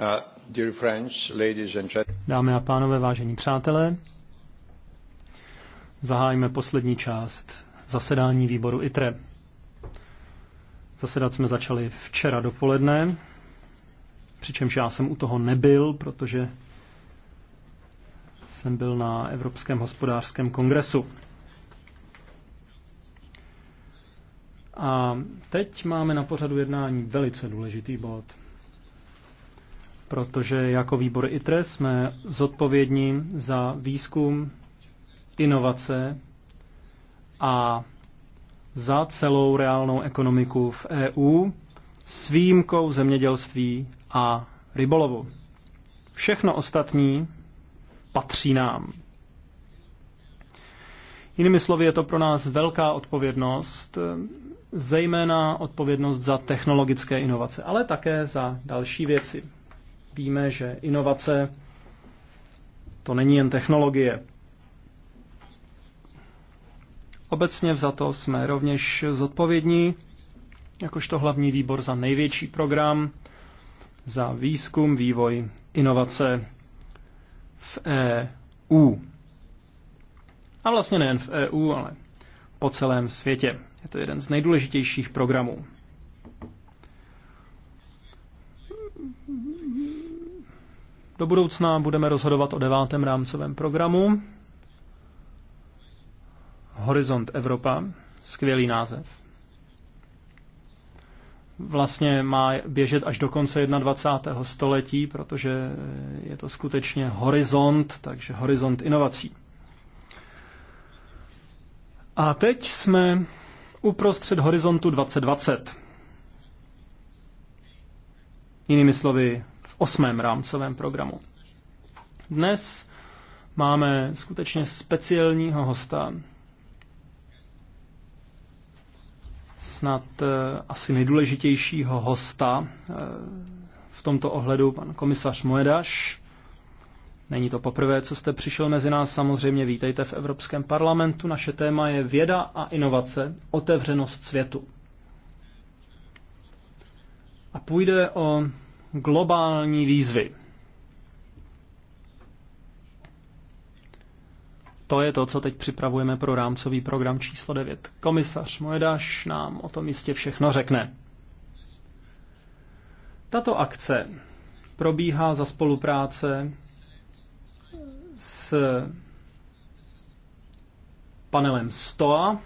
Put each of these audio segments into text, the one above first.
Uh, Dámy a pánové, vážení přátelé, zahájíme poslední část zasedání výboru ITRE. Zasedat jsme začali včera dopoledne, přičemž já jsem u toho nebyl, protože jsem byl na Evropském hospodářském kongresu. A teď máme na pořadu jednání velice důležitý bod – protože jako výbor ITRE jsme zodpovědní za výzkum, inovace a za celou reálnou ekonomiku v EU s výjimkou zemědělství a rybolovu. Všechno ostatní patří nám. Jinými slovy, je to pro nás velká odpovědnost, zejména odpovědnost za technologické inovace, ale také za další věci. Víme, že inovace to není jen technologie. Obecně to jsme rovněž zodpovědní, jakožto hlavní výbor za největší program, za výzkum, vývoj, inovace v EU. A vlastně nejen v EU, ale po celém světě. Je to jeden z nejdůležitějších programů. Do budoucna budeme rozhodovat o devátém rámcovém programu Horizont Evropa. Skvělý název. Vlastně má běžet až do konce 21. století, protože je to skutečně horizont, takže horizont inovací. A teď jsme uprostřed horizontu 2020. Jinými slovy, osmém rámcovém programu. Dnes máme skutečně speciálního hosta, snad eh, asi nejdůležitějšího hosta eh, v tomto ohledu, pan komisař Moedaš. Není to poprvé, co jste přišel mezi nás, samozřejmě vítejte v Evropském parlamentu. Naše téma je věda a inovace, otevřenost světu. A půjde o globální výzvy. To je to, co teď připravujeme pro rámcový program číslo 9. Komisař Mojedáš nám o tom jistě všechno řekne. Tato akce probíhá za spolupráce s panelem STOA,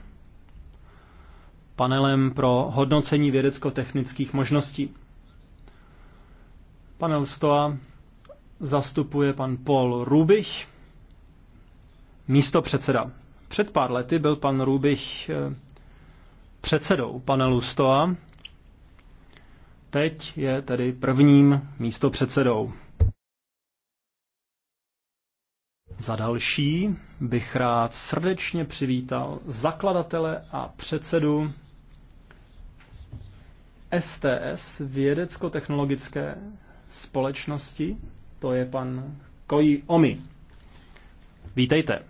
panelem pro hodnocení vědecko-technických možností. Panel Stoa zastupuje pan Paul Rubich, místo předseda. Před pár lety byl pan Rubich eh, předsedou panelu Stoa, teď je tedy prvním místo předsedou. Za další bych rád srdečně přivítal zakladatele a předsedu STS vědecko-technologické společnosti, to je pan Koji Omi. Vítejte.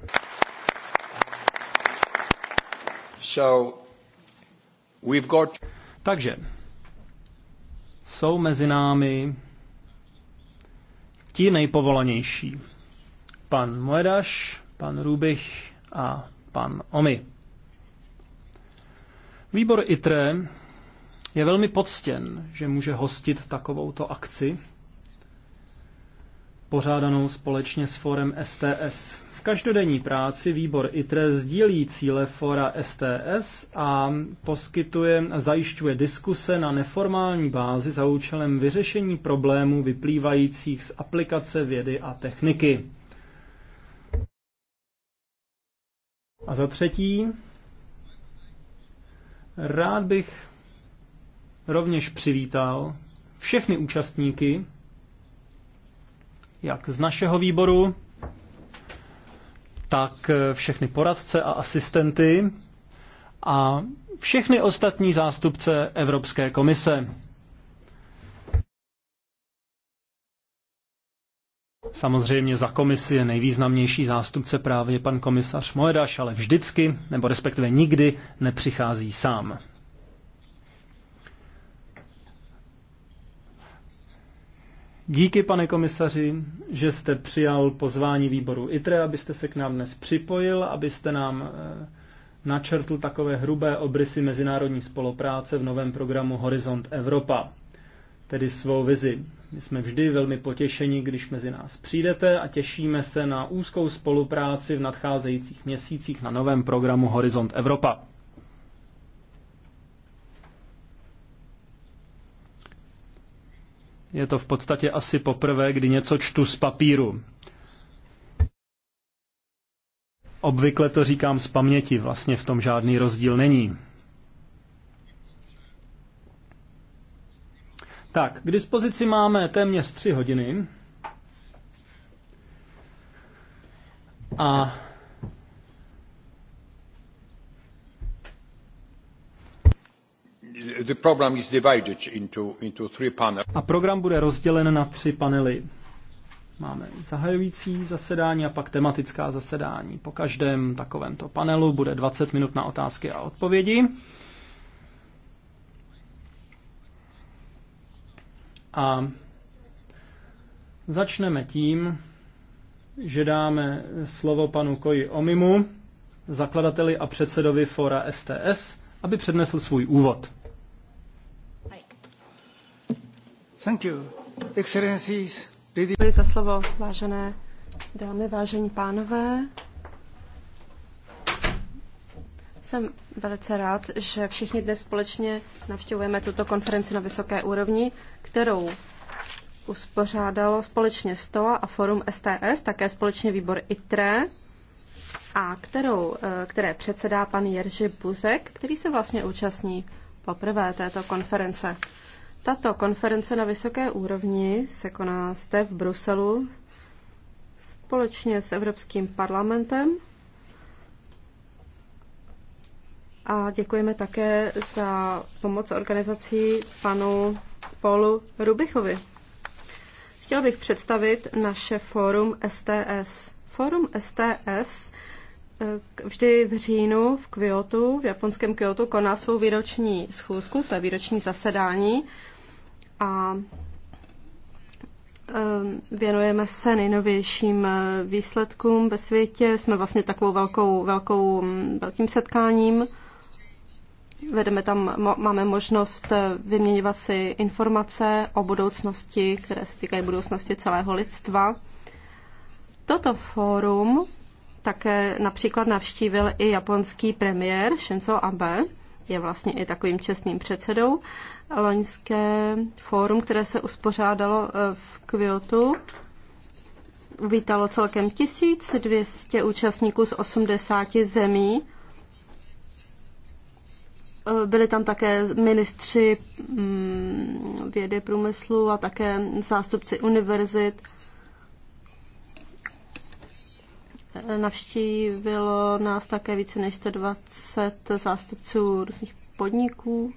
So, we've got... Takže jsou mezi námi ti nejpovolanější. Pan Moedaš, pan Rubich a pan Omi. Výbor ITRE je velmi poctěn, že může hostit takovouto akci pořádanou společně s forem STS. V každodenní práci výbor ITRE sdílí cíle fora STS a poskytuje a zajišťuje diskuse na neformální bázi za účelem vyřešení problémů vyplývajících z aplikace vědy a techniky. A za třetí, rád bych rovněž přivítal všechny účastníky jak z našeho výboru, tak eh, všechny poradce a asistenty a všechny ostatní zástupce Evropské komise. Samozřejmě za komisi je nejvýznamnější zástupce právě pan komisař Moedaš, ale vždycky, nebo respektive nikdy, nepřichází sám. Díky, pane komisaři, že jste přijal pozvání výboru ITRE, abyste se k nám dnes připojil, abyste nám eh, načrtl takové hrubé obrysy mezinárodní spolupráce v novém programu Horizont Evropa, tedy svou vizi. My jsme vždy velmi potěšeni, když mezi nás přijdete a těšíme se na úzkou spolupráci v nadcházejících měsících na novém programu Horizont Evropa. Je to v podstatě asi poprvé, kdy něco čtu z papíru. Obvykle to říkám z paměti, vlastně v tom žádný rozdíl není. Tak, k dispozici máme téměř tři hodiny. A A program bude rozdělen na tři panely. Máme zahajující zasedání a pak tematická zasedání. Po každém takovémto panelu bude 20 minut na otázky a odpovědi. A začneme tím, že dáme slovo panu Koji Omimu, zakladateli a předsedovi Fora STS, aby přednesl svůj úvod. Děkuji za slovo, vážené dámy, vážení pánové. Jsem velice rád, že všichni dnes společně navštěvujeme tuto konferenci na vysoké úrovni, kterou uspořádalo společně STOA a Forum STS, také společně výbor ITRE, a kterou, eh, které předsedá pan Jerzy Buzek, který se vlastně účastní poprvé této konference. Tato konference na vysoké úrovni se koná zde v Bruselu společně s Evropským parlamentem. A děkujeme také za pomoc organizací panu Paulu Rubichovi. Chtěl bych představit naše fórum STS. Fórum STS eh, vždy v říjnu v Kyoto, v japonském Kyoto, koná svou výroční schůzku, své výroční zasedání a ehm, věnujeme se nejnovějším eh, výsledkům ve světě. Jsme vlastně takovou velkou, velkou, mm, velkým setkáním. Vedeme tam, máme možnost eh, vyměňovat si informace o budoucnosti, které se týkají budoucnosti celého lidstva. Toto fórum také například navštívil i japonský premiér Shinzo Abe, je vlastně i takovým čestným předsedou loňské fórum, které se uspořádalo eh, v Kyotu. Vítalo celkem 1200 účastníků z 80 zemí. Eh, byli tam také ministři mm, vědy průmyslu a také zástupci univerzit. Eh, navštívilo nás také více než 120 zástupců různých podniků,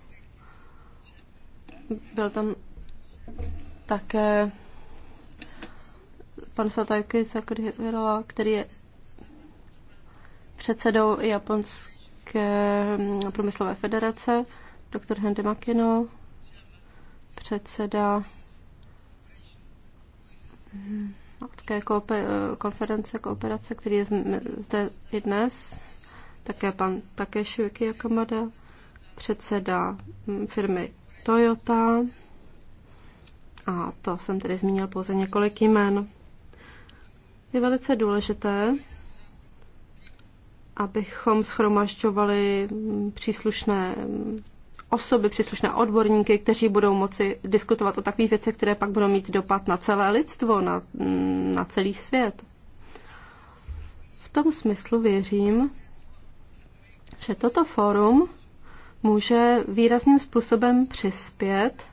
byl tam také pan Satayuki Sakurila, který je předsedou Japonské hm, průmyslové federace, doktor Hende Makino, předseda Matké hm, konference kooperace, který je zde i dnes, také pan Takeshi Yakamada, předseda hm, firmy Toyota. A to jsem tedy zmínil pouze několik jmen. Je velice důležité, abychom schromažďovali příslušné osoby, příslušné odborníky, kteří budou moci diskutovat o takových věcech, které pak budou mít dopad na celé lidstvo, na, na celý svět. V tom smyslu věřím, že toto fórum může výrazným způsobem přispět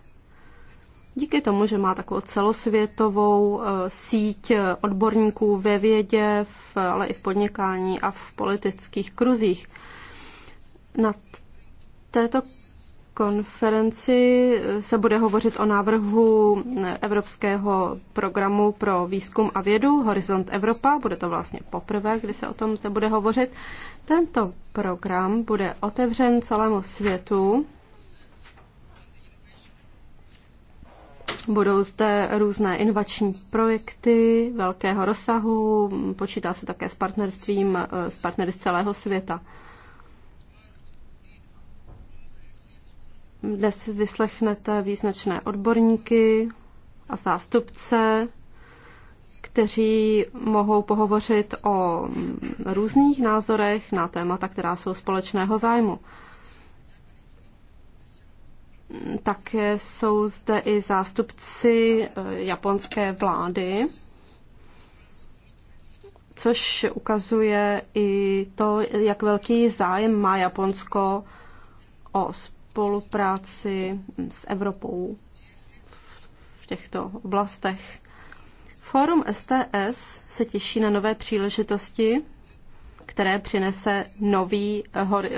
díky tomu, že má takovou celosvětovou eh, síť eh, odborníků ve vědě, ale i v podnikání a v politických kruzích. Na této konferenci se bude hovořit o návrhu Evropského programu pro výzkum a vědu Horizont Evropa. Bude to vlastně poprvé, kdy se o tom zde bude hovořit. Tento program bude otevřen celému světu. Budou zde různé inovační projekty velkého rozsahu, počítá se také s partnerstvím, s partnery z celého světa. Dnes vyslechnete význačné odborníky a zástupce, kteří mohou pohovořit o různých názorech na témata, která jsou společného zájmu. Také jsou zde i zástupci eh, japonské vlády, což ukazuje i to, jak velký zájem má Japonsko o společnost spolupráci s Evropou v těchto oblastech. Fórum STS se těší na nové příležitosti, které přinese nový,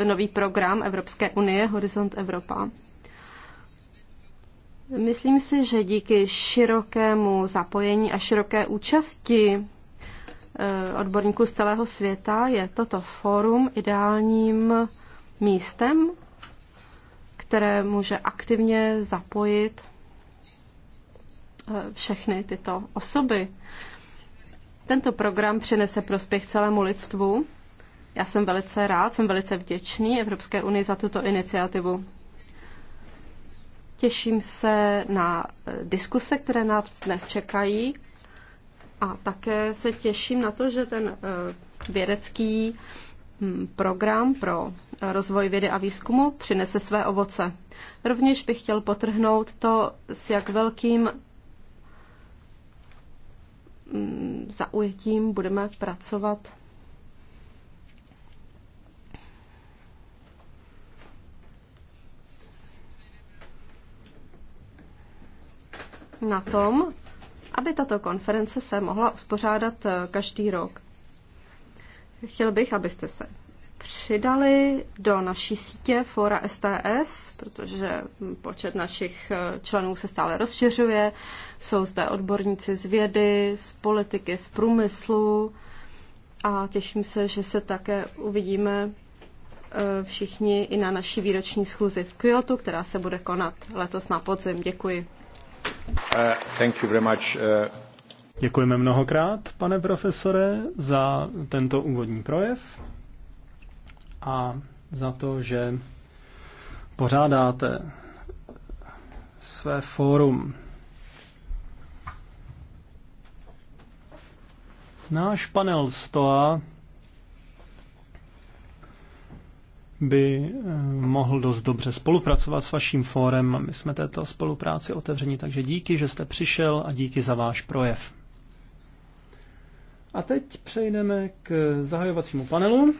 nový program Evropské unie Horizont Evropa. Myslím si, že díky širokému zapojení a široké účasti eh, odborníků z celého světa je toto fórum ideálním místem které může aktivně zapojit eh, všechny tyto osoby. Tento program přinese prospěch celému lidstvu. Já jsem velice rád, jsem velice vděčný Evropské unii za tuto iniciativu. Těším se na eh, diskuse, které nás dnes čekají a také se těším na to, že ten eh, vědecký hm, program pro rozvoj vědy a výzkumu přinese své ovoce. Rovněž bych chtěl potrhnout to, s jak velkým mm, zaujetím budeme pracovat na tom, aby tato konference se mohla uspořádat eh, každý rok. Chtěl bych, abyste se přidali do naší sítě Fora STS, protože počet našich eh, členů se stále rozšiřuje. Jsou zde odborníci z vědy, z politiky, z průmyslu a těším se, že se také uvidíme eh, všichni i na naší výroční schůzi v Kyoto, která se bude konat letos na podzim. Děkuji. Uh, thank you very much. Uh... Děkujeme mnohokrát, pane profesore, za tento úvodní projev a za to, že pořádáte své fórum. Náš panel STOA by eh, mohl dost dobře spolupracovat s vaším fórem my jsme této spolupráci otevření, takže díky, že jste přišel a díky za váš projev. A teď přejdeme k zahajovacímu panelu.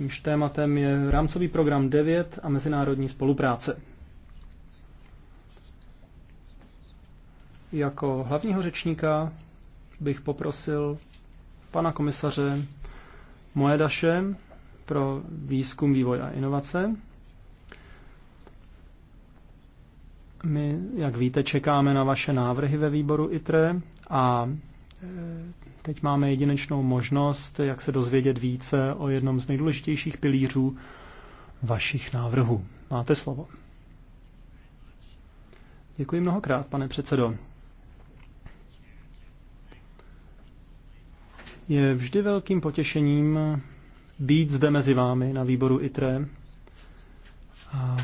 Jímž tématem je rámcový program 9 a mezinárodní spolupráce. Jako hlavního řečníka bych poprosil pana komisaře Moedaše pro výzkum, vývoj a inovace. My, jak víte, čekáme na vaše návrhy ve výboru ITRE a e, Teď máme jedinečnou možnost, jak se dozvědět více o jednom z nejdůležitějších pilířů vašich návrhů. Máte slovo. Děkuji mnohokrát, pane předsedo. Je vždy velkým potěšením být zde mezi vámi na výboru ITRE a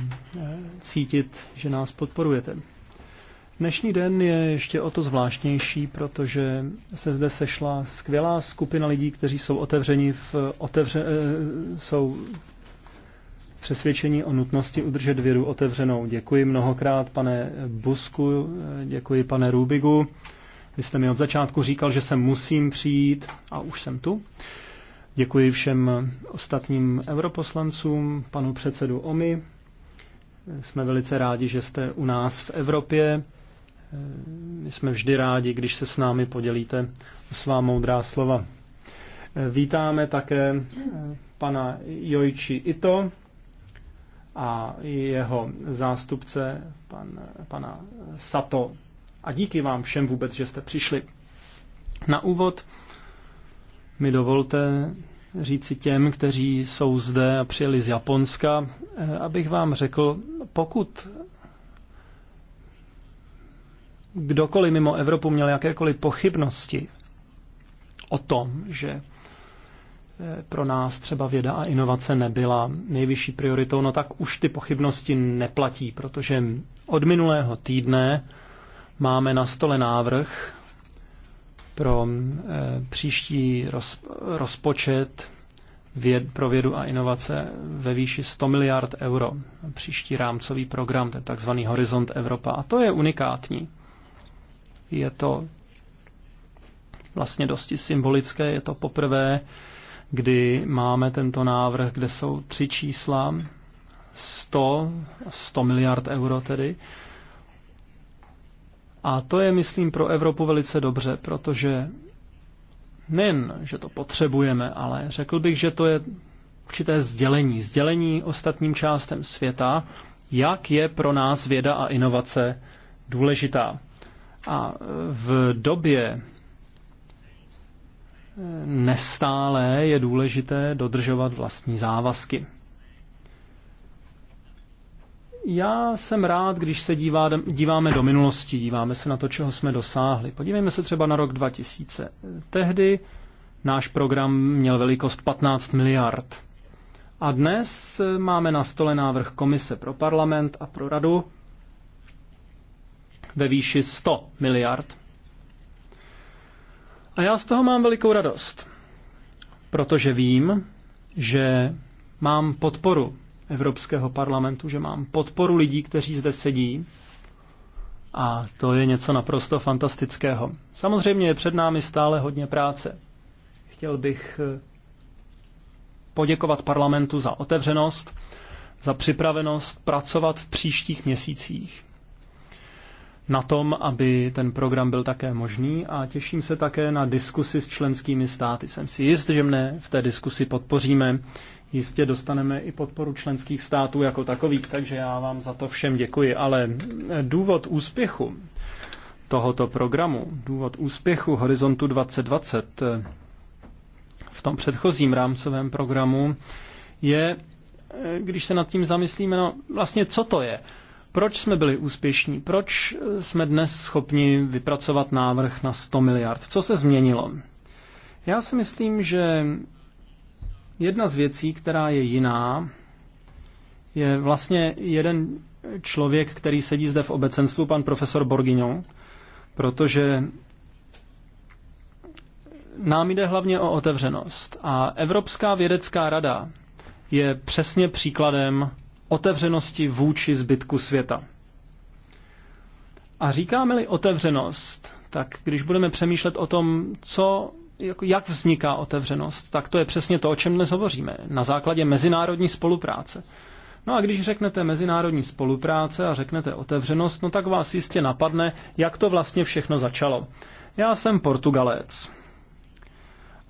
cítit, že nás podporujete. Dnešní den je ještě o to zvláštnější, protože se zde sešla skvělá skupina lidí, kteří jsou otevřeni v otevře, eh, jsou přesvědčení o nutnosti udržet věru otevřenou. Děkuji mnohokrát, pane Busku, eh, děkuji, pane Rubigu. Vy jste mi od začátku říkal, že se musím přijít a už jsem tu. Děkuji všem ostatním europoslancům, panu předsedu OMI. Jsme velice rádi, že jste u nás v Evropě. My jsme vždy rádi, když se s námi podělíte svá moudrá slova. Vítáme také eh, pana Jojči Ito a jeho zástupce, pan, pana Sato. A díky vám všem vůbec, že jste přišli. Na úvod mi dovolte říci těm, kteří jsou zde a přijeli z Japonska, eh, abych vám řekl, pokud kdokoliv mimo Evropu měl jakékoliv pochybnosti o tom, že eh, pro nás třeba věda a inovace nebyla nejvyšší prioritou, no tak už ty pochybnosti neplatí, protože od minulého týdne máme na stole návrh pro eh, příští rozpočet věd, pro vědu a inovace ve výši 100 miliard euro. Příští rámcový program, ten takzvaný Horizont Evropa. A to je unikátní. Je to vlastně dosti symbolické, je to poprvé, kdy máme tento návrh, kde jsou tři čísla, 100, 100 miliard euro tedy. A to je, myslím, pro Evropu velice dobře, protože nejen, že to potřebujeme, ale řekl bych, že to je určité sdělení, sdělení ostatním částem světa, jak je pro nás věda a inovace důležitá. A v době eh, nestálé je důležité dodržovat vlastní závazky. Já jsem rád, když se dívá, díváme do minulosti, díváme se na to, čeho jsme dosáhli. Podívejme se třeba na rok 2000. Tehdy náš program měl velikost 15 miliard. A dnes eh, máme na stole návrh komise pro parlament a pro radu ve výši 100 miliard. A já z toho mám velikou radost, protože vím, že mám podporu Evropského parlamentu, že mám podporu lidí, kteří zde sedí. A to je něco naprosto fantastického. Samozřejmě je před námi stále hodně práce. Chtěl bych eh, poděkovat parlamentu za otevřenost, za připravenost pracovat v příštích měsících na tom, aby ten program byl také možný a těším se také na diskusy s členskými státy. Jsem si jist, že mne v té diskusi podpoříme. Jistě dostaneme i podporu členských států jako takových, takže já vám za to všem děkuji. Ale důvod úspěchu tohoto programu, důvod úspěchu Horizontu 2020 v tom předchozím rámcovém programu je, když se nad tím zamyslíme, no vlastně co to je? Proč jsme byli úspěšní? Proč eh, jsme dnes schopni vypracovat návrh na 100 miliard? Co se změnilo? Já si myslím, že jedna z věcí, která je jiná, je vlastně jeden člověk, který sedí zde v obecenstvu, pan profesor Borgignon, protože nám jde hlavně o otevřenost. A Evropská vědecká rada je přesně příkladem otevřenosti vůči zbytku světa. A říkáme-li otevřenost, tak když budeme přemýšlet o tom, co, jak vzniká otevřenost, tak to je přesně to, o čem dnes hovoříme. Na základě mezinárodní spolupráce. No a když řeknete mezinárodní spolupráce a řeknete otevřenost, no tak vás jistě napadne, jak to vlastně všechno začalo. Já jsem Portugalec.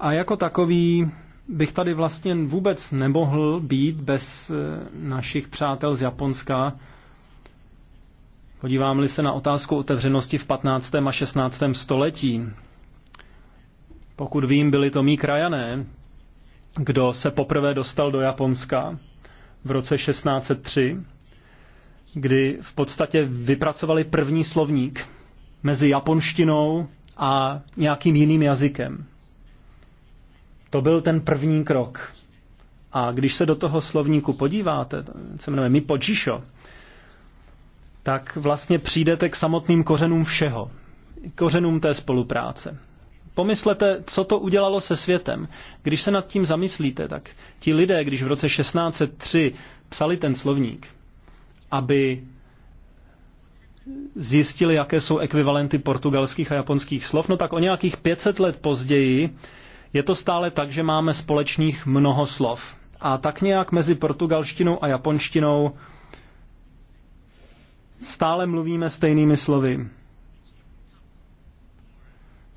A jako takový bych tady vlastně vůbec nemohl být bez eh, našich přátel z Japonska. Podívám-li se na otázku otevřenosti v 15. a 16. století. Pokud vím, byli to mý krajané, kdo se poprvé dostal do Japonska v roce 1603, kdy v podstatě vypracovali první slovník mezi japonštinou a nějakým jiným jazykem. To byl ten první krok. A když se do toho slovníku podíváte, se jmenuje mi počíšo, tak vlastně přijdete k samotným kořenům všeho. Kořenům té spolupráce. Pomyslete, co to udělalo se světem. Když se nad tím zamyslíte, tak ti lidé, když v roce 1603 psali ten slovník, aby zjistili, jaké jsou ekvivalenty portugalských a japonských slov, no tak o nějakých 500 let později je to stále tak, že máme společných mnoho slov. A tak nějak mezi portugalštinou a japonštinou stále mluvíme stejnými slovy.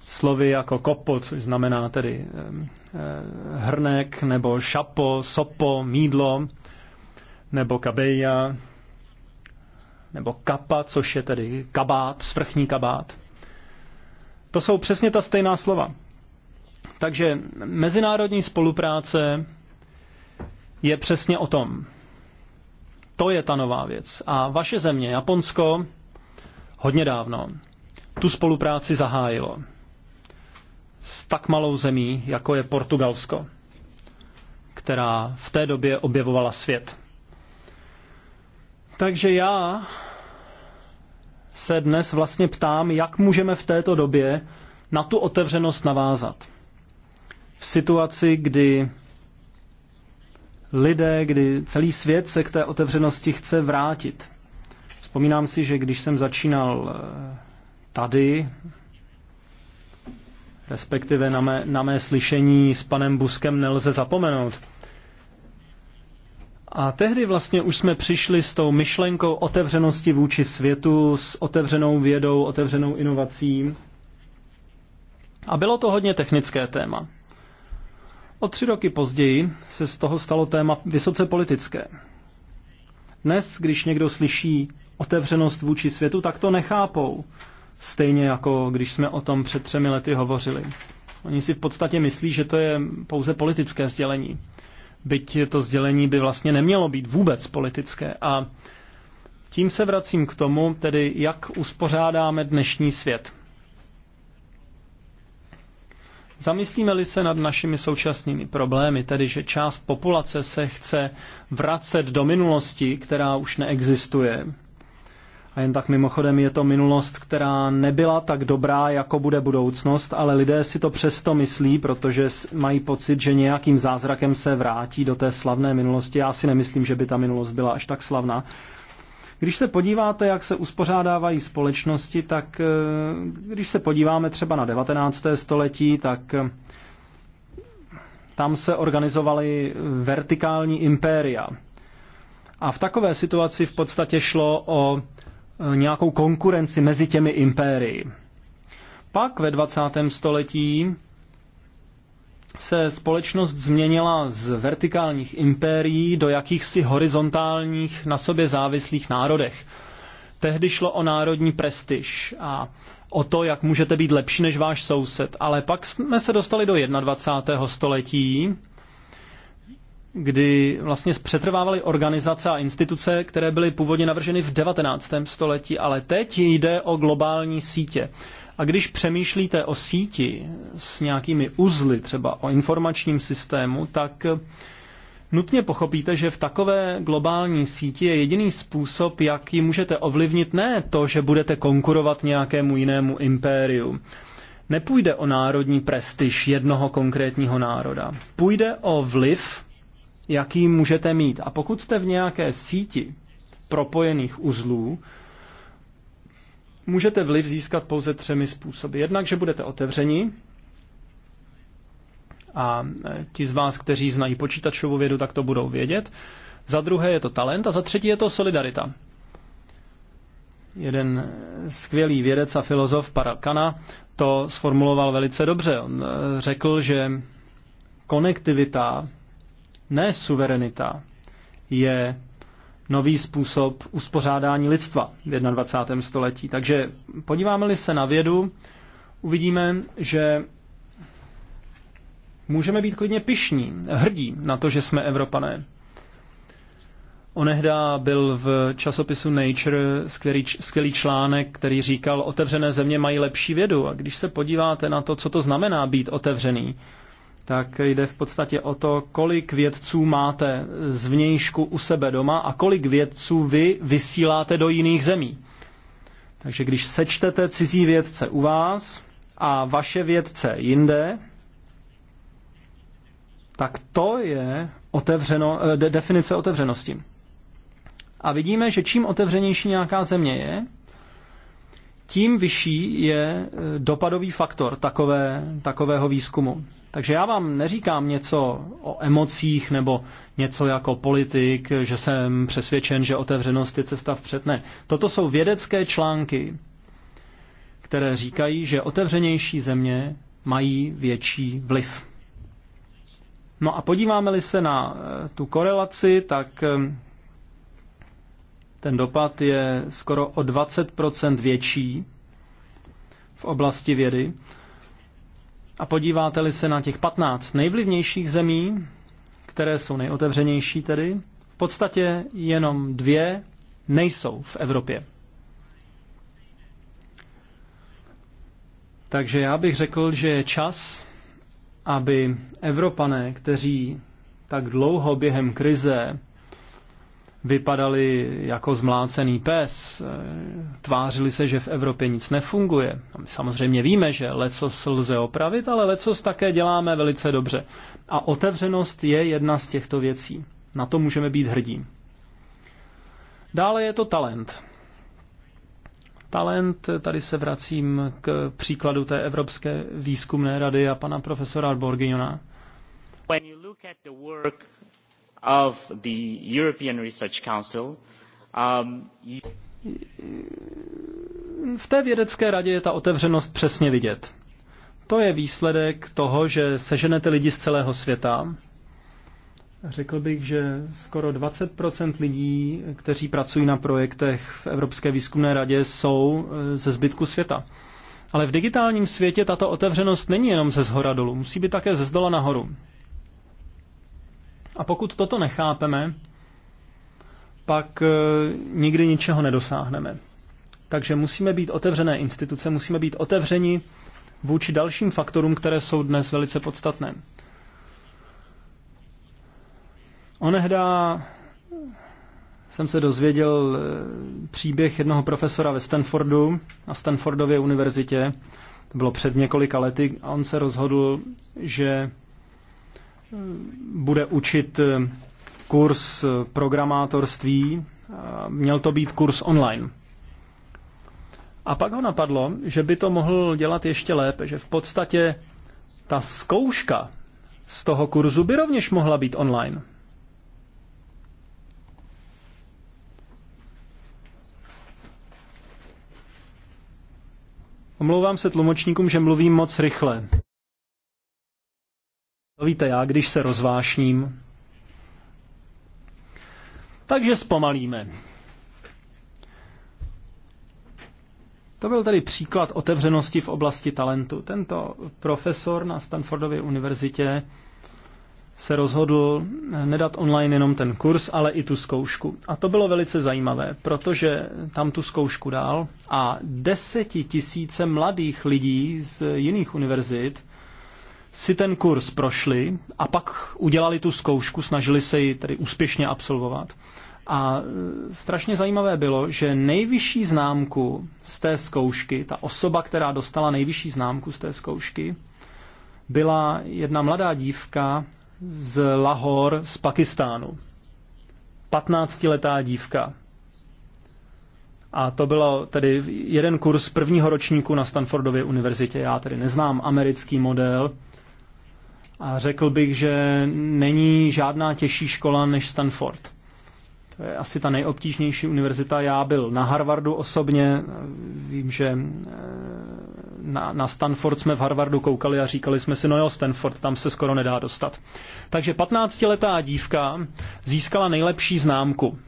Slovy jako kopo, což znamená tedy eh, eh, hrnek, nebo šapo, sopo, mídlo, nebo kabeja, nebo kapa, což je tedy kabát, svrchní kabát. To jsou přesně ta stejná slova. Takže mezinárodní spolupráce je přesně o tom. To je ta nová věc. A vaše země, Japonsko, hodně dávno tu spolupráci zahájilo. S tak malou zemí, jako je Portugalsko, která v té době objevovala svět. Takže já se dnes vlastně ptám, jak můžeme v této době na tu otevřenost navázat v situaci, kdy lidé, kdy celý svět se k té otevřenosti chce vrátit. Vzpomínám si, že když jsem začínal eh, tady, respektive na mé, na mé slyšení s panem Buskem nelze zapomenout. A tehdy vlastně už jsme přišli s tou myšlenkou otevřenosti vůči světu, s otevřenou vědou, otevřenou inovací. A bylo to hodně technické téma. O tři roky později se z toho stalo téma vysoce politické. Dnes, když někdo slyší otevřenost vůči světu, tak to nechápou. Stejně jako když jsme o tom před třemi lety hovořili. Oni si v podstatě myslí, že to je pouze politické sdělení. Byť to sdělení by vlastně nemělo být vůbec politické. A tím se vracím k tomu, tedy jak uspořádáme dnešní svět. Zamyslíme-li se nad našimi současnými problémy, tedy že část populace se chce vracet do minulosti, která už neexistuje, a jen tak mimochodem je to minulost, která nebyla tak dobrá, jako bude budoucnost, ale lidé si to přesto myslí, protože mají pocit, že nějakým zázrakem se vrátí do té slavné minulosti. Já si nemyslím, že by ta minulost byla až tak slavná. Když se podíváte, jak se uspořádávají společnosti, tak eh, když se podíváme třeba na 19. století, tak eh, tam se organizovaly vertikální impéria. A v takové situaci v podstatě šlo o eh, nějakou konkurenci mezi těmi impérii. Pak ve 20. století se společnost změnila z vertikálních impérií do jakýchsi horizontálních na sobě závislých národech. Tehdy šlo o národní prestiž a o to, jak můžete být lepší než váš soused. Ale pak jsme se dostali do 21. století, kdy vlastně přetrvávaly organizace a instituce, které byly původně navrženy v 19. století, ale teď jde o globální sítě. A když přemýšlíte o síti s nějakými uzly, třeba o informačním systému, tak nutně pochopíte, že v takové globální síti je jediný způsob, jak ji můžete ovlivnit, ne to, že budete konkurovat nějakému jinému impériu. Nepůjde o národní prestiž jednoho konkrétního národa. Půjde o vliv, jaký můžete mít. A pokud jste v nějaké síti propojených uzlů, můžete vliv získat pouze třemi způsoby. Jednak, že budete otevření, a e, ti z vás, kteří znají počítačovou vědu, tak to budou vědět. Za druhé je to talent a za třetí je to solidarita. Jeden skvělý vědec a filozof Parakana to sformuloval velice dobře. On e, řekl, že konektivita, ne suverenita, je nový způsob uspořádání lidstva v 21. století. Takže podíváme-li se na vědu, uvidíme, že můžeme být klidně pišní, hrdí na to, že jsme Evropané. Onehda byl v časopisu Nature skvělý, skvělý článek, který říkal, otevřené země mají lepší vědu. A když se podíváte na to, co to znamená být otevřený, tak jde v podstatě o to, kolik vědců máte z vnějšku u sebe doma a kolik vědců vy vysíláte do jiných zemí. Takže když sečtete cizí vědce u vás a vaše vědce jinde, tak to je otevřeno, eh, de, definice otevřenosti. A vidíme, že čím otevřenější nějaká země je, tím vyšší je eh, dopadový faktor takové, takového výzkumu. Takže já vám neříkám něco o emocích nebo něco jako politik, že jsem přesvědčen, že otevřenost je cesta vpřed. Ne. Toto jsou vědecké články, které říkají, že otevřenější země mají větší vliv. No a podíváme-li se na eh, tu korelaci, tak eh, ten dopad je skoro o 20 větší v oblasti vědy a podíváte-li se na těch 15 nejvlivnějších zemí, které jsou nejotevřenější tedy, v podstatě jenom dvě nejsou v Evropě. Takže já bych řekl, že je čas, aby Evropané, kteří tak dlouho během krize vypadali jako zmlácený pes, tvářili se, že v Evropě nic nefunguje. my samozřejmě víme, že lecos lze opravit, ale lecos také děláme velice dobře. A otevřenost je jedna z těchto věcí. Na to můžeme být hrdí. Dále je to talent. Talent, tady se vracím k příkladu té Evropské výzkumné rady a pana profesora Borgiona. When you look at the work of the European Research Council. Um, v té vědecké radě je ta otevřenost přesně vidět. To je výsledek toho, že seženete lidi z celého světa. Řekl bych, že skoro 20% lidí, kteří pracují na projektech v Evropské výzkumné radě, jsou eh, ze zbytku světa. Ale v digitálním světě tato otevřenost není jenom ze zhora dolů, musí být také ze zdola nahoru. A pokud toto nechápeme, pak e, nikdy ničeho nedosáhneme. Takže musíme být otevřené instituce, musíme být otevřeni vůči dalším faktorům, které jsou dnes velice podstatné. Onehdá jsem se dozvěděl e, příběh jednoho profesora ve Stanfordu na Stanfordově univerzitě. To bylo před několika lety a on se rozhodl, že bude učit eh, kurz eh, programátorství. Eh, měl to být kurz online. A pak ho napadlo, že by to mohl dělat ještě lépe, že v podstatě ta zkouška z toho kurzu by rovněž mohla být online. Omlouvám se tlumočníkům, že mluvím moc rychle. Víte, já když se rozvášním, takže zpomalíme. To byl tedy příklad otevřenosti v oblasti talentu. Tento profesor na Stanfordově univerzitě se rozhodl nedat online jenom ten kurz, ale i tu zkoušku. A to bylo velice zajímavé, protože tam tu zkoušku dal a desetitisíce mladých lidí z jiných univerzit si ten kurz prošli a pak udělali tu zkoušku, snažili se ji tedy úspěšně absolvovat. A e, strašně zajímavé bylo, že nejvyšší známku z té zkoušky, ta osoba, která dostala nejvyšší známku z té zkoušky, byla jedna mladá dívka z Lahore z Pakistánu. 15-letá dívka. A to bylo tedy jeden kurz prvního ročníku na Stanfordově univerzitě. Já tedy neznám americký model, a řekl bych, že není žádná těžší škola než Stanford. To je asi ta nejobtížnější univerzita. Já byl na Harvardu osobně, vím, že eh, na, na Stanford jsme v Harvardu koukali a říkali jsme si, no jo, Stanford, tam se skoro nedá dostat. Takže 15-letá dívka získala nejlepší známku.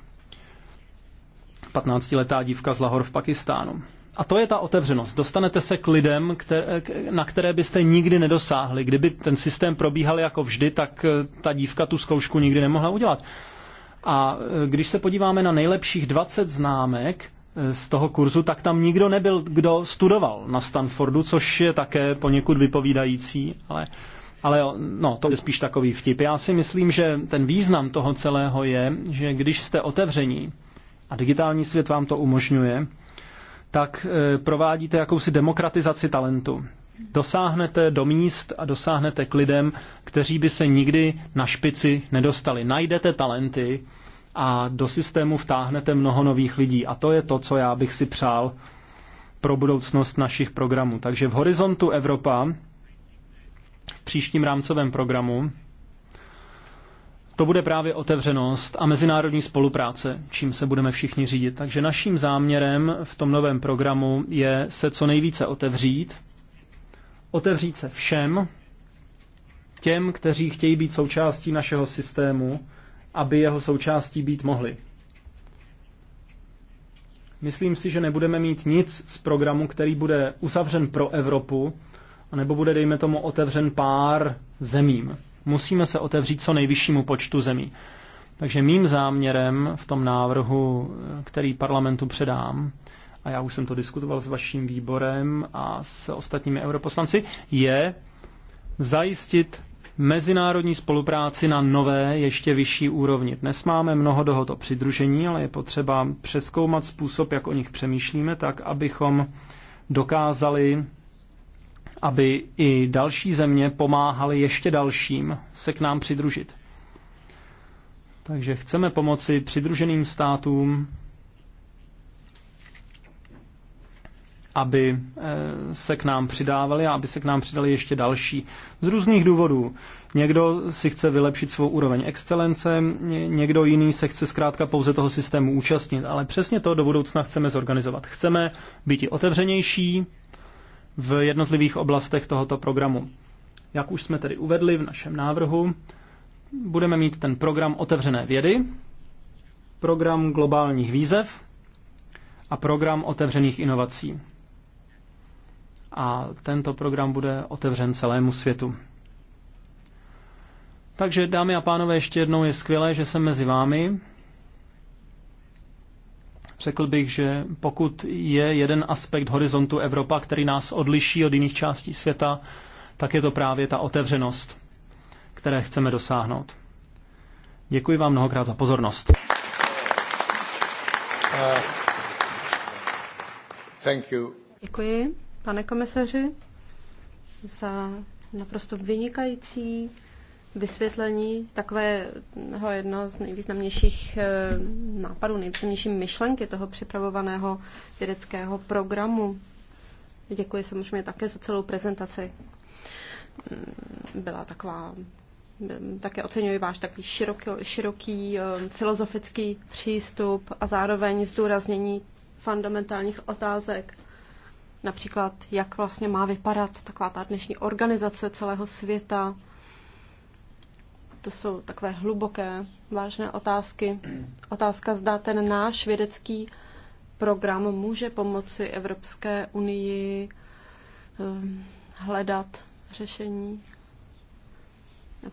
15-letá dívka z Lahor v Pakistánu. A to je ta otevřenost. Dostanete se k lidem, které, na které byste nikdy nedosáhli. Kdyby ten systém probíhal jako vždy, tak eh, ta dívka tu zkoušku nikdy nemohla udělat. A eh, když se podíváme na nejlepších 20 známek eh, z toho kurzu, tak tam nikdo nebyl, kdo studoval na Stanfordu, což je také poněkud vypovídající, ale, ale no, to je spíš takový vtip. Já si myslím, že ten význam toho celého je, že když jste otevření a digitální svět vám to umožňuje, tak eh, provádíte jakousi demokratizaci talentu. Dosáhnete do míst a dosáhnete k lidem, kteří by se nikdy na špici nedostali. Najdete talenty a do systému vtáhnete mnoho nových lidí. A to je to, co já bych si přál pro budoucnost našich programů. Takže v horizontu Evropa, v příštím rámcovém programu, to bude právě otevřenost a mezinárodní spolupráce, čím se budeme všichni řídit. Takže naším záměrem v tom novém programu je se co nejvíce otevřít, otevřít se všem, těm, kteří chtějí být součástí našeho systému, aby jeho součástí být mohli. Myslím si, že nebudeme mít nic z programu, který bude uzavřen pro Evropu, anebo bude, dejme tomu, otevřen pár zemím. Musíme se otevřít co nejvyššímu počtu zemí. Takže mým záměrem v tom návrhu, který parlamentu předám, a já už jsem to diskutoval s vaším výborem a s ostatními europoslanci, je zajistit mezinárodní spolupráci na nové, ještě vyšší úrovni. Dnes máme mnoho dohod o přidružení, ale je potřeba přeskoumat způsob, jak o nich přemýšlíme, tak abychom dokázali aby i další země pomáhaly ještě dalším se k nám přidružit. Takže chceme pomoci přidruženým státům, aby eh, se k nám přidávali a aby se k nám přidali ještě další. Z různých důvodů. Někdo si chce vylepšit svou úroveň excelence, někdo jiný se chce zkrátka pouze toho systému účastnit, ale přesně to do budoucna chceme zorganizovat. Chceme být i otevřenější, v jednotlivých oblastech tohoto programu. Jak už jsme tedy uvedli v našem návrhu, budeme mít ten program otevřené vědy, program globálních výzev a program otevřených inovací. A tento program bude otevřen celému světu. Takže, dámy a pánové, ještě jednou je skvělé, že jsem mezi vámi Řekl bych, že pokud je jeden aspekt horizontu Evropa, který nás odliší od jiných částí světa, tak je to právě ta otevřenost, které chceme dosáhnout. Děkuji vám mnohokrát za pozornost. Uh, thank you. Děkuji, pane komisaři, za naprosto vynikající vysvětlení takového jedno z nejvýznamnějších eh, nápadů, nejvýznamnější myšlenky toho připravovaného vědeckého programu. Děkuji samozřejmě také za celou prezentaci. Mm, byla taková, mm, také oceňuji váš takový široký, široký eh, filozofický přístup a zároveň zdůraznění fundamentálních otázek, například jak vlastně má vypadat taková ta dnešní organizace celého světa, to jsou takové hluboké, vážné otázky. Otázka, zda ten náš vědecký program může pomoci Evropské unii ehm, hledat řešení,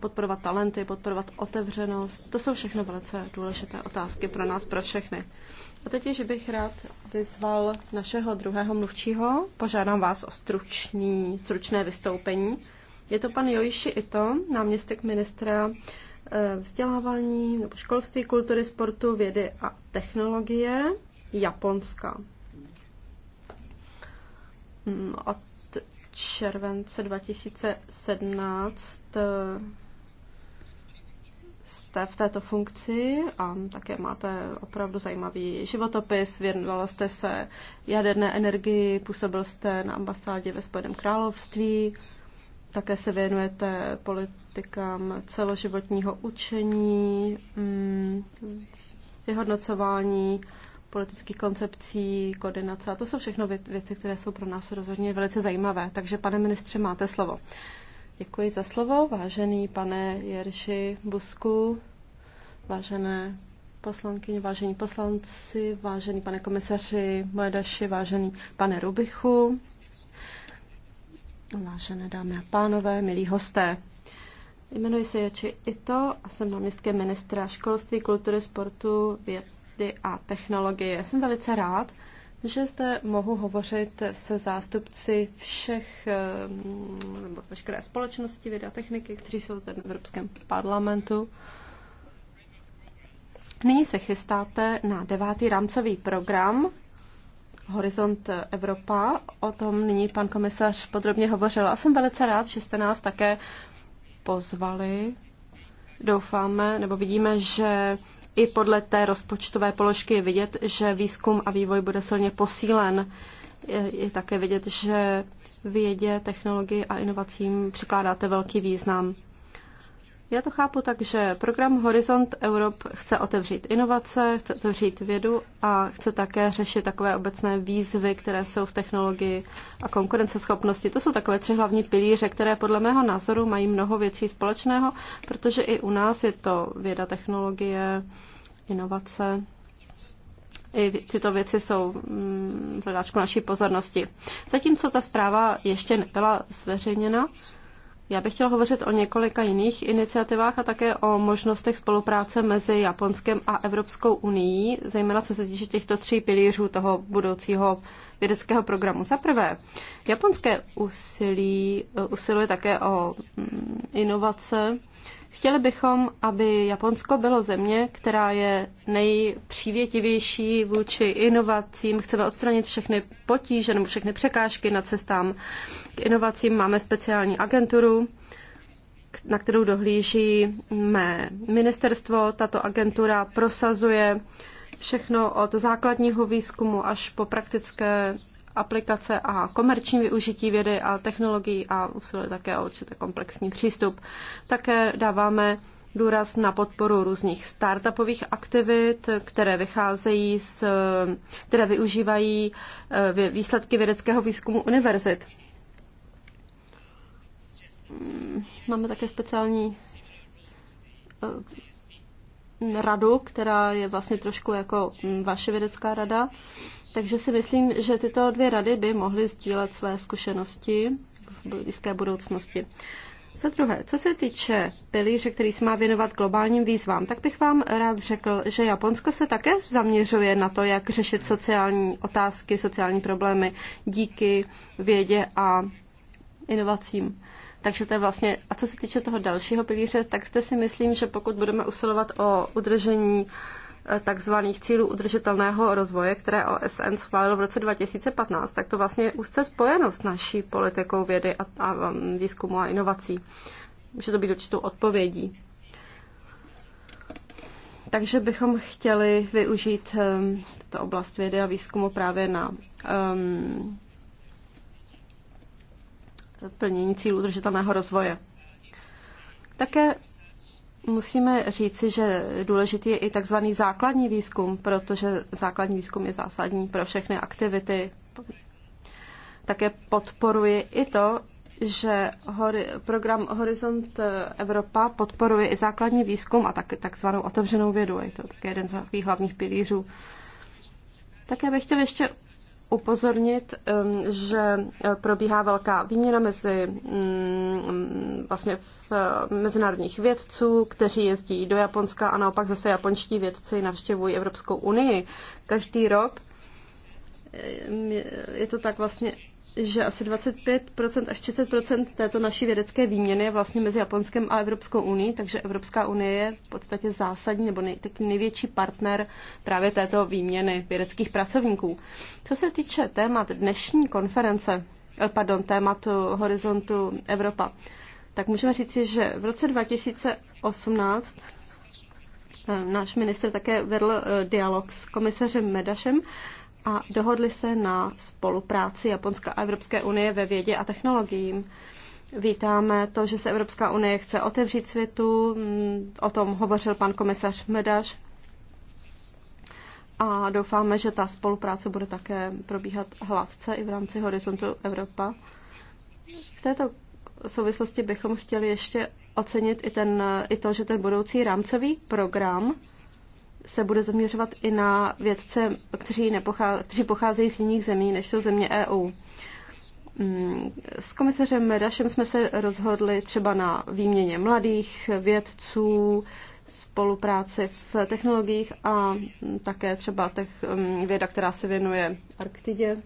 podporovat talenty, podporovat otevřenost. To jsou všechno velice důležité otázky pro nás, pro všechny. A teď, již bych rád vyzval našeho druhého mluvčího, požádám vás o stručný, stručné vystoupení. Je to pan Jojiši Ito, náměstek ministra eh, vzdělávání nebo školství, kultury, sportu, vědy a technologie Japonska. Mm, od července 2017 eh, jste v této funkci a také máte opravdu zajímavý životopis. Věnovala jste se jaderné energii, působil jste na ambasádě ve Spojeném království, také se věnujete politikám celoživotního učení, mm, vyhodnocování politických koncepcí, koordinace. A to jsou všechno věci, které jsou pro nás rozhodně velice zajímavé. Takže, pane ministře, máte slovo. Děkuji za slovo, vážený pane Jerši Busku, vážené poslankyně, vážení poslanci, vážený pane komisaři Mojedaši, vážený pane Rubichu. Vážené dámy a pánové, milí hosté, jmenuji se Joči Ito a jsem náměstkem ministra školství, kultury, sportu, vědy a technologie. Jsem velice rád, že zde mohu hovořit se zástupci všech, eh, nebo veškeré společnosti věda techniky, kteří jsou zde v Evropském parlamentu. Nyní se chystáte na devátý rámcový program, Horizont Evropa. O tom nyní pan komisař podrobně hovořil a jsem velice rád, že jste nás také pozvali. Doufáme, nebo vidíme, že i podle té rozpočtové položky je vidět, že výzkum a vývoj bude silně posílen. Je, je také vidět, že vědě, technologii a inovacím přikládáte velký význam. Já to chápu tak, že program Horizont Europe chce otevřít inovace, chce otevřít vědu a chce také řešit takové obecné výzvy, které jsou v technologii a konkurenceschopnosti. To jsou takové tři hlavní pilíře, které podle mého názoru mají mnoho věcí společného, protože i u nás je to věda, technologie, inovace. I tyto věci jsou mm, v hledáčku naší pozornosti. Zatímco ta zpráva ještě nebyla zveřejněna, já bych chtěla hovořit o několika jiných iniciativách a také o možnostech spolupráce mezi Japonskem a Evropskou unii, zejména co se týče těchto tří pilířů toho budoucího vědeckého programu. Za prvé, japonské úsilí eh, usiluje také o mm, inovace Chtěli bychom, aby Japonsko bylo země, která je nejpřívětivější vůči inovacím. Chceme odstranit všechny potíže nebo všechny překážky na cestám k inovacím. Máme speciální agenturu, na kterou dohlíží mé ministerstvo. Tato agentura prosazuje všechno od základního výzkumu až po praktické aplikace a komerční využití vědy a technologií a usiluje také o určitě komplexní přístup. Také dáváme důraz na podporu různých startupových aktivit, které vycházejí z, které využívají eh, výsledky vědeckého výzkumu univerzit. Mm, máme také speciální eh, radu, která je vlastně trošku jako mm, vaše vědecká rada. Takže si myslím, že tyto dvě rady by mohly sdílet své zkušenosti v blízké budoucnosti. Za druhé, co se týče pilíře, který se má věnovat globálním výzvám, tak bych vám rád řekl, že Japonsko se také zaměřuje na to, jak řešit sociální otázky, sociální problémy díky vědě a inovacím. Takže to je vlastně, a co se týče toho dalšího pilíře, tak zde si myslím, že pokud budeme usilovat o udržení tzv. cílů udržitelného rozvoje, které OSN schválilo v roce 2015, tak to vlastně je úzce spojeno s naší politikou vědy a, a um, výzkumu a inovací. Může to být určitou odpovědí. Takže bychom chtěli využít um, tuto oblast vědy a výzkumu právě na um, plnění cílů udržitelného rozvoje. Také musíme říci, že důležitý je i takzvaný základní výzkum, protože základní výzkum je zásadní pro všechny aktivity. Také podporuji i to, že hori, program Horizont Evropa podporuje i základní výzkum a tak, takzvanou otevřenou vědu. Je to také jeden z hlavních pilířů. Také bych chtěl ještě upozornit, um, že eh, probíhá velká výměna mezi mm, vlastně v eh, mezinárodních vědců, kteří jezdí do Japonska a naopak zase japonští vědci navštěvují Evropskou unii každý rok. Eh, je to tak vlastně že asi 25% až 30% této naší vědecké výměny je vlastně mezi Japonskem a Evropskou unii, takže Evropská unie je v podstatě zásadní nebo nej, největší partner právě této výměny vědeckých pracovníků. Co se týče témat dnešní konference, eh, pardon, tématu Horizontu Evropa, tak můžeme říci, že v roce 2018 eh, náš minister také vedl eh, dialog s komisařem Medašem a dohodli se na spolupráci Japonska a Evropské unie ve vědě a technologiím. Vítáme to, že se Evropská unie chce otevřít světu, mm, o tom hovořil pan komisař Medaš. A doufáme, že ta spolupráce bude také probíhat hladce i v rámci horizontu Evropa. V této souvislosti bychom chtěli ještě ocenit i, ten, i to, že ten budoucí rámcový program se bude zaměřovat i na vědce, kteří, nepochá, kteří pocházejí z jiných zemí, než jsou země EU. Mm, s komisařem Medašem jsme se rozhodli třeba na výměně mladých vědců, spolupráci v technologiích a také třeba tech, mm, věda, která se věnuje Arktidě.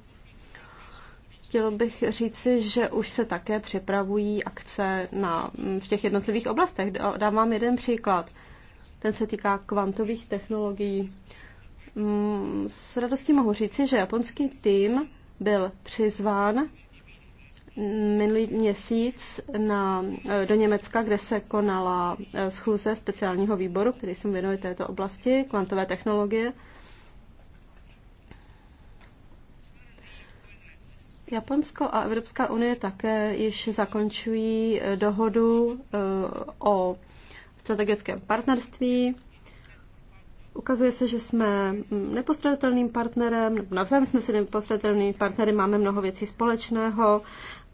Chtěl bych říci, že už se také připravují akce na, v těch jednotlivých oblastech. Dám vám jeden příklad. Ten se týká kvantových technologií. Mm, s radostí mohu říci, že japonský tým byl přizván minulý měsíc na, e, do Německa, kde se konala e, schůze speciálního výboru, který jsem věnuje této oblasti, kvantové technologie. Japonsko a Evropská unie také již zakončují e, dohodu o strategickém partnerství. Ukazuje se, že jsme nepostradatelným partnerem, navzájem jsme si nepostradatelnými partnery, máme mnoho věcí společného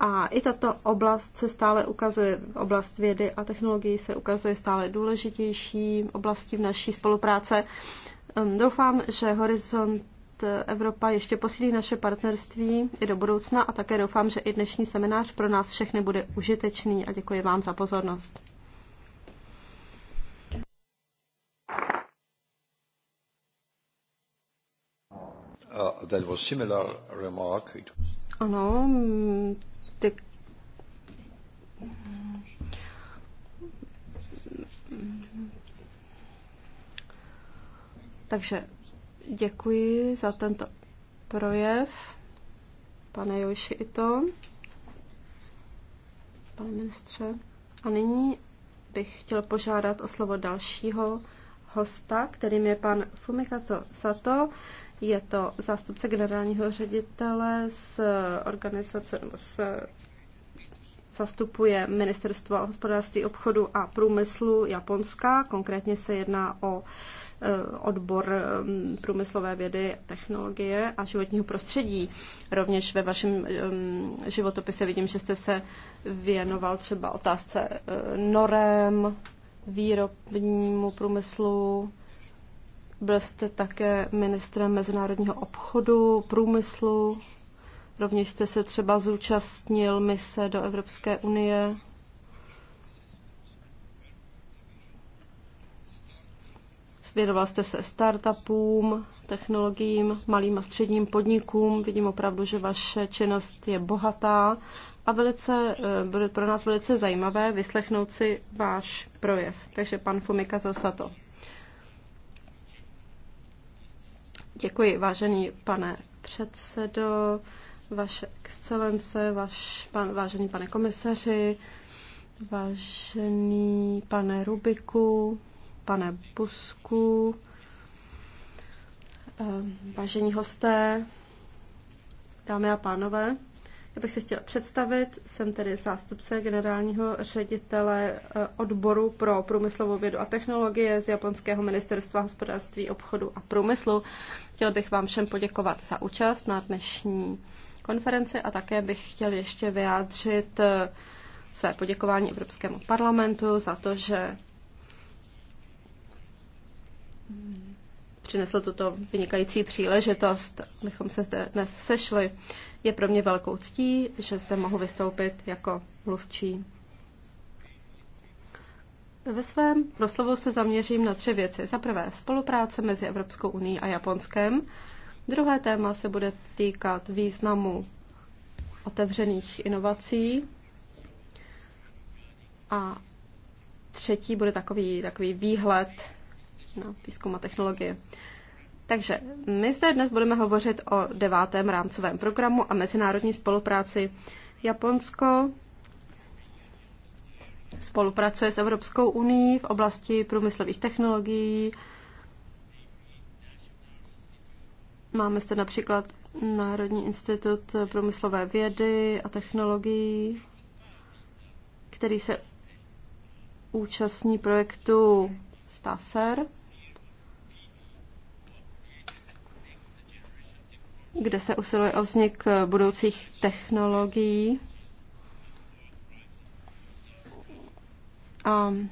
a i tato oblast se stále ukazuje, oblast vědy a technologií se ukazuje stále důležitější oblastí v naší spolupráce. Doufám, že Horizont Evropa ještě posílí naše partnerství i do budoucna a také doufám, že i dnešní seminář pro nás všechny bude užitečný a děkuji vám za pozornost. Uh, that was similar remark. Ano, mm, ty... Takže děkuji za tento projev, pane Joši Ito, pane ministře. A nyní bych chtěl požádat o slovo dalšího hosta, kterým je pan Fumikato Sato, je to zástupce generálního ředitele z organizace, z, zastupuje Ministerstvo hospodářství, obchodu a průmyslu Japonska. Konkrétně se jedná o eh, odbor mm, průmyslové vědy, technologie a životního prostředí. Rovněž ve vašem mm, životopise vidím, že jste se věnoval třeba otázce eh, norem, výrobnímu průmyslu, byl jste také ministrem mezinárodního obchodu, průmyslu, rovněž jste se třeba zúčastnil mise do Evropské unie. Věnoval jste se startupům, technologiím, malým a středním podnikům. Vidím opravdu, že vaše činnost je bohatá a velice, eh, bude pro nás velice zajímavé vyslechnout si váš projev. Takže pan Fumika Zosato. Děkuji, vážený pane předsedo, vaše excelence, vaš, pan, vážený pane komisaři, vážený pane Rubiku, pane Busku, ehm, vážení hosté, dámy a pánové. Já bych se chtěla představit, jsem tedy zástupce generálního ředitele eh, odboru pro průmyslovou vědu a technologie z Japonského ministerstva hospodářství, obchodu a průmyslu. Chtěl bych vám všem poděkovat za účast na dnešní konferenci a také bych chtěl ještě vyjádřit eh, své poděkování Evropskému parlamentu za to, že přinesl tuto vynikající příležitost, abychom se zde dnes sešli. Je pro mě velkou ctí, že zde mohu vystoupit jako mluvčí. Ve svém proslovu se zaměřím na tři věci. Za prvé spolupráce mezi Evropskou uní a Japonskem. Druhé téma se bude týkat významu otevřených inovací. A třetí bude takový, takový výhled na výzkum a technologie. Takže my zde dnes budeme hovořit o devátém rámcovém programu a mezinárodní spolupráci. Japonsko spolupracuje s Evropskou unii v oblasti průmyslových technologií. Máme zde například Národní institut průmyslové vědy a technologií, který se účastní projektu STASER – kde se usiluje o vznik eh, budoucích technologií. A mm,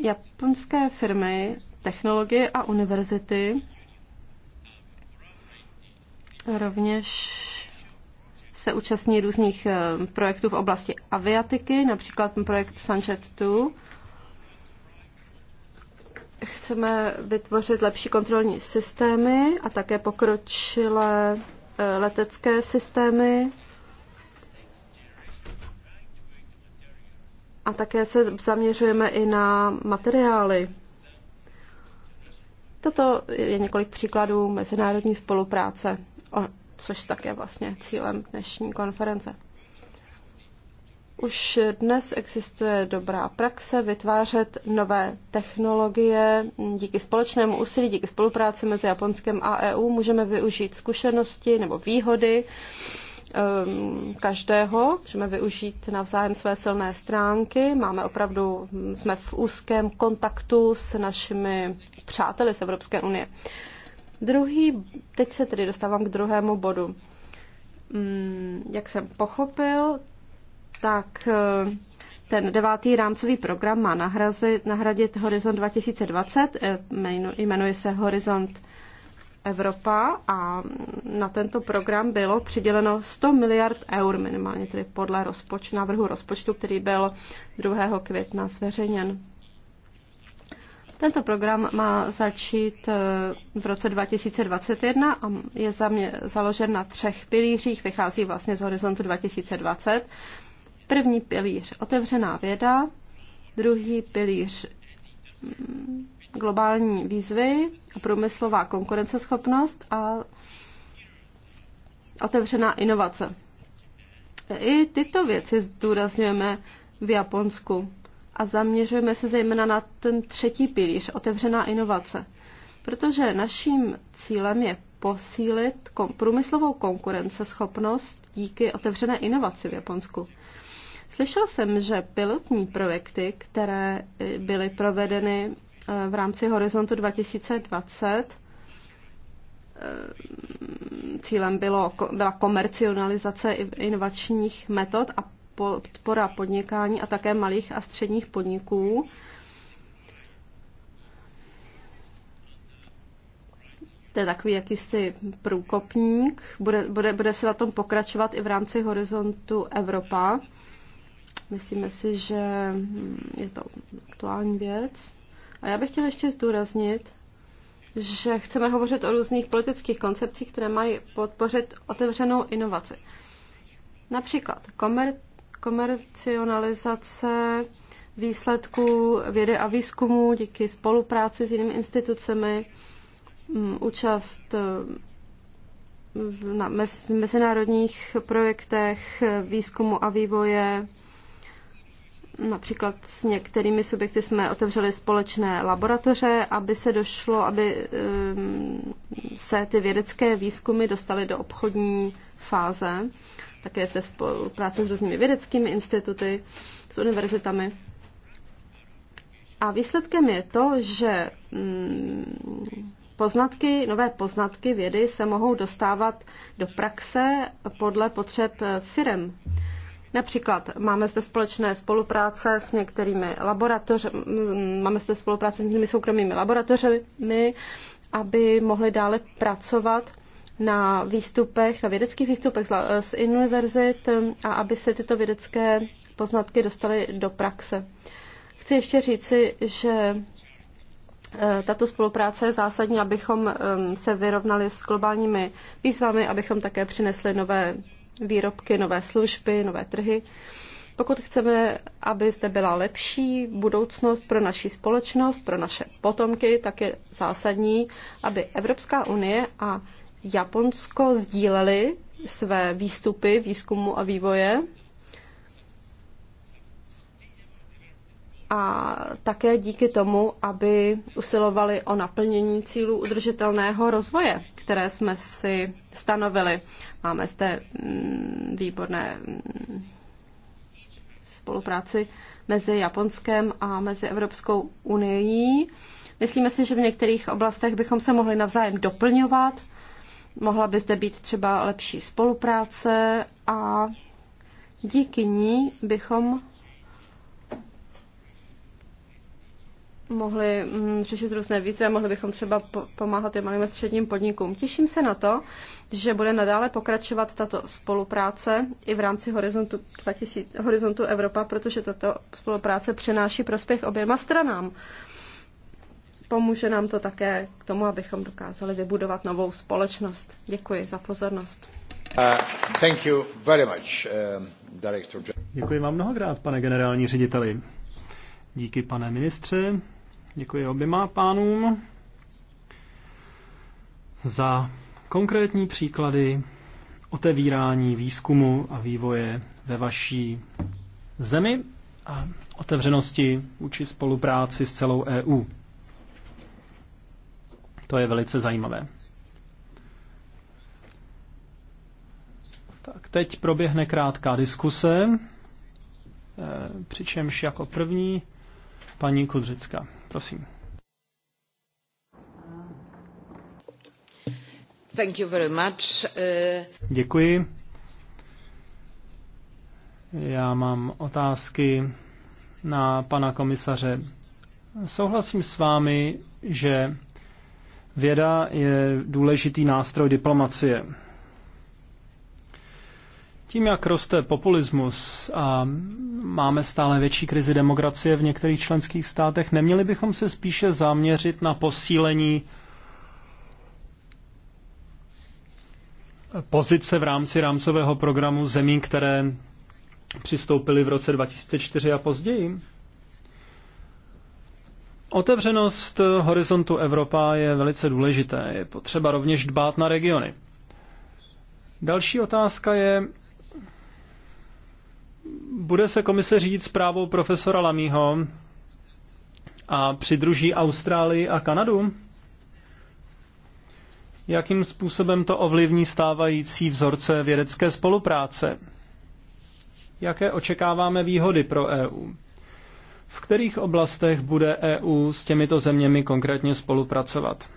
japonské firmy, technologie a univerzity rovněž se účastní různých eh, projektů v oblasti aviatiky, například projekt Sunset 2, chceme vytvořit lepší kontrolní systémy a také pokročilé e, letecké systémy. A také se zaměřujeme i na materiály. Toto je několik příkladů mezinárodní spolupráce, což také vlastně cílem dnešní konference. Už dnes existuje dobrá praxe vytvářet nové technologie. Díky společnému úsilí, díky spolupráci mezi Japonskem a EU můžeme využít zkušenosti nebo výhody um, každého, můžeme využít navzájem své silné stránky. Máme opravdu, jsme v úzkém kontaktu s našimi přáteli z Evropské unie. Druhý, teď se tedy dostávám k druhému bodu. Hmm, jak jsem pochopil, tak eh, ten devátý rámcový program má nahrazit, nahradit Horizont 2020, eh, jmenuje se Horizont Evropa a na tento program bylo přiděleno 100 miliard eur minimálně, tedy podle rozpoč, návrhu rozpočtu, který byl 2. května zveřejněn. Tento program má začít eh, v roce 2021 a je založen na třech pilířích, vychází vlastně z horizontu 2020. První pilíř otevřená věda, druhý pilíř mm, globální výzvy a průmyslová konkurenceschopnost a otevřená inovace. I tyto věci zdůrazňujeme v Japonsku a zaměřujeme se zejména na ten třetí pilíř, otevřená inovace. Protože naším cílem je posílit průmyslovou konkurenceschopnost díky otevřené inovaci v Japonsku. Slyšel jsem, že pilotní projekty, které eh, byly provedeny eh, v rámci Horizontu 2020, eh, cílem bylo, byla komercionalizace inovačních metod a podpora podnikání a také malých a středních podniků. To je takový jakýsi průkopník. Bude, bude, bude se na tom pokračovat i v rámci horizontu Evropa. Myslíme si, že hm, je to aktuální věc. A já bych chtěla ještě zdůraznit, že chceme hovořit o různých politických koncepcích, které mají podpořit otevřenou inovaci. Například komer- komercionalizace výsledků vědy a výzkumu díky spolupráci s jinými institucemi, hm, účast hm, na mezinárodních projektech výzkumu a vývoje, Například s některými subjekty jsme otevřeli společné laboratoře, aby se došlo, aby ehm, se ty vědecké výzkumy dostaly do obchodní fáze, také té spolupráce s různými vědeckými instituty, s univerzitami. A výsledkem je to, že mm, poznatky, nové poznatky vědy se mohou dostávat do praxe podle potřeb firem. Například máme zde společné spolupráce s některými laboratořemi, mm, máme zde spolupráce s některými soukromými laboratořemi, aby mohli dále pracovat na výstupech, na vědeckých výstupech z univerzit a aby se tyto vědecké poznatky dostaly do praxe. Chci ještě říci, že e, tato spolupráce je zásadní, abychom e, se vyrovnali s globálními výzvami, abychom také přinesli nové výrobky, nové služby, nové trhy. Pokud chceme, aby zde byla lepší budoucnost pro naši společnost, pro naše potomky, tak je zásadní, aby Evropská unie a Japonsko sdíleli své výstupy výzkumu a vývoje a také díky tomu, aby usilovali o naplnění cílů udržitelného rozvoje které jsme si stanovili. Máme zde mm, výborné mm, spolupráci mezi Japonskem a mezi Evropskou unii. Myslíme si, že v některých oblastech bychom se mohli navzájem doplňovat. Mohla by zde být třeba lepší spolupráce a díky ní bychom mohli mm, řešit různé výzvy a mohli bychom třeba pomáhat i malým a středním podnikům. Těším se na to, že bude nadále pokračovat tato spolupráce i v rámci horizontu, 2000, horizontu Evropa, protože tato spolupráce přináší prospěch oběma stranám. Pomůže nám to také k tomu, abychom dokázali vybudovat novou společnost. Děkuji za pozornost. Uh, thank you very much, uh, director. Děkuji vám mnohokrát, pane generální řediteli. Díky, pane ministře. Děkuji oběma pánům za konkrétní příklady otevírání výzkumu a vývoje ve vaší zemi a otevřenosti vůči spolupráci s celou EU. To je velice zajímavé. Tak teď proběhne krátká diskuse, eh, přičemž jako první Paní Kudřická, prosím. Thank you very much. Eh, Děkuji. Já mám otázky na pana komisaře. Souhlasím s vámi, že věda je důležitý nástroj diplomacie. Tím, jak roste populismus a máme stále větší krizi demokracie v některých členských státech, neměli bychom se spíše zaměřit na posílení pozice v rámci rámcového programu zemí, které přistoupily v roce 2004 a později? Otevřenost horizontu Evropa je velice důležité. Je potřeba rovněž dbát na regiony. Další otázka je, bude se komise řídit zprávou profesora Lamího a přidruží Austrálii a Kanadu? Jakým způsobem to ovlivní stávající vzorce vědecké spolupráce? Jaké očekáváme výhody pro EU? V kterých oblastech bude EU s těmito zeměmi konkrétně spolupracovat?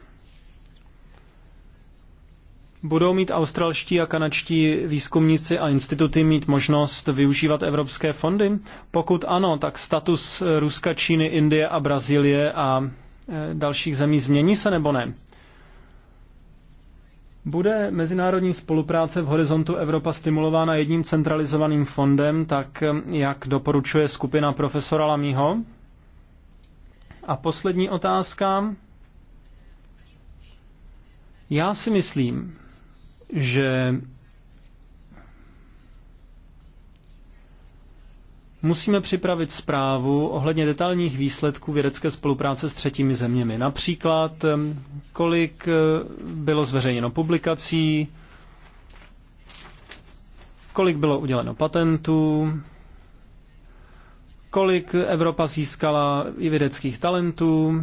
budou mít australští a kanadští výzkumníci a instituty mít možnost využívat evropské fondy? Pokud ano, tak status Ruska, Číny, Indie a Brazílie a e, dalších zemí změní se nebo ne? Bude mezinárodní spolupráce v horizontu Evropa stimulována jedním centralizovaným fondem, tak e, jak doporučuje skupina profesora Lamího? A poslední otázka. Já si myslím, že musíme připravit zprávu ohledně detailních výsledků vědecké spolupráce s třetími zeměmi. Například, kolik e, bylo zveřejněno publikací, kolik bylo uděleno patentů, kolik Evropa získala i vědeckých talentů,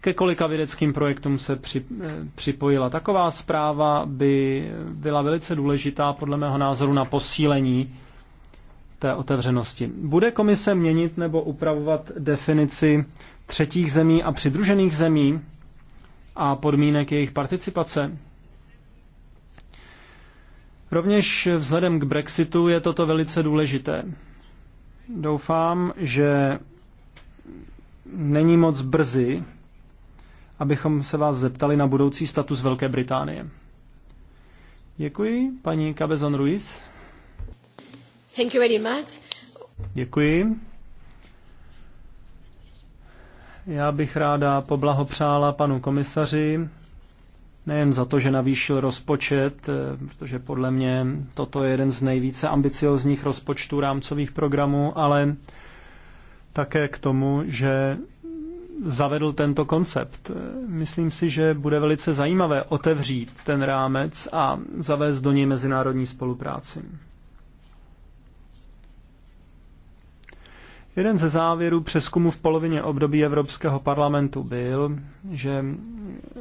ke kolika vědeckým projektům se při, eh, připojila. Taková zpráva by byla velice důležitá podle mého názoru na posílení té otevřenosti. Bude komise měnit nebo upravovat definici třetích zemí a přidružených zemí a podmínek jejich participace? Rovněž vzhledem k Brexitu je toto velice důležité. Doufám, že není moc brzy abychom se vás zeptali na budoucí status Velké Británie. Děkuji, paní Cabezon Ruiz. Thank you very much. Děkuji. Já bych ráda poblahopřála panu komisaři nejen za to, že navýšil rozpočet, eh, protože podle mě toto je jeden z nejvíce ambiciozních rozpočtů rámcových programů, ale také k tomu, že zavedl tento koncept. Myslím si, že bude velice zajímavé otevřít ten rámec a zavést do něj mezinárodní spolupráci. Jeden ze závěrů přeskumu v polovině období Evropského parlamentu byl, že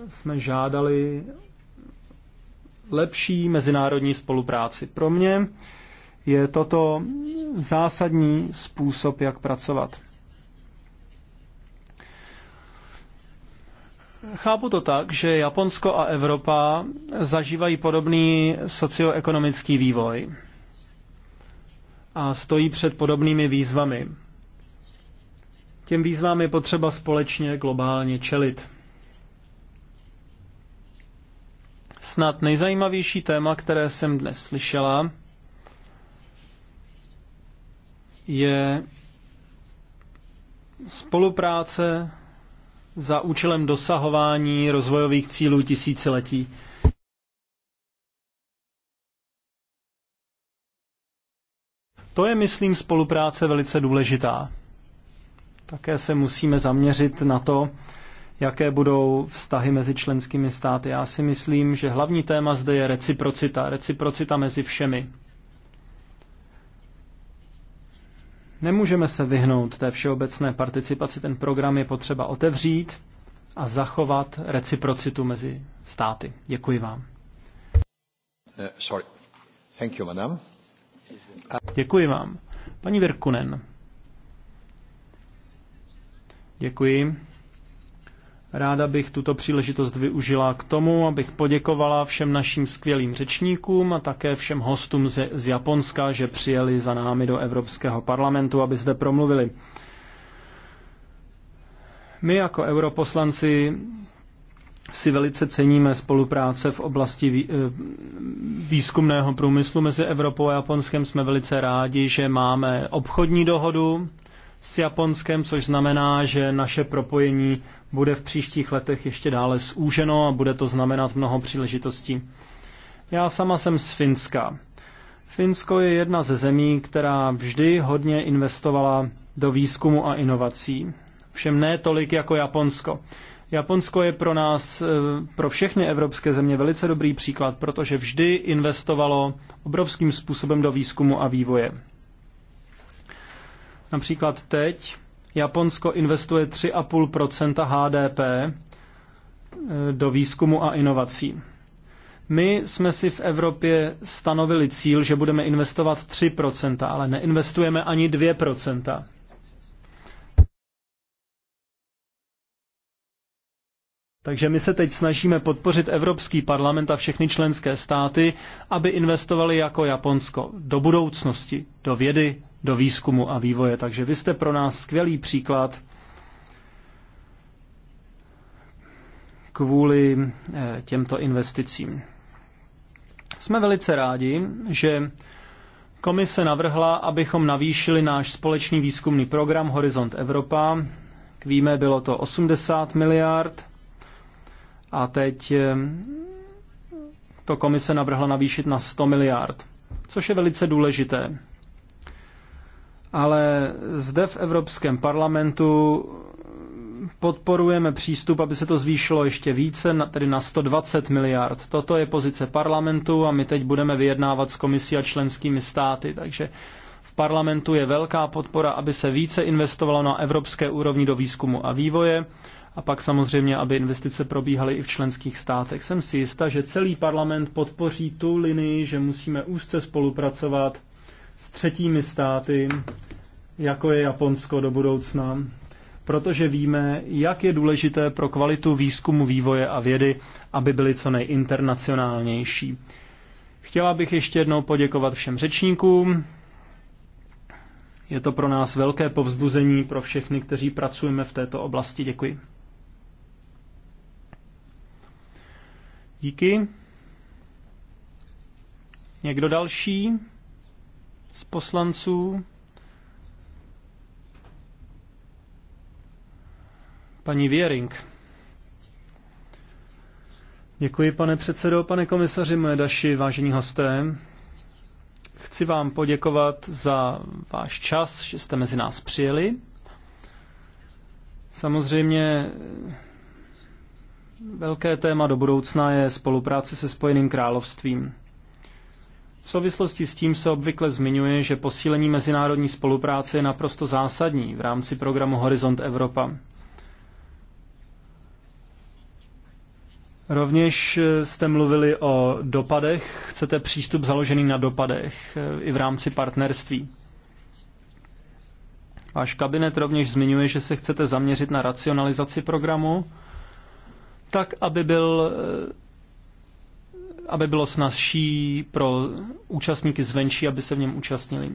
jsme žádali lepší mezinárodní spolupráci. Pro mě je toto zásadní způsob, jak pracovat. Chápu to tak, že Japonsko a Evropa zažívají podobný socioekonomický vývoj a stojí před podobnými výzvami. Těm výzvám je potřeba společně globálně čelit. Snad nejzajímavější téma, které jsem dnes slyšela, je spolupráce za účelem dosahování rozvojových cílů tisíciletí. To je, myslím, spolupráce velice důležitá. Také se musíme zaměřit na to, jaké budou vztahy mezi členskými státy. Já si myslím, že hlavní téma zde je reciprocita. Reciprocita mezi všemi. Nemůžeme se vyhnout té všeobecné participaci, ten program je potřeba otevřít a zachovat reciprocitu mezi státy. Děkuji vám. Uh, sorry. Thank you, madam. Děkuji vám. Paní Virkunen. Děkuji. Ráda bych tuto příležitost využila k tomu, abych poděkovala všem našim skvělým řečníkům a také všem hostům z, z Japonska, že přijeli za námi do Evropského parlamentu, aby zde promluvili. My jako europoslanci si velice ceníme spolupráce v oblasti eh, výzkumného průmyslu mezi Evropou a Japonskem. Jsme velice rádi, že máme obchodní dohodu s Japonskem, což znamená, že naše propojení bude v příštích letech ještě dále zúženo a bude to znamenat mnoho příležitostí. Já sama jsem z Finska. Finsko je jedna ze zemí, která vždy hodně investovala do výzkumu a inovací. Všem ne tolik jako Japonsko. Japonsko je pro nás, eh, pro všechny evropské země velice dobrý příklad, protože vždy investovalo obrovským způsobem do výzkumu a vývoje. Například teď Japonsko investuje 3,5 HDP eh, do výzkumu a inovací. My jsme si v Evropě stanovili cíl, že budeme investovat 3 ale neinvestujeme ani 2 Takže my se teď snažíme podpořit Evropský parlament a všechny členské státy, aby investovali jako Japonsko do budoucnosti, do vědy, do výzkumu a vývoje. Takže vy jste pro nás skvělý příklad kvůli eh, těmto investicím. Jsme velice rádi, že komise navrhla, abychom navýšili náš společný výzkumný program Horizont Evropa. Jak víme, bylo to 80 miliard a teď eh, to komise navrhla navýšit na 100 miliard, což je velice důležité ale zde v Evropském parlamentu podporujeme přístup, aby se to zvýšilo ještě více, tedy na 120 miliard. Toto je pozice parlamentu a my teď budeme vyjednávat s komisí a členskými státy, takže v parlamentu je velká podpora, aby se více investovalo na evropské úrovni do výzkumu a vývoje a pak samozřejmě, aby investice probíhaly i v členských státech. Jsem si jista, že celý parlament podpoří tu linii, že musíme úzce spolupracovat s třetími státy, jako je Japonsko do budoucna, protože víme, jak je důležité pro kvalitu výzkumu, vývoje a vědy, aby byly co nejinternacionálnější. Chtěla bych ještě jednou poděkovat všem řečníkům. Je to pro nás velké povzbuzení pro všechny, kteří pracujeme v této oblasti. Děkuji. Díky. Někdo další? z poslanců. Paní Věring. Děkuji, pane předsedo, pane komisaři moje daši, vážení hosté. Chci vám poděkovat za váš čas, že jste mezi nás přijeli. Samozřejmě velké téma do budoucna je spolupráce se Spojeným královstvím. V souvislosti s tím se obvykle zmiňuje, že posílení mezinárodní spolupráce je naprosto zásadní v rámci programu Horizont Evropa. Rovněž eh, jste mluvili o dopadech. Chcete přístup založený na dopadech eh, i v rámci partnerství. Váš kabinet rovněž zmiňuje, že se chcete zaměřit na racionalizaci programu, tak aby byl eh, aby bylo snazší pro účastníky zvenčí, aby se v něm účastnili.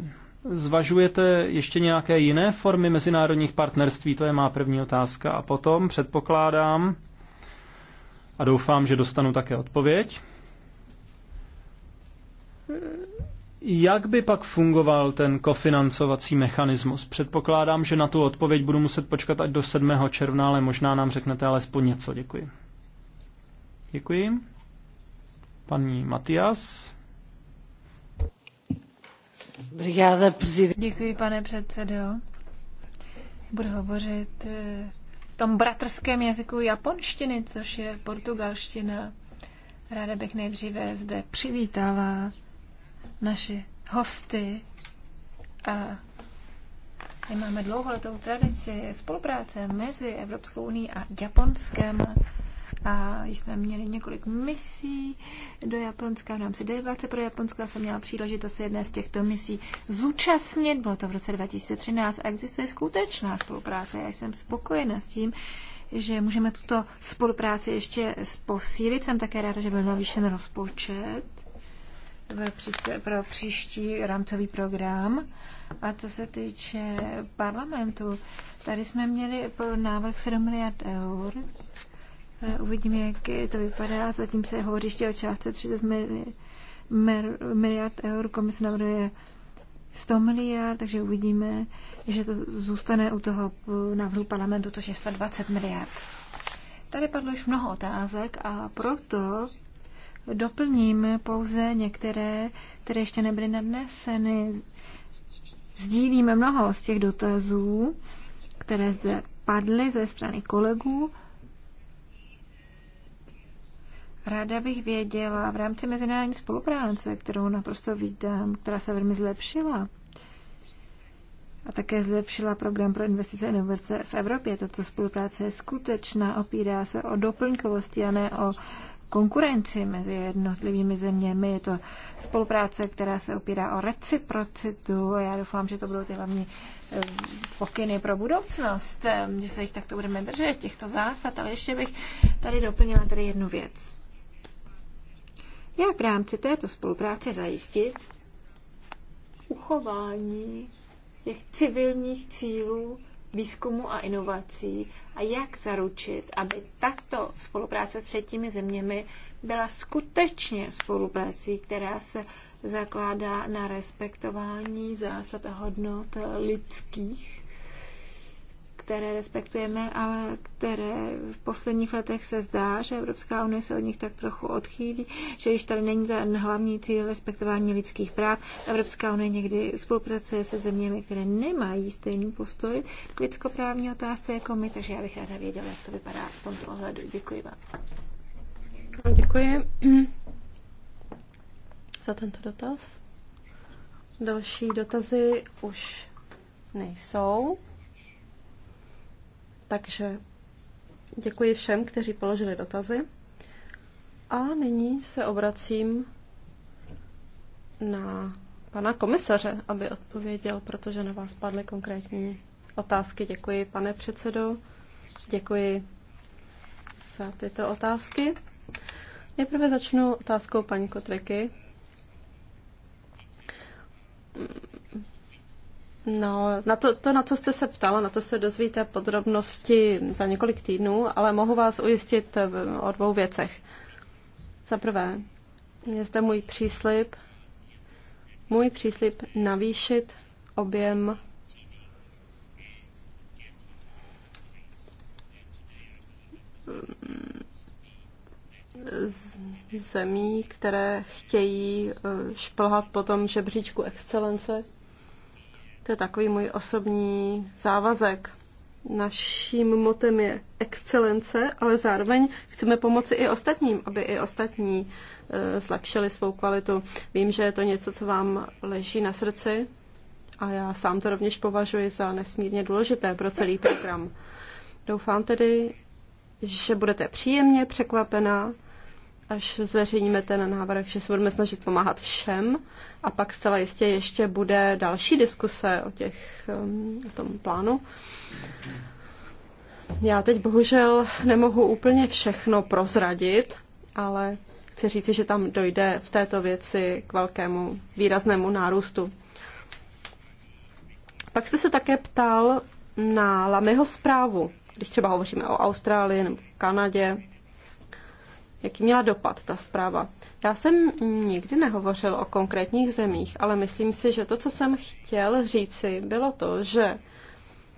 Zvažujete ještě nějaké jiné formy mezinárodních partnerství? To je má první otázka. A potom předpokládám, a doufám, že dostanu také odpověď, jak by pak fungoval ten kofinancovací mechanismus? Předpokládám, že na tu odpověď budu muset počkat až do 7. června, ale možná nám řeknete alespoň něco. Děkuji. Děkuji. Paní Matias. Děkuji, pane předsedo. Budu hovořit eh, v tom bratrském jazyku japonštiny, což je portugalština. Ráda bych nejdříve zde přivítala naše hosty a my máme dlouholetou tradici spolupráce mezi Evropskou unii a Japonskem a jsme měli několik misí do Japonska. V rámci delegace pro Japonsko jsem měla příležitost jedné z těchto misí zúčastnit. Bylo to v roce 2013 a existuje skutečná spolupráce. Já jsem spokojena s tím, že můžeme tuto spolupráci ještě posílit. Jsem také ráda, že byl navýšen rozpočet pro příští rámcový program. A co se týče parlamentu, tady jsme měli návrh 7 miliard eur Eh, uvidíme, jak to vypadá. Zatím se hovoří ještě o částce 30 miliard eur. Komise navrhuje 100 miliard, takže uvidíme, že to zůstane u toho návrhu parlamentu, to je 120 miliard. Tady padlo už mnoho otázek a proto doplním pouze některé, které ještě nebyly nadneseny. Sdílíme mnoho z těch dotazů, které zde padly ze strany kolegů Ráda bych věděla v rámci mezinárodní spolupráce, kterou naprosto vítám, která se velmi zlepšila a také zlepšila program pro investice a inovace v Evropě. Tato spolupráce je skutečná, opírá se o doplňkovosti a ne o konkurenci mezi jednotlivými zeměmi. Je to spolupráce, která se opírá o reciprocitu a já doufám, že to budou ty hlavní eh, pokyny pro budoucnost, eh, že se jich takto budeme držet, těchto zásad, ale ještě bych tady doplnila tady jednu věc jak v rámci této spolupráce zajistit uchování těch civilních cílů výzkumu a inovací a jak zaručit, aby tato spolupráce s třetími zeměmi byla skutečně spoluprací, která se zakládá na respektování zásad a hodnot lidských které respektujeme, ale které v posledních letech se zdá, že Evropská unie se od nich tak trochu odchýlí, že již tady není ten hlavní cíl respektování lidských práv. Evropská unie někdy spolupracuje se zeměmi, které nemají stejný postoj k lidskoprávní otázce jako my, takže já bych ráda věděla, jak to vypadá v tomto ohledu. Děkuji vám. Děkuji za tento dotaz. Další dotazy už nejsou. Takže děkuji všem, kteří položili dotazy. A nyní se obracím na pana komisaře, aby odpověděl, protože na vás padly konkrétní otázky. Děkuji, pane předsedo. Děkuji za tyto otázky. Nejprve začnu otázkou paní Kotreky. No, na to, to, na co jste se ptala, na to se dozvíte podrobnosti za několik týdnů, ale mohu vás ujistit o dvou věcech. Za prvé, je zde můj příslip, můj příslip navýšit objem zemí, které chtějí eh, šplhat po tom žebříčku excelence, to je takový můj osobní závazek. Naším motem je excelence, ale zároveň chceme pomoci i ostatním, aby i ostatní e, zlepšili svou kvalitu. Vím, že je to něco, co vám leží na srdci a já sám to rovněž považuji za nesmírně důležité pro celý program. Doufám tedy, že budete příjemně překvapená až zveřejníme ten návrh, že se budeme snažit pomáhat všem a pak zcela jistě ještě bude další diskuse o, těch, um, o tom plánu. Já teď bohužel nemohu úplně všechno prozradit, ale chci říci, že tam dojde v této věci k velkému výraznému nárůstu. Pak jste se také ptal na Lamyho zprávu, když třeba hovoříme o Austrálii nebo Kanadě, jaký měla dopad ta zpráva. Já jsem nikdy nehovořil o konkrétních zemích, ale myslím si, že to, co jsem chtěl říci, bylo to, že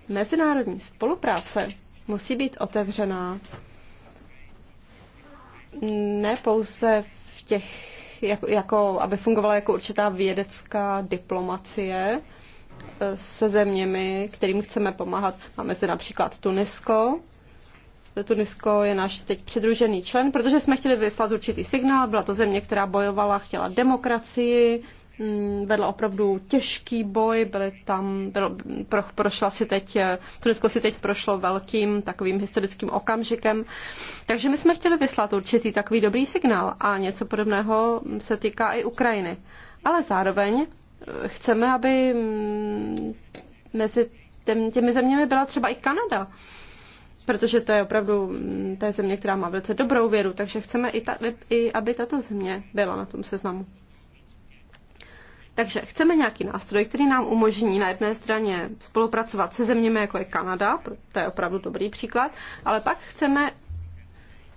mezinárodní spolupráce musí být otevřená ne pouze v těch, jako, jako, aby fungovala jako určitá vědecká diplomacie eh, se zeměmi, kterým chceme pomáhat. Máme zde například Tunisko, Tunisko je náš teď přidružený člen, protože jsme chtěli vyslat určitý signál. Byla to země, která bojovala, chtěla demokracii, mm, vedla opravdu těžký boj, byly tam, bylo, pro, prošla si teď, eh, Tunisko si teď prošlo velkým takovým historickým okamžikem. Takže my jsme chtěli vyslat určitý takový dobrý signál a něco podobného se týká i Ukrajiny. Ale zároveň eh, chceme, aby mm, mezi těmi zeměmi byla třeba i Kanada protože to je opravdu mm, té země, která má velice dobrou věru, takže chceme i, ta, i aby tato země byla na tom seznamu. Takže chceme nějaký nástroj, který nám umožní na jedné straně spolupracovat se zeměmi, jako je Kanada, to je opravdu dobrý příklad, ale pak chceme,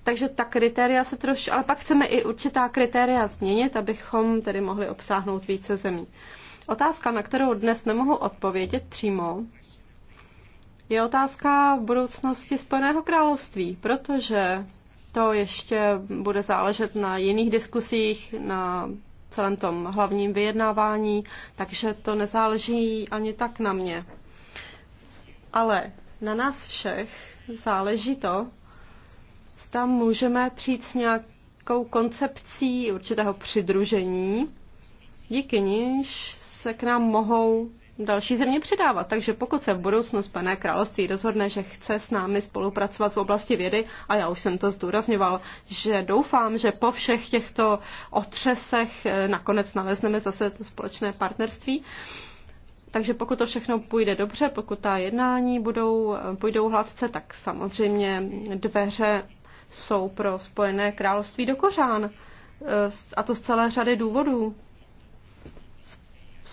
takže ta kritéria se troši, ale pak chceme i určitá kritéria změnit, abychom tedy mohli obsáhnout více zemí. Otázka, na kterou dnes nemohu odpovědět přímo, je otázka budoucnosti Spojeného království, protože to ještě bude záležet na jiných diskusích, na celém tom hlavním vyjednávání, takže to nezáleží ani tak na mě. Ale na nás všech záleží to, zda můžeme přijít s nějakou koncepcí určitého přidružení, díky níž se k nám mohou další země přidávat. Takže pokud se v budoucnu Spojené království rozhodne, že chce s námi spolupracovat v oblasti vědy, a já už jsem to zdůrazňoval, že doufám, že po všech těchto otřesech eh, nakonec nalezneme zase to společné partnerství, takže pokud to všechno půjde dobře, pokud ta jednání budou, eh, půjdou hladce, tak samozřejmě dveře jsou pro Spojené království do kořán. Eh, a to z celé řady důvodů.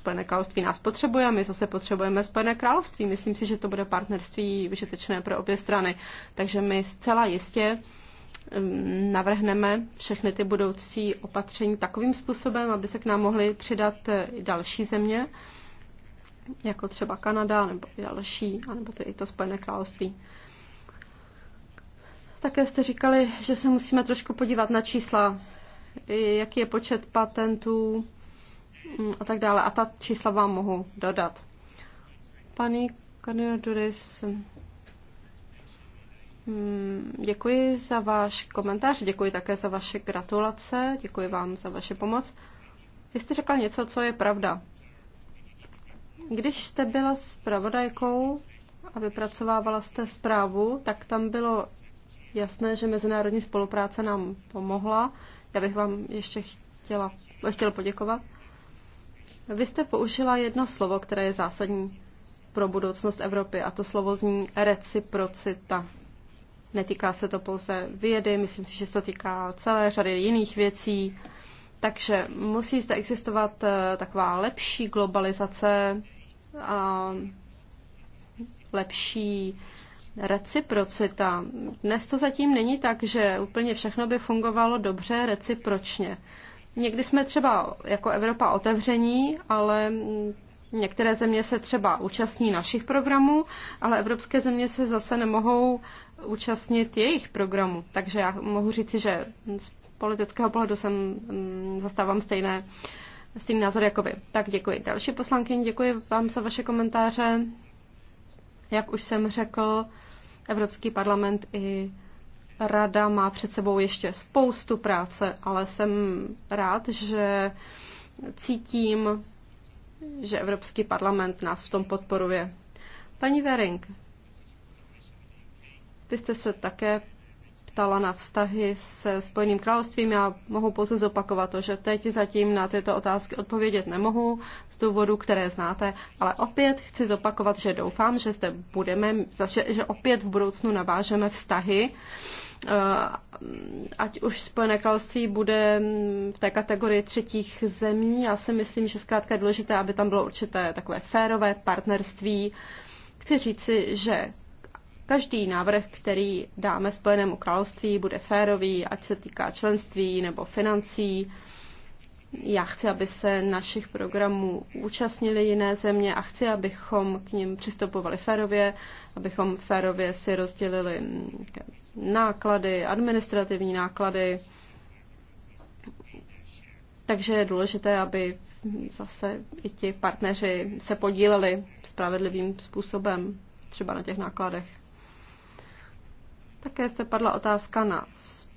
Spojené království nás potřebuje my zase potřebujeme Spojené království. Myslím si, že to bude partnerství užitečné pro obě strany. Takže my zcela jistě um, navrhneme všechny ty budoucí opatření takovým způsobem, aby se k nám mohly přidat eh, i další země, jako třeba Kanada nebo i další, anebo to i to Spojené království. Také jste říkali, že se musíme trošku podívat na čísla, jaký je počet patentů, Mm, a tak dále. A ta čísla vám mohu dodat. Paní Kanioduris, mm, děkuji za váš komentář, děkuji také za vaše gratulace, děkuji vám za vaše pomoc. Vy jste řekla něco, co je pravda. Když jste byla s pravodajkou a vypracovávala jste zprávu, tak tam bylo jasné, že mezinárodní spolupráce nám pomohla. Já bych vám ještě chtěla, chtěla poděkovat. Vy jste použila jedno slovo, které je zásadní pro budoucnost Evropy, a to slovo zní reciprocita. Netýká se to pouze vědy, myslím si, že se to týká celé řady jiných věcí. Takže musí zde existovat eh, taková lepší globalizace a lepší reciprocita. Dnes to zatím není tak, že úplně všechno by fungovalo dobře recipročně. Někdy jsme třeba jako Evropa otevření, ale některé země se třeba účastní našich programů, ale evropské země se zase nemohou účastnit jejich programů. Takže já mohu říci, že z politického pohledu jsem mm, zastávám stejné, stejný názor jako vy. Tak děkuji. Další poslankyně, děkuji vám za vaše komentáře. Jak už jsem řekl, Evropský parlament i Rada má před sebou ještě spoustu práce, ale jsem rád, že cítím, že Evropský parlament nás v tom podporuje. Paní Vering, vy jste se také ptala na vztahy se Spojeným královstvím. Já mohu pouze zopakovat to, že teď zatím na tyto otázky odpovědět nemohu z důvodu, které znáte, ale opět chci zopakovat, že doufám, že zde budeme, že, že opět v budoucnu navážeme vztahy Eh, ať už Spojené království bude mm, v té kategorii třetích zemí. Já si myslím, že zkrátka je důležité, aby tam bylo určité takové férové partnerství. Chci říci, že každý návrh, který dáme Spojenému království, bude férový, ať se týká členství nebo financí já chci, aby se našich programů účastnili jiné země a chci, abychom k ním přistupovali férově, abychom férově si rozdělili mm, náklady, administrativní náklady. Takže je důležité, aby zase i ti partneři se podíleli spravedlivým způsobem třeba na těch nákladech. Také jste padla otázka na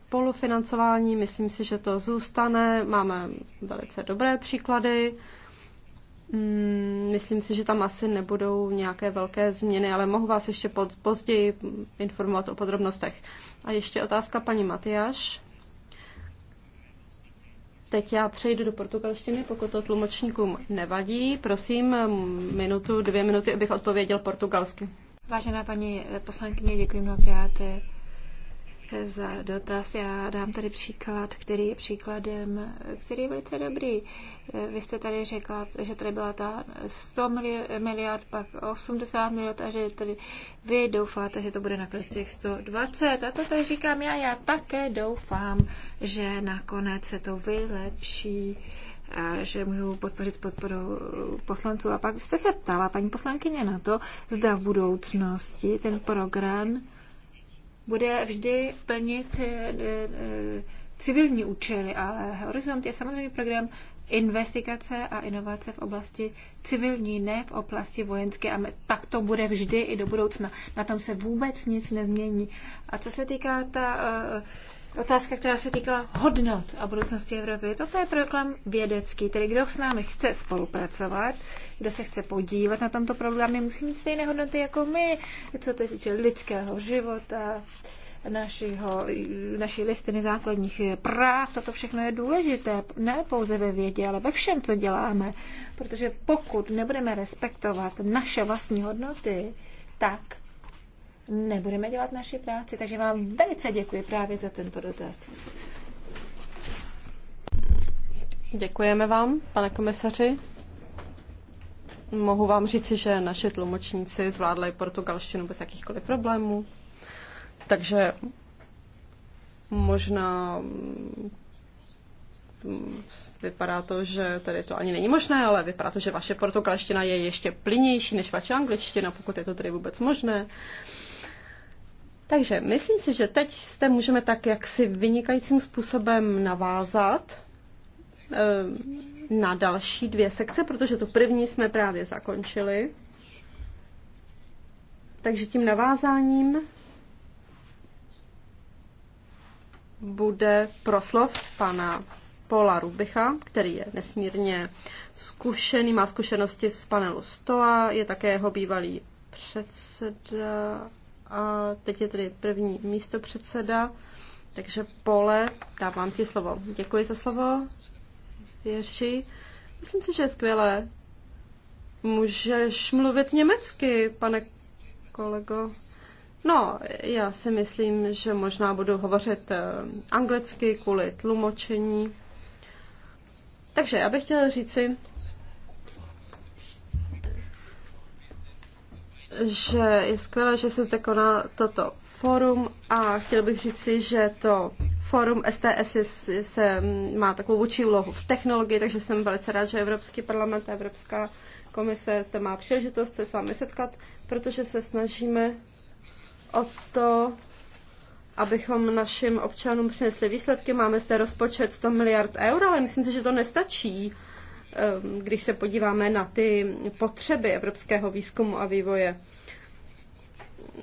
spolufinancování. Myslím si, že to zůstane. Máme velice dobré příklady. Mm, myslím si, že tam asi nebudou nějaké velké změny, ale mohu vás ještě pod, později informovat o podrobnostech. A ještě otázka paní Matyáš. Teď já přejdu do portugalštiny, pokud to tlumočníkům nevadí. Prosím, minutu, dvě minuty, abych odpověděl portugalsky. Vážená paní poslankyně, děkuji mnohokrát za dotaz. Já dám tady příklad, který je příkladem, který je velice dobrý. Vy jste tady řekla, že tady byla ta 100 miliard, pak 80 miliard a že tady vy doufáte, že to bude nakonec těch 120. A to tady říkám já, já také doufám, že nakonec se to vylepší a že můžu podpořit s podporou poslanců. A pak jste se ptala, paní poslankyně, na to, zda v budoucnosti ten program bude vždy plnit eh, eh, civilní účely, ale Horizont je samozřejmě program investigace a inovace v oblasti civilní, ne v oblasti vojenské. A tak to bude vždy i do budoucna. Na tom se vůbec nic nezmění. A co se týká ta uh, otázka, která se týkala hodnot a budoucnosti Evropy. Toto je program vědecký, tedy kdo s námi chce spolupracovat, kdo se chce podívat na tomto problému, musí mít stejné hodnoty jako my, co to týče lidského života, našeho, naší listiny základních práv. Toto všechno je důležité, ne pouze ve vědě, ale ve všem, co děláme. Protože pokud nebudeme respektovat naše vlastní hodnoty, tak nebudeme dělat naši práci. Takže vám velice děkuji právě za tento dotaz. Děkujeme vám, pane komisaři. Mohu vám říci, že naše tlumočníci zvládli portugalštinu bez jakýchkoliv problémů. Takže možná mm, vypadá to, že tady to ani není možné, ale vypadá to, že vaše portugalština je ještě plynější než vaše angličtina, pokud je to tady vůbec možné. Takže myslím si, že teď jste můžeme tak jaksi vynikajícím způsobem navázat eh, na další dvě sekce, protože tu první jsme právě zakončili. Takže tím navázáním bude proslov pana Paula Rubicha, který je nesmírně zkušený, má zkušenosti z panelu STOA, je také jeho bývalý předseda a teď je tedy první místo předseda. Takže pole, dávám ti slovo. Děkuji za slovo, Věrši. Myslím si, že je skvělé. Můžeš mluvit německy, pane kolego. No, já si myslím, že možná budu hovořit eh, anglicky kvůli tlumočení. Takže já bych chtěla říci, že je skvělé, že se zde koná toto fórum a chtěl bych si, že to fórum STS je, se má takovou vůči úlohu v technologii, takže jsem velice rád, že Evropský parlament a Evropská komise zde má příležitost se s vámi setkat, protože se snažíme o to, abychom našim občanům přinesli výsledky. Máme zde rozpočet 100 miliard eur, ale myslím si, že to nestačí, ehm, když se podíváme na ty potřeby evropského výzkumu a vývoje.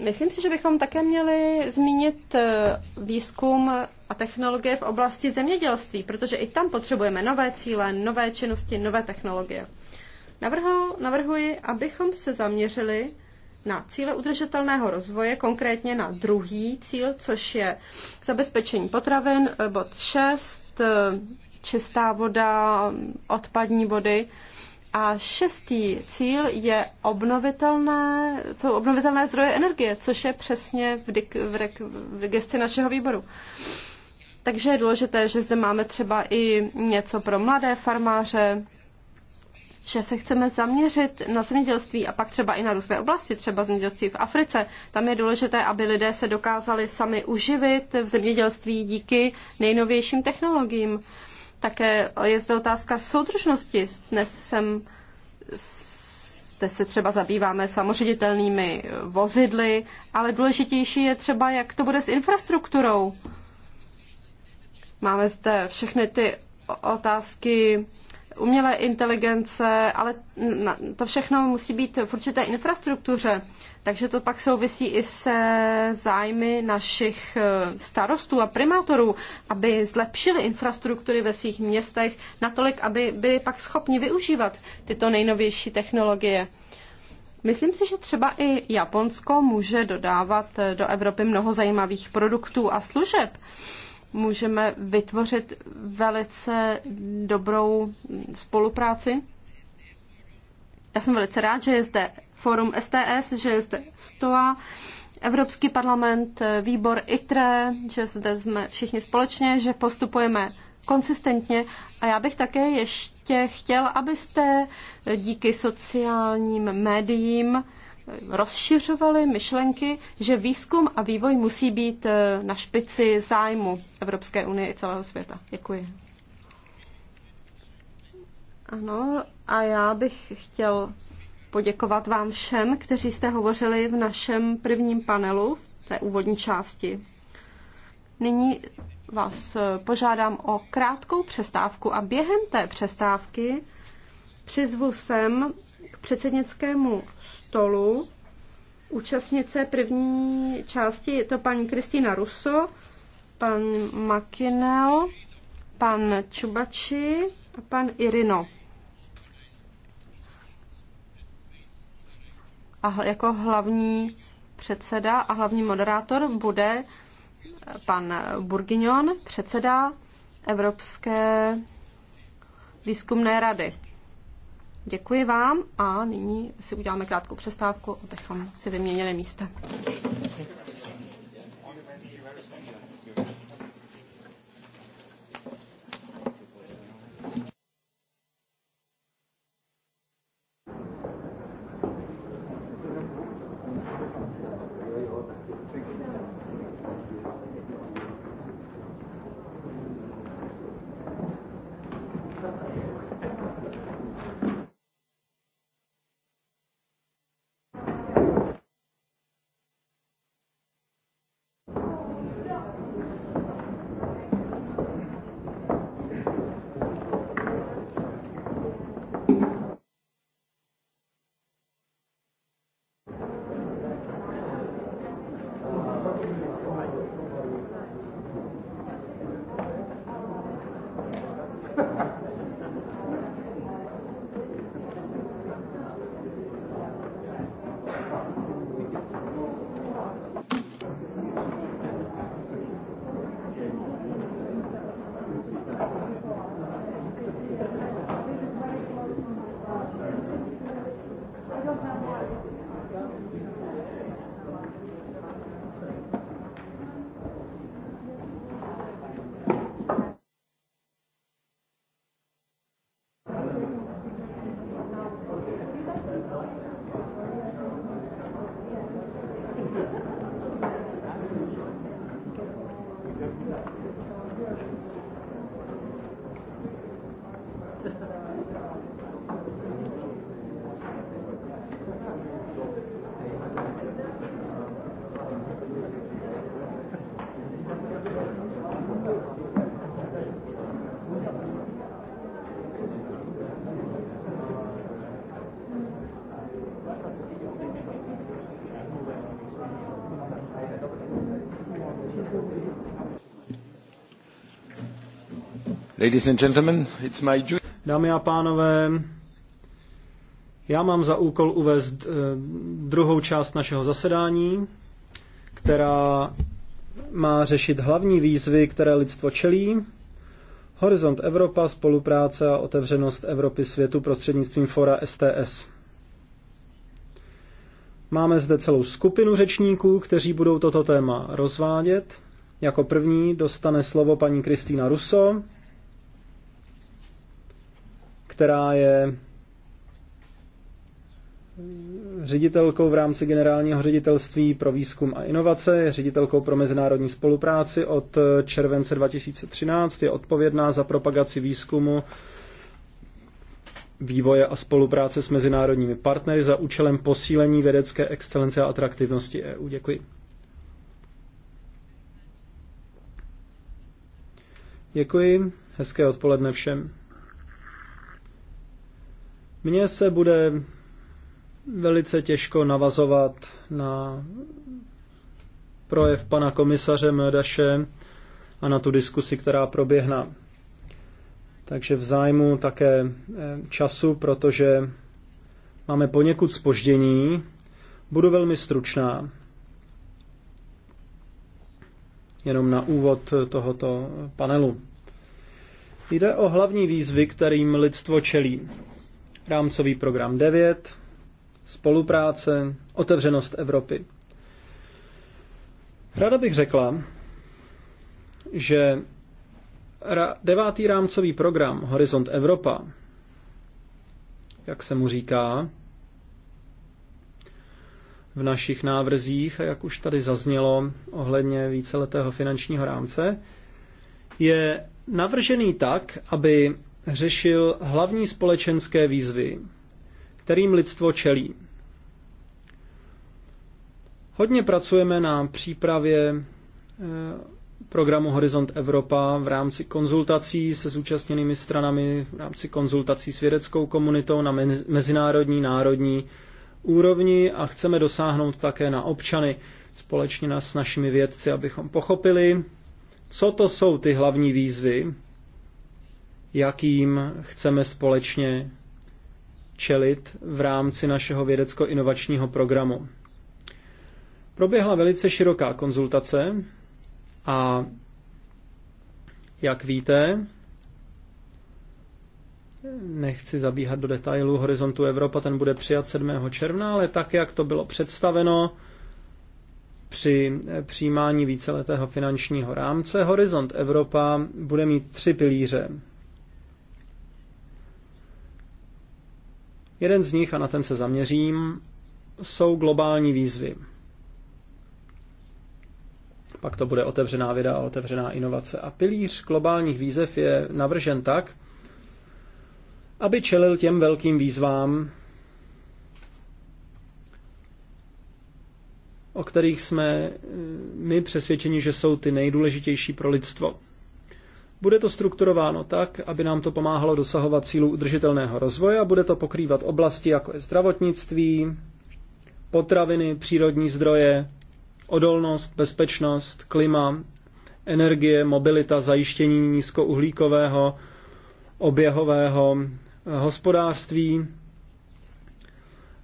Myslím si, že bychom také měli zmínit eh, výzkum a technologie v oblasti zemědělství, protože i tam potřebujeme nové cíle, nové činnosti, nové technologie. Navrhu, navrhuji, abychom se zaměřili na cíle udržitelného rozvoje, konkrétně na druhý cíl, což je zabezpečení potravin, eh, bod 6, eh, čistá voda, odpadní vody. A šestý cíl je obnovitelné, jsou obnovitelné zdroje energie, což je přesně v, dik, v, rek, v gesti našeho výboru. Takže je důležité, že zde máme třeba i něco pro mladé farmáře, že se chceme zaměřit na zemědělství a pak třeba i na různé oblasti, třeba zemědělství v Africe. Tam je důležité, aby lidé se dokázali sami uživit v zemědělství díky nejnovějším technologiím. Také je zde otázka soudržnosti. Dnes jsem zde se třeba zabýváme samoředitelnými vozidly, ale důležitější je třeba, jak to bude s infrastrukturou. Máme zde všechny ty otázky umělé inteligence, ale to všechno musí být v určité infrastruktuře. Takže to pak souvisí i se zájmy našich eh, starostů a primátorů, aby zlepšili infrastruktury ve svých městech natolik, aby byli pak schopni využívat tyto nejnovější technologie. Myslím si, že třeba i Japonsko může dodávat eh, do Evropy mnoho zajímavých produktů a služeb. Můžeme vytvořit velice dobrou hm, spolupráci. Já jsem velice rád, že je zde Forum STS, že je zde STOA, Evropský parlament, výbor ITRE, že zde jsme všichni společně, že postupujeme konsistentně. A já bych také ještě chtěl, abyste díky sociálním médiím rozšiřovali myšlenky, že výzkum a vývoj musí být na špici zájmu Evropské unie i celého světa. Děkuji. Ano, a já bych chtěl poděkovat vám všem, kteří jste hovořili v našem prvním panelu, v té úvodní části. Nyní vás eh, požádám o krátkou přestávku a během té přestávky přizvu sem k předsednickému stolu účastnice první části. Je to paní Kristýna Russo, pan Makinel, pan Čubači a pan Irino. a jako hlavní předseda a hlavní moderátor bude pan Burgignon, předseda Evropské výzkumné rady. Děkuji vám a nyní si uděláme krátkou přestávku, abychom si vyměnili místa. Dámy a pánové, já mám za úkol uvést eh, druhou část našeho zasedání, která má řešit hlavní výzvy, které lidstvo čelí. Horizont Evropa, spolupráce a otevřenost Evropy světu prostřednictvím fora STS. Máme zde celou skupinu řečníků, kteří budou toto téma rozvádět. Jako první dostane slovo paní Kristýna Russo která je ředitelkou v rámci generálního ředitelství pro výzkum a inovace, je ředitelkou pro mezinárodní spolupráci od července 2013, je odpovědná za propagaci výzkumu, vývoje a spolupráce s mezinárodními partnery za účelem posílení vědecké excelence a atraktivnosti EU. Děkuji. Děkuji, hezké odpoledne všem. Mně se bude velice těžko navazovat na projev pana komisaře Mdaše a na tu diskusi, která proběhne. Takže v zájmu také eh, času, protože máme poněkud spoždění, budu velmi stručná. Jenom na úvod tohoto panelu. Jde o hlavní výzvy, kterým lidstvo čelí rámcový program 9, spolupráce, otevřenost Evropy. Rada bych řekla, že devátý rámcový program Horizont Evropa, jak se mu říká, v našich návrzích, a jak už tady zaznělo ohledně víceletého finančního rámce, je navržený tak, aby řešil hlavní společenské výzvy, kterým lidstvo čelí. Hodně pracujeme na přípravě eh, programu Horizont Evropa v rámci konzultací se zúčastněnými stranami, v rámci konzultací s vědeckou komunitou na mezinárodní, národní úrovni a chceme dosáhnout také na občany společně s našimi vědci, abychom pochopili, co to jsou ty hlavní výzvy, jakým chceme společně čelit v rámci našeho vědecko-inovačního programu. Proběhla velice široká konzultace a jak víte, nechci zabíhat do detailů Horizontu Evropa, ten bude přijat 7. června, ale tak, jak to bylo představeno při přijímání víceletého finančního rámce, Horizont Evropa bude mít tři pilíře. Jeden z nich, a na ten se zaměřím, jsou globální výzvy. Pak to bude otevřená věda a otevřená inovace. A pilíř globálních výzev je navržen tak, aby čelil těm velkým výzvám, o kterých jsme eh, my přesvědčeni, že jsou ty nejdůležitější pro lidstvo. Bude to strukturováno tak, aby nám to pomáhalo dosahovat cílů udržitelného rozvoje a bude to pokrývat oblasti jako je zdravotnictví, potraviny, přírodní zdroje, odolnost, bezpečnost, klima, energie, mobilita, zajištění nízkouhlíkového, oběhového eh, hospodářství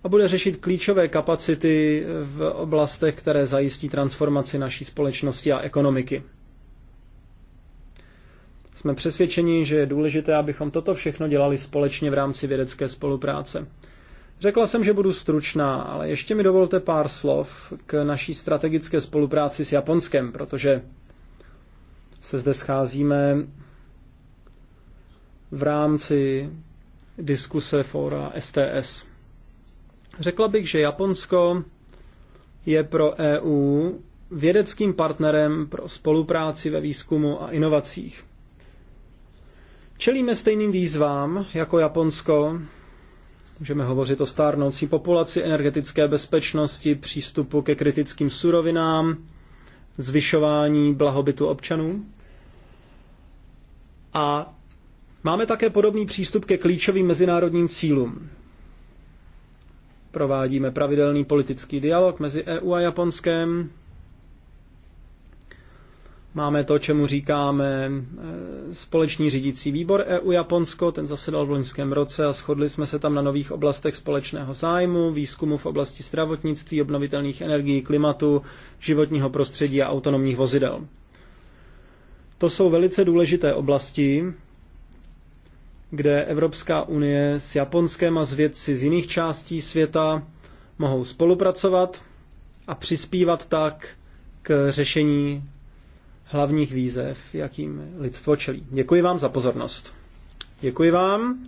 a bude řešit klíčové kapacity v oblastech, které zajistí transformaci naší společnosti a ekonomiky. Jsme přesvědčeni, že je důležité, abychom toto všechno dělali společně v rámci vědecké spolupráce. Řekla jsem, že budu stručná, ale ještě mi dovolte pár slov k naší strategické spolupráci s Japonskem, protože se zde scházíme v rámci diskuse fora STS. Řekla bych, že Japonsko je pro EU vědeckým partnerem pro spolupráci ve výzkumu a inovacích. Čelíme stejným výzvám jako Japonsko. Můžeme hovořit o stárnoucí populaci, energetické bezpečnosti, přístupu ke kritickým surovinám, zvyšování blahobytu občanů. A máme také podobný přístup ke klíčovým mezinárodním cílům. Provádíme pravidelný politický dialog mezi EU a Japonskem, Máme to, čemu říkáme eh, společný řídící výbor EU-Japonsko, ten zasedal v loňském roce a shodli jsme se tam na nových oblastech společného zájmu, výzkumu v oblasti zdravotnictví, obnovitelných energií, klimatu, životního prostředí a autonomních vozidel. To jsou velice důležité oblasti, kde Evropská unie s Japonskem a s vědci z jiných částí světa mohou spolupracovat a přispívat tak k řešení hlavních výzev, jakým lidstvo čelí. Děkuji vám za pozornost. Děkuji vám.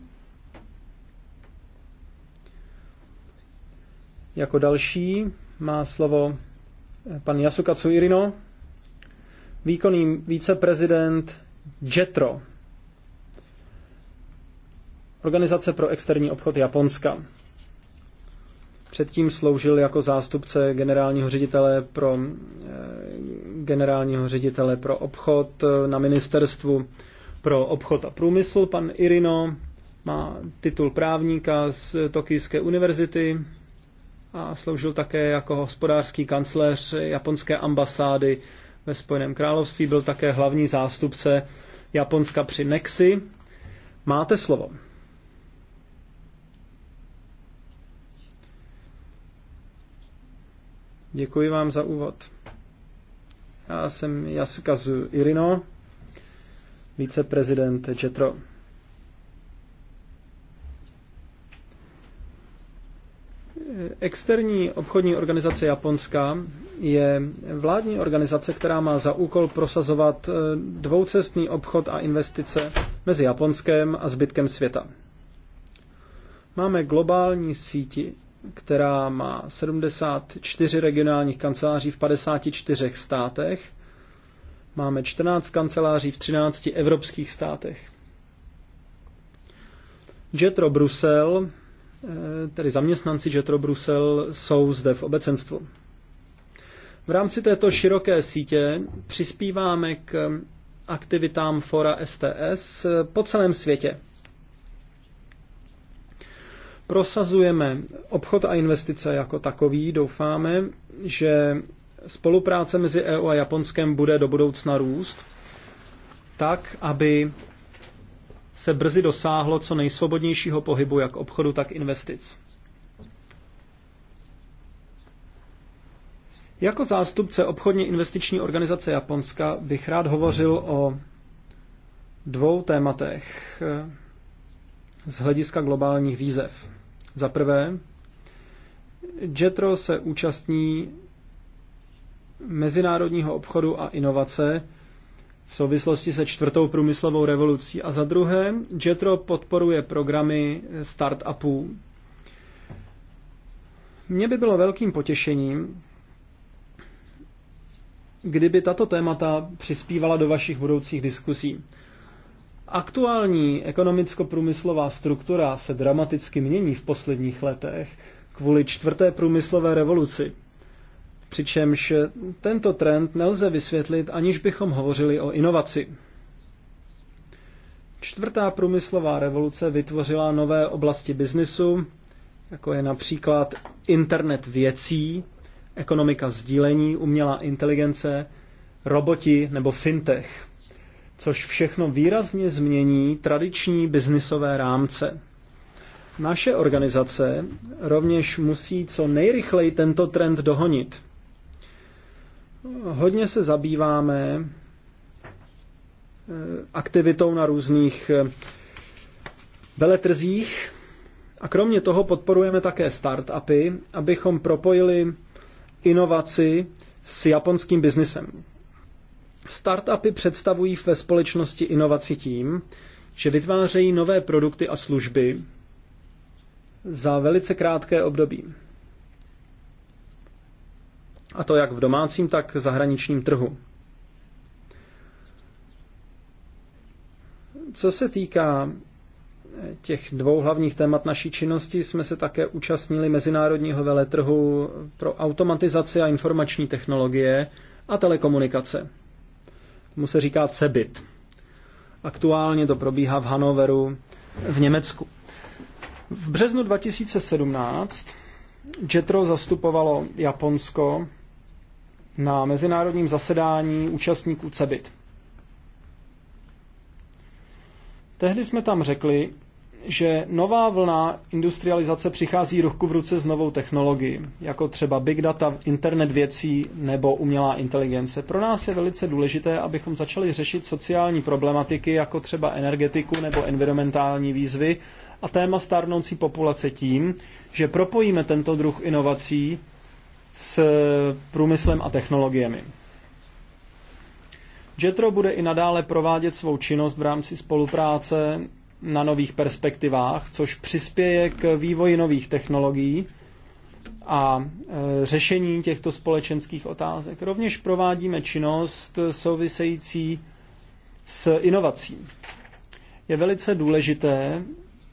Jako další má slovo eh, pan Yasukatsu Irino, výkonný viceprezident JETRO, Organizace pro externí obchod Japonska. Předtím sloužil jako zástupce generálního ředitele pro eh, generálního ředitele pro obchod eh, na ministerstvu pro obchod a průmysl. Pan Irino má titul právníka z Tokijské univerzity a sloužil také jako hospodářský kancléř japonské ambasády ve Spojeném království. Byl také hlavní zástupce Japonska při Nexi. Máte slovo. Děkuji vám za úvod. Já jsem Jaska z Irino, viceprezident Jetro. Externí obchodní organizace Japonska je vládní organizace, která má za úkol prosazovat eh, dvoucestný obchod a investice mezi Japonskem a zbytkem světa. Máme globální síti, která má 74 regionálních kanceláří v 54 státech. Máme 14 kanceláří v 13 evropských státech. Jetro Brusel, eh, tedy zaměstnanci Jetro Brusel, jsou zde v obecenstvu. V rámci této široké sítě přispíváme k aktivitám Fora STS po celém světě. Prosazujeme obchod a investice jako takový. Doufáme, že spolupráce mezi EU a Japonskem bude do budoucna růst, tak, aby se brzy dosáhlo co nejsvobodnějšího pohybu jak obchodu, tak investic. Jako zástupce obchodně investiční organizace Japonska bych rád hovořil o dvou tématech z hlediska globálních výzev. Za prvé, JETRO se účastní mezinárodního obchodu a inovace v souvislosti se čtvrtou průmyslovou revolucí. A za druhé, JETRO podporuje programy startupů. Mně by bylo velkým potěšením, kdyby tato témata přispívala do vašich budoucích diskusí. Aktuální ekonomicko-průmyslová struktura se dramaticky mění v posledních letech kvůli čtvrté průmyslové revoluci. Přičemž tento trend nelze vysvětlit, aniž bychom hovořili o inovaci. Čtvrtá průmyslová revoluce vytvořila nové oblasti biznisu, jako je například internet věcí, ekonomika sdílení, umělá inteligence, roboti nebo fintech což všechno výrazně změní tradiční biznisové rámce. Naše organizace rovněž musí co nejrychleji tento trend dohonit. Hodně se zabýváme eh, aktivitou na různých eh, veletrzích a kromě toho podporujeme také startupy, abychom propojili inovaci s japonským biznesem. Startupy představují ve společnosti inovaci tím, že vytvářejí nové produkty a služby za velice krátké období. A to jak v domácím, tak v zahraničním trhu. Co se týká eh, těch dvou hlavních témat naší činnosti jsme se také účastnili Mezinárodního veletrhu pro automatizaci a informační technologie a telekomunikace mu se říká CEBIT. Aktuálně to probíhá v Hanoveru v Německu. V březnu 2017 Jetro zastupovalo Japonsko na mezinárodním zasedání účastníků CEBIT. Tehdy jsme tam řekli, že nová vlna industrializace přichází ruku v ruce s novou technologií, jako třeba big data, internet věcí nebo umělá inteligence. Pro nás je velice důležité, abychom začali řešit sociální problematiky, jako třeba energetiku nebo environmentální výzvy a téma stárnoucí populace tím, že propojíme tento druh inovací s průmyslem a technologiemi. JETRO bude i nadále provádět svou činnost v rámci spolupráce na nových perspektivách, což přispěje k vývoji nových technologií a e, řešení těchto společenských otázek. Rovněž provádíme činnost související s inovací. Je velice důležité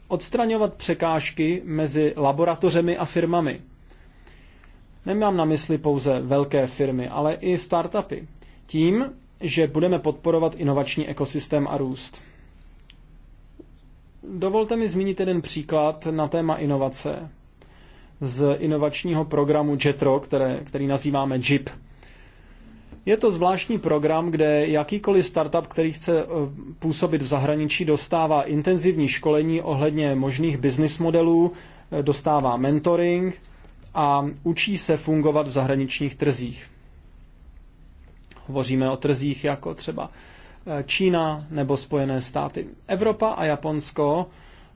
odstraňovat překážky mezi laboratořemi a firmami. Nemám na mysli pouze velké firmy, ale i startupy. Tím, že budeme podporovat inovační ekosystém a růst. Dovolte mi zmínit jeden příklad na téma inovace z inovačního programu JETRO, které, který nazýváme JIP. Je to zvláštní program, kde jakýkoliv startup, který chce eh, působit v zahraničí, dostává intenzivní školení ohledně možných business modelů, eh, dostává mentoring a učí se fungovat v zahraničních trzích. Hovoříme o trzích jako třeba Eh, Čína nebo Spojené státy. Evropa a Japonsko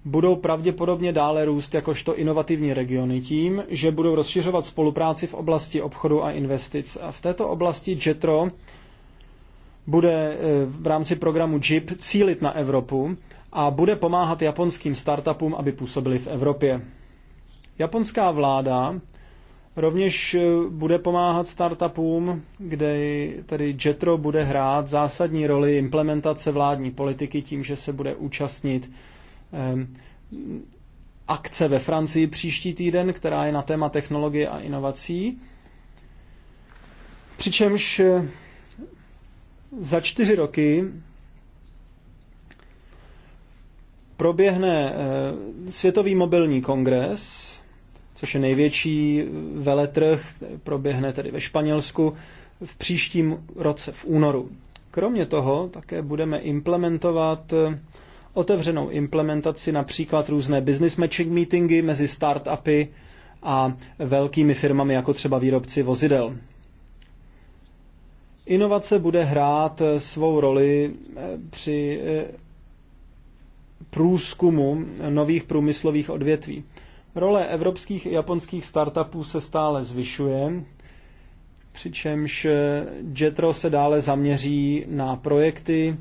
budou pravděpodobně dále růst jakožto inovativní regiony tím, že budou rozšiřovat spolupráci v oblasti obchodu a investic. A v této oblasti JETRO bude eh, v rámci programu JIP cílit na Evropu a bude pomáhat japonským startupům, aby působili v Evropě. Japonská vláda Rovněž eh, bude pomáhat startupům, kde tedy JETRO bude hrát zásadní roli implementace vládní politiky tím, že se bude účastnit ehm, akce ve Francii příští týden, která je na téma technologie a inovací. Přičemž eh, za čtyři roky proběhne eh, Světový mobilní kongres, což je největší veletrh, který proběhne tedy ve Španělsku v příštím roce v únoru. Kromě toho také budeme implementovat eh, otevřenou implementaci například různé business matching meetingy mezi startupy a velkými firmami, jako třeba výrobci vozidel. Inovace bude hrát eh, svou roli eh, při průzkumu nových průmyslových odvětví. Role evropských i japonských startupů se stále zvyšuje, přičemž JETRO se dále zaměří na projekty,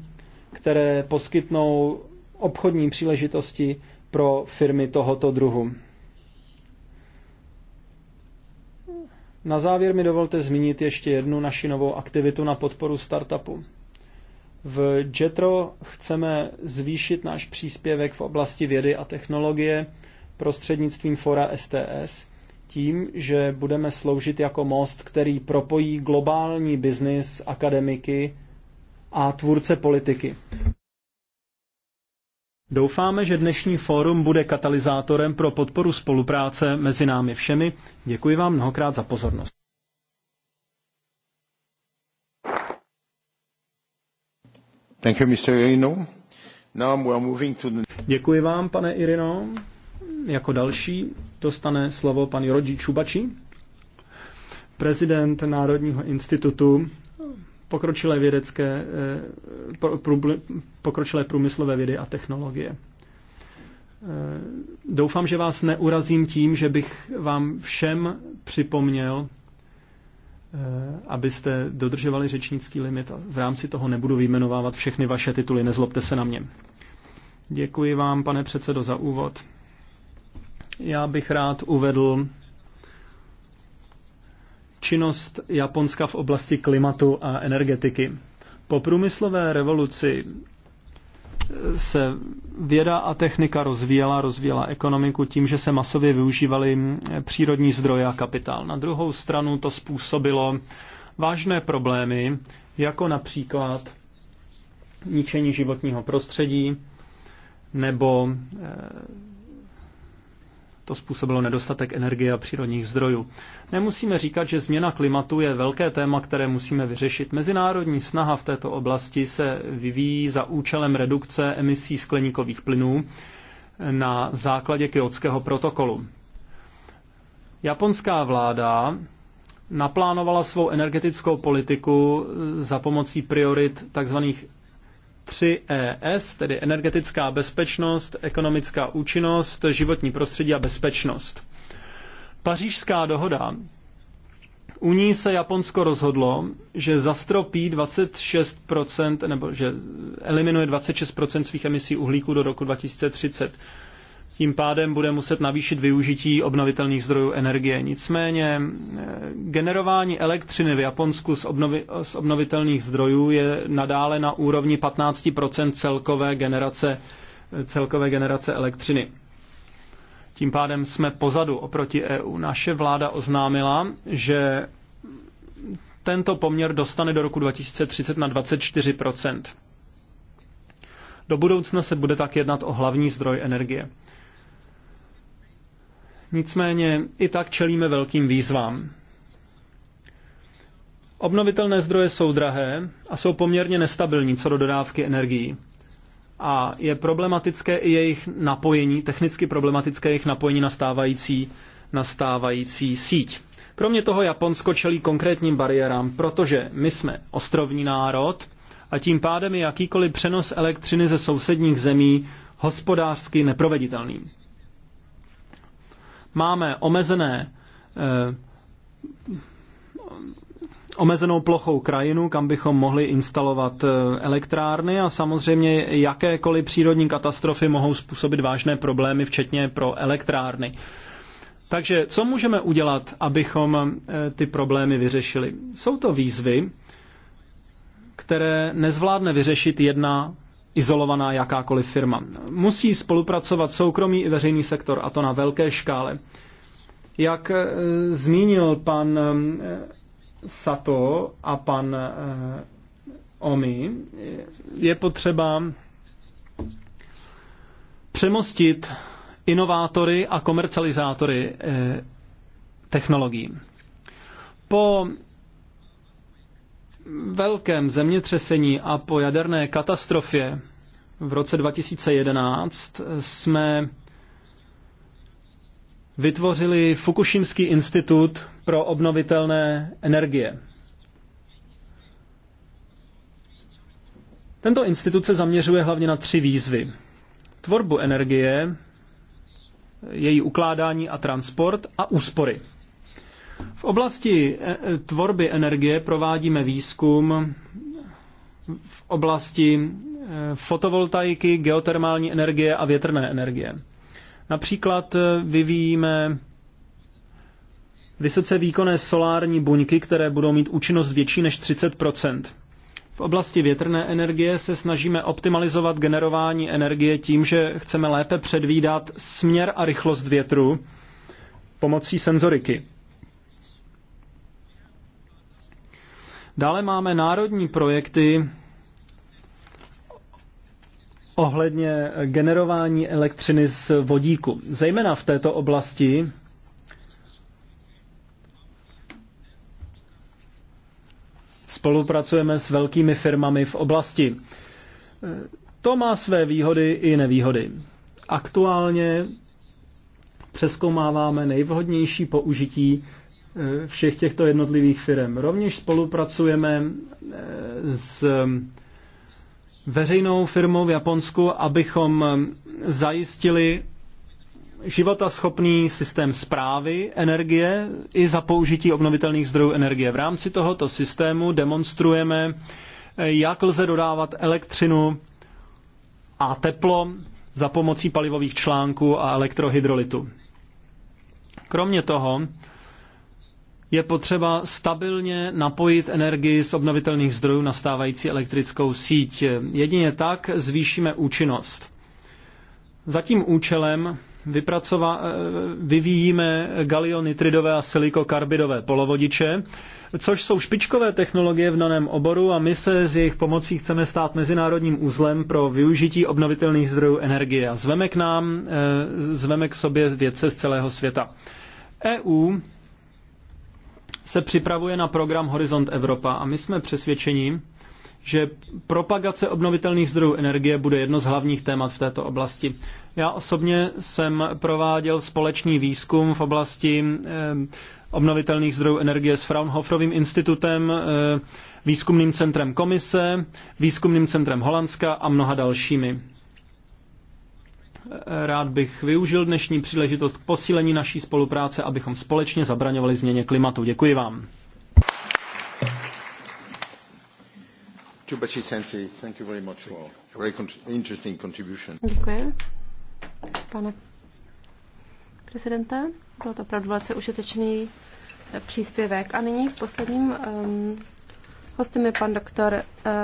které poskytnou obchodní příležitosti pro firmy tohoto druhu. Na závěr mi dovolte zmínit ještě jednu naši novou aktivitu na podporu startupu. V JETRO chceme zvýšit náš příspěvek v oblasti vědy a technologie prostřednictvím fora STS tím, že budeme sloužit jako most, který propojí globální biznis, akademiky a tvůrce politiky. Doufáme, že dnešní fórum bude katalyzátorem pro podporu spolupráce mezi námi všemi. Děkuji vám mnohokrát za pozornost. Thank you, Mr. Irino. Now we are moving to the... Děkuji vám, pane Irino. Jako další dostane slovo pan Rodži Čubači, prezident Národního institutu pokročilé vědecké, eh, pokročilé průmyslové vědy a technologie. Eh, doufám, že vás neurazím tím, že bych vám všem připomněl, eh, abyste dodržovali řečnický limit a v rámci toho nebudu vyjmenovávat všechny vaše tituly, nezlobte se na mě. Děkuji vám, pane předsedo, za úvod. Já bych rád uvedl činnost Japonska v oblasti klimatu a energetiky. Po průmyslové revoluci se věda a technika rozvíjela, rozvíjela ekonomiku tím, že se masově využívaly přírodní zdroje a kapitál. Na druhou stranu to způsobilo vážné problémy, jako například ničení životního prostředí nebo eh, to způsobilo nedostatek energie a přírodních zdrojů. Nemusíme říkat, že změna klimatu je velké téma, které musíme vyřešit. Mezinárodní snaha v této oblasti se vyvíjí za účelem redukce emisí skleníkových plynů na základě Kyotského protokolu. Japonská vláda naplánovala svou energetickou politiku za pomocí priorit tzv. 3ES, tedy energetická bezpečnost, ekonomická účinnost, životní prostředí a bezpečnost. Pařížská dohoda. U ní se Japonsko rozhodlo, že zastropí 26%, nebo že eliminuje 26% svých emisí uhlíku do roku 2030 tím pádem bude muset navýšit využití obnovitelných zdrojů energie. Nicméně eh, generování elektřiny v Japonsku z, obnovi, z obnovitelných zdrojů je nadále na úrovni 15 celkové generace, eh, celkové generace elektřiny. Tím pádem jsme pozadu oproti EU. Naše vláda oznámila, že tento poměr dostane do roku 2030 na 24 Do budoucna se bude tak jednat o hlavní zdroj energie. Nicméně i tak čelíme velkým výzvám. Obnovitelné zdroje jsou drahé a jsou poměrně nestabilní co do dodávky energií. A je problematické i jejich napojení, technicky problematické jejich napojení na stávající, na stávající síť. Kromě toho Japonsko čelí konkrétním bariérám, protože my jsme ostrovní národ a tím pádem je jakýkoliv přenos elektřiny ze sousedních zemí hospodářsky neproveditelný máme omezené eh, omezenou plochou krajinu, kam bychom mohli instalovat eh, elektrárny a samozřejmě jakékoliv přírodní katastrofy mohou způsobit vážné problémy, včetně pro elektrárny. Takže co můžeme udělat, abychom eh, ty problémy vyřešili? Jsou to výzvy, které nezvládne vyřešit jedna izolovaná jakákoliv firma. Musí spolupracovat soukromý i veřejný sektor, a to na velké škále. Jak eh, zmínil pan eh, Sato a pan eh, Omi, je potřeba přemostit inovátory a komercializátory technologií. Po velkém zemětřesení a po jaderné katastrofě v roce 2011 jsme vytvořili Fukushimský institut pro obnovitelné energie. Tento institut se zaměřuje hlavně na tři výzvy. Tvorbu energie, její ukládání a transport a úspory. V oblasti e, e, tvorby energie provádíme výzkum v oblasti e, fotovoltaiky, geotermální energie a větrné energie. Například vyvíjíme vysoce výkonné solární buňky, které budou mít účinnost větší než 30 v oblasti větrné energie se snažíme optimalizovat generování energie tím, že chceme lépe předvídat směr a rychlost větru pomocí senzoriky. Dále máme národní projekty ohledně generování elektřiny z vodíku. Zejména v této oblasti spolupracujeme s velkými firmami v oblasti. To má své výhody i nevýhody. Aktuálně přeskoumáváme nejvhodnější použití Eh, všech těchto jednotlivých firm. Rovněž spolupracujeme eh, s eh, veřejnou firmou v Japonsku, abychom zajistili životaschopný systém zprávy energie i za použití obnovitelných zdrojů energie. V rámci tohoto systému demonstrujeme, jak lze dodávat elektřinu a teplo za pomocí palivových článků a elektrohydrolitu. Kromě toho je potřeba stabilně napojit energii z obnovitelných zdrojů na stávající elektrickou síť. Jedině tak zvýšíme účinnost. Za tím účelem vypracova- vyvíjíme galionitridové a silikokarbidové polovodiče, což jsou špičkové technologie v daném oboru a my se s jejich pomocí chceme stát mezinárodním úzlem pro využití obnovitelných zdrojů energie. A zveme k nám, e, zveme k sobě vědce z celého světa. EU se připravuje na program Horizont Evropa a my jsme přesvědčeni, že propagace obnovitelných zdrojů energie bude jedno z hlavních témat v této oblasti. Já osobně jsem prováděl společný výzkum v oblasti eh, obnovitelných zdrojů energie s Fraunhoferovým institutem, eh, výzkumným centrem Komise, výzkumným centrem Holandska a mnoha dalšími. Rád bych využil dnešní příležitost k posílení naší spolupráce, abychom společně zabraňovali změně klimatu. Děkuji vám. Děkuji, pane prezidente. Byl to opravdu velice užitečný eh, příspěvek. A nyní posledním um, hostem je pan doktor eh,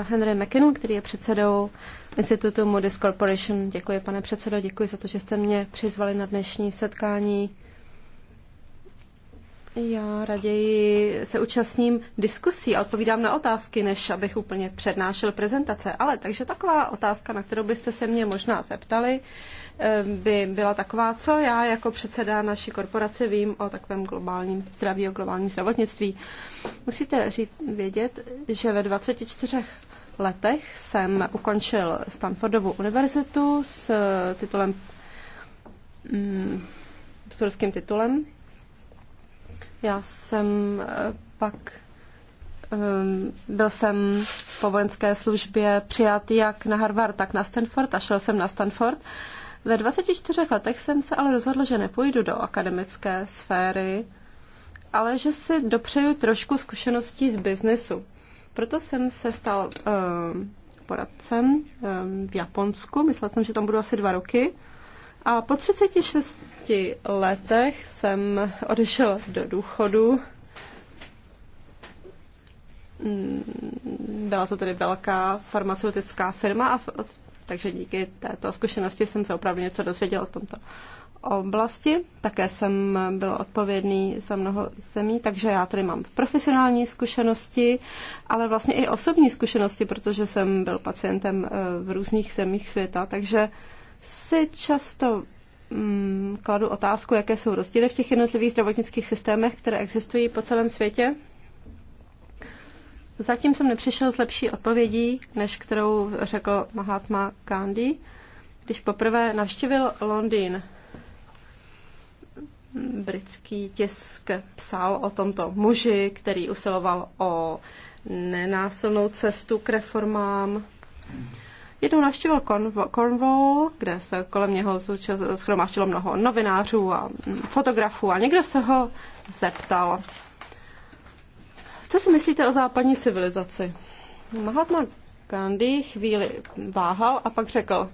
Henry McKinnon, který je předsedou institutu Moody's Corporation. Děkuji, pane předsedo, děkuji za to, že jste mě přizvali na dnešní setkání. Já raději se účastním diskusí a odpovídám na otázky, než abych úplně přednášel prezentace. Ale takže taková otázka, na kterou byste se mě možná zeptali, eh, by byla taková, co já jako předseda naší korporace vím o takovém globálním zdraví, o globálním zdravotnictví. Musíte říct, vědět, že ve 24 letech jsem ukončil Stanfordovu univerzitu s titulem mm, doktorským titulem. Já jsem eh, pak eh, byl jsem po vojenské službě přijat jak na Harvard, tak na Stanford a šel jsem na Stanford. Ve 24 letech jsem se ale rozhodl, že nepůjdu do akademické sféry, ale že si dopřeju trošku zkušeností z biznesu. Proto jsem se stal uh, poradcem um, v Japonsku. Myslela jsem, že tam budu asi dva roky. A po 36 letech jsem odešel do důchodu. Mm, byla to tedy velká farmaceutická firma, a takže díky této zkušenosti jsem se opravdu něco dozvěděl o tomto oblasti. Také jsem byl odpovědný za mnoho zemí, takže já tady mám profesionální zkušenosti, ale vlastně i osobní zkušenosti, protože jsem byl pacientem eh, v různých zemích světa, takže si často mm, kladu otázku, jaké jsou rozdíly v těch jednotlivých zdravotnických systémech, které existují po celém světě. Zatím jsem nepřišel s lepší odpovědí, než kterou řekl Mahatma Gandhi, když poprvé navštívil Londýn britský tisk psal o tomto muži, který usiloval o nenásilnou cestu k reformám. Jednou navštívil Cornwall, kde se kolem něho schromáštilo mnoho novinářů a fotografů a někdo se ho zeptal, co si myslíte o západní civilizaci? Mahatma Gandhi chvíli váhal a pak řekl,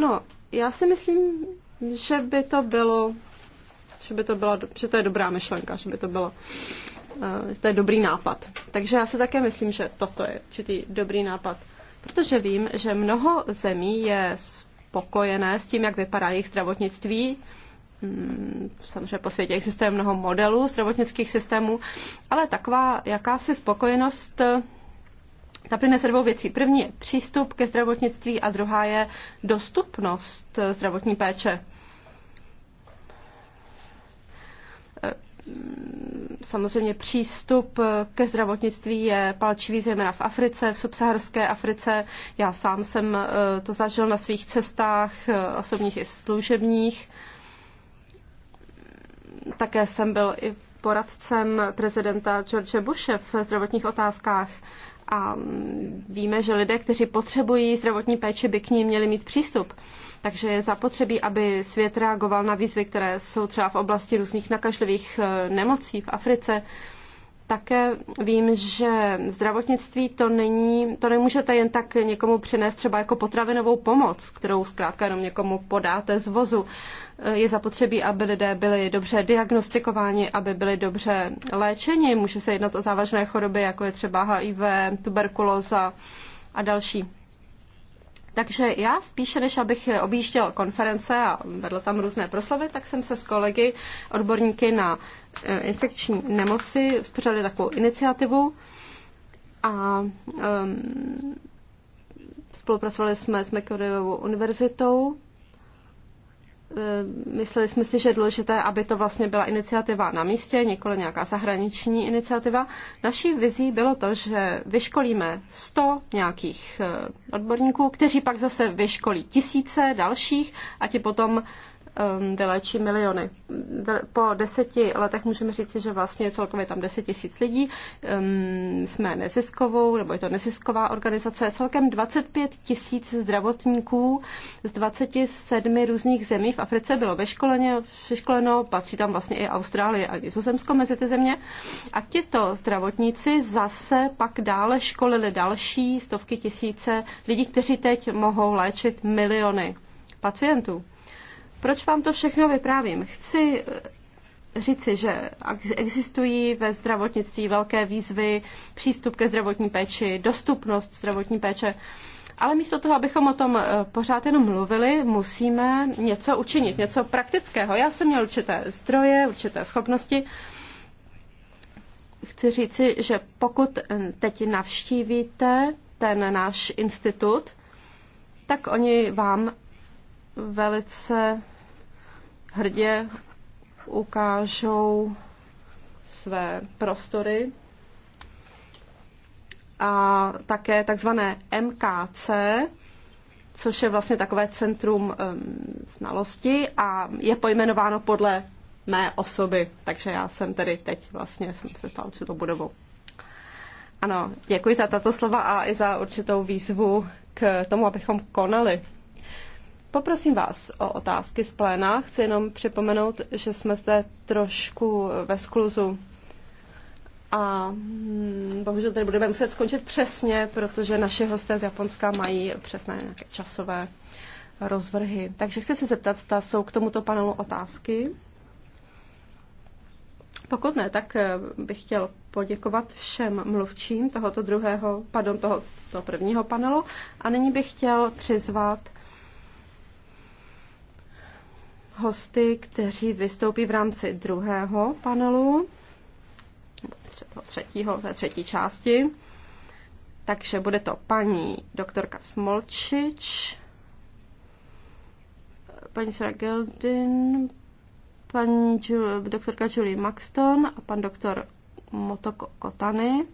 no, já si myslím, že by to bylo že, by to byla, že to je dobrá myšlenka, že by to bylo uh, to je dobrý nápad. Takže já si také myslím, že toto je určitý dobrý nápad, protože vím, že mnoho zemí je spokojené s tím, jak vypadá jejich zdravotnictví. Hmm, samozřejmě po světě existuje mnoho modelů zdravotnických systémů, ale taková jakási spokojenost eh, ta plyne se dvou věcí. První je přístup ke zdravotnictví a druhá je dostupnost eh, zdravotní péče. Mm, samozřejmě přístup ke zdravotnictví je palčivý zejména v Africe, v subsaharské Africe. Já sám jsem eh, to zažil na svých cestách, eh, osobních i služebních. Také jsem byl i poradcem prezidenta George Bushe v zdravotních otázkách. A mm, víme, že lidé, kteří potřebují zdravotní péči, by k ní měli mít přístup. Takže je zapotřebí, aby svět reagoval na výzvy, které jsou třeba v oblasti různých nakažlivých eh, nemocí v Africe. Také vím, že zdravotnictví to není, to nemůžete jen tak někomu přinést třeba jako potravinovou pomoc, kterou zkrátka jenom někomu podáte z vozu. Eh, je zapotřebí, aby lidé byli dobře diagnostikováni, aby byli dobře léčeni. Může se jednat o závažné choroby, jako je třeba HIV, tuberkulóza a další. Takže já spíše, než abych objížděl konference a vedl tam různé proslavy, tak jsem se s kolegy, odborníky na eh, infekční nemoci, spořádali takovou iniciativu a um, spolupracovali jsme s McGill univerzitou Eh, mysleli jsme si, že je důležité, aby to vlastně byla iniciativa na místě, nikoli nějaká zahraniční iniciativa. Naší vizí bylo to, že vyškolíme 100 nějakých eh, odborníků, kteří pak zase vyškolí tisíce dalších a ti potom um, vyléčí miliony. Po deseti letech můžeme říct, že vlastně celkově tam deset tisíc lidí. Um, jsme neziskovou, nebo je to nezisková organizace. Celkem 25 tisíc zdravotníků z 27 různých zemí v Africe bylo veškoleně, vyškoleno, patří tam vlastně i Austrálie a Nizozemsko mezi ty země. A tito zdravotníci zase pak dále školili další stovky tisíce lidí, kteří teď mohou léčit miliony pacientů. Proč vám to všechno vyprávím? Chci eh, říci, že existují ve zdravotnictví velké výzvy, přístup ke zdravotní péči, dostupnost zdravotní péče. Ale místo toho, abychom o tom eh, pořád jenom mluvili, musíme něco učinit, něco praktického. Já jsem měl určité zdroje, určité schopnosti. Chci říci, že pokud eh, teď navštívíte ten náš institut, tak oni vám velice hrdě ukážou své prostory a také takzvané MKC, což je vlastně takové centrum um, znalosti a je pojmenováno podle mé osoby, takže já jsem tedy teď vlastně jsem se stala určitou budovou. Ano, děkuji za tato slova a i za určitou výzvu k tomu, abychom konali. Poprosím vás o otázky z pléna. Chci jenom připomenout, že jsme zde trošku ve skluzu. A mm, bohužel tady budeme muset skončit přesně, protože naše hosté z Japonska mají přesné nějaké časové rozvrhy. Takže chci se zeptat, zda jsou k tomuto panelu otázky. Pokud ne, tak eh, bych chtěl poděkovat všem mluvčím tohoto druhého, pardon, tohoto prvního panelu a nyní bych chtěl přizvat hosty, kteří vystoupí v rámci druhého panelu, třetího, ve třetí části. Takže bude to paní doktorka Smolčič, paní Sarah Geldin, paní doktorka Julie Maxton a pan doktor Motoko Kotany.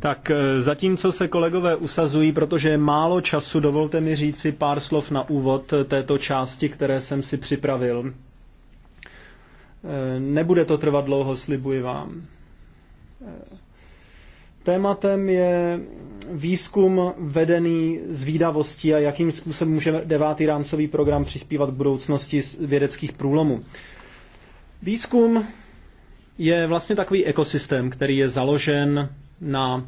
Tak eh, zatímco se kolegové usazují, protože je málo času, dovolte mi říci pár slov na úvod eh, této části, které jsem si připravil. Eh, nebude to trvat dlouho, slibuji vám. Tématem je výzkum vedený výdavosti a jakým způsobem může devátý rámcový program přispívat k budoucnosti vědeckých průlomů. Výzkum je vlastně takový ekosystém, který je založen na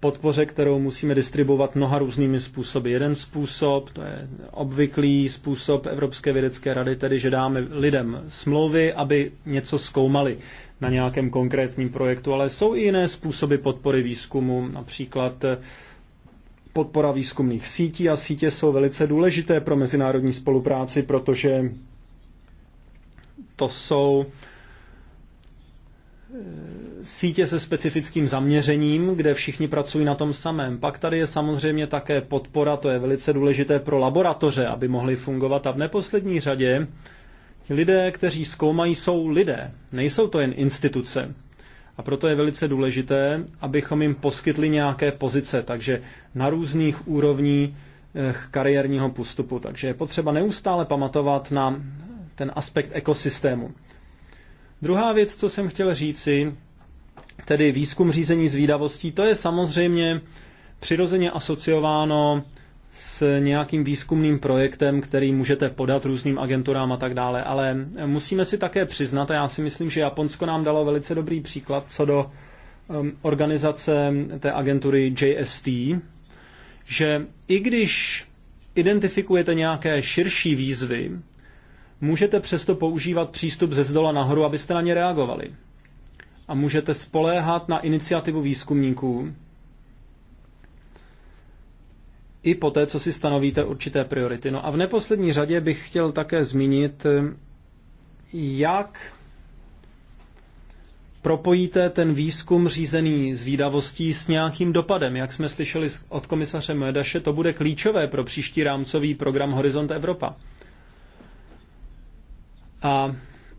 podpoře, kterou musíme distribuovat mnoha různými způsoby. Jeden způsob, to je obvyklý způsob Evropské vědecké rady, tedy že dáme lidem smlouvy, aby něco zkoumali na nějakém konkrétním projektu, ale jsou i jiné způsoby podpory výzkumu, například eh, podpora výzkumných sítí a sítě jsou velice důležité pro mezinárodní spolupráci, protože to jsou sítě se specifickým zaměřením, kde všichni pracují na tom samém. Pak tady je samozřejmě také podpora, to je velice důležité pro laboratoře, aby mohly fungovat. A v neposlední řadě lidé, kteří zkoumají, jsou lidé, nejsou to jen instituce. A proto je velice důležité, abychom jim poskytli nějaké pozice, takže na různých úrovních eh, kariérního postupu. Takže je potřeba neustále pamatovat na ten aspekt ekosystému. Druhá věc, co jsem chtěl říci, tedy výzkum řízení zvídavostí, to je samozřejmě přirozeně asociováno s nějakým výzkumným projektem, který můžete podat různým agenturám a tak dále. Ale musíme si také přiznat, a já si myslím, že Japonsko nám dalo velice dobrý příklad co do um, organizace té agentury JST, že i když identifikujete nějaké širší výzvy, můžete přesto používat přístup ze zdola nahoru, abyste na ně reagovali. A můžete spoléhat na iniciativu výzkumníků i po té, co si stanovíte určité priority. No a v neposlední řadě bych chtěl také zmínit, jak propojíte ten výzkum řízený výdavostí s nějakým dopadem. Jak jsme slyšeli od komisaře Medaše, to bude klíčové pro příští rámcový program Horizont Evropa. A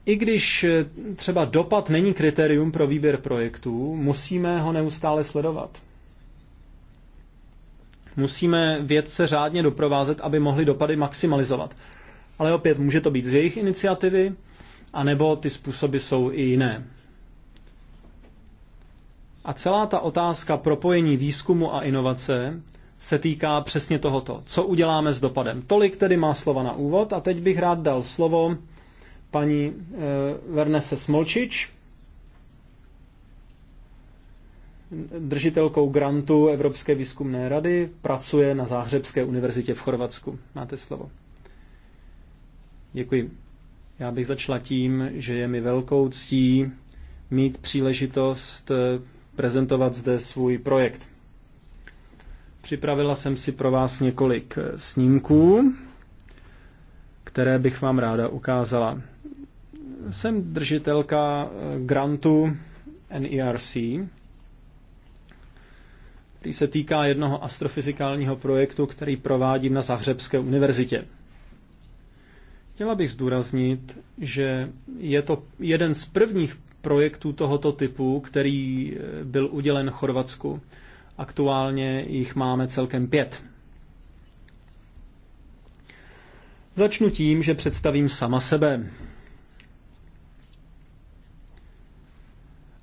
i když eh, třeba dopad není kritérium pro výběr projektů, musíme ho neustále sledovat. Musíme vědce řádně doprovázet, aby mohli dopady maximalizovat. Ale opět může to být z jejich iniciativy, anebo ty způsoby jsou i jiné. A celá ta otázka propojení výzkumu a inovace se týká přesně tohoto. Co uděláme s dopadem? Tolik tedy má slova na úvod a teď bych rád dal slovo paní eh, Vernese Smolčič, držitelkou grantu Evropské výzkumné rady, pracuje na Záhřebské univerzitě v Chorvatsku. Máte slovo. Děkuji. Já bych začala tím, že je mi velkou ctí mít příležitost eh, prezentovat zde svůj projekt. Připravila jsem si pro vás několik eh, snímků, které bych vám ráda ukázala. Jsem držitelka eh, grantu NERC, který se týká jednoho astrofyzikálního projektu, který provádím na Zahřebské univerzitě. Chtěla bych zdůraznit, že je to jeden z prvních projektů tohoto typu, který eh, byl udělen Chorvatsku. Aktuálně jich máme celkem pět. Začnu tím, že představím sama sebe.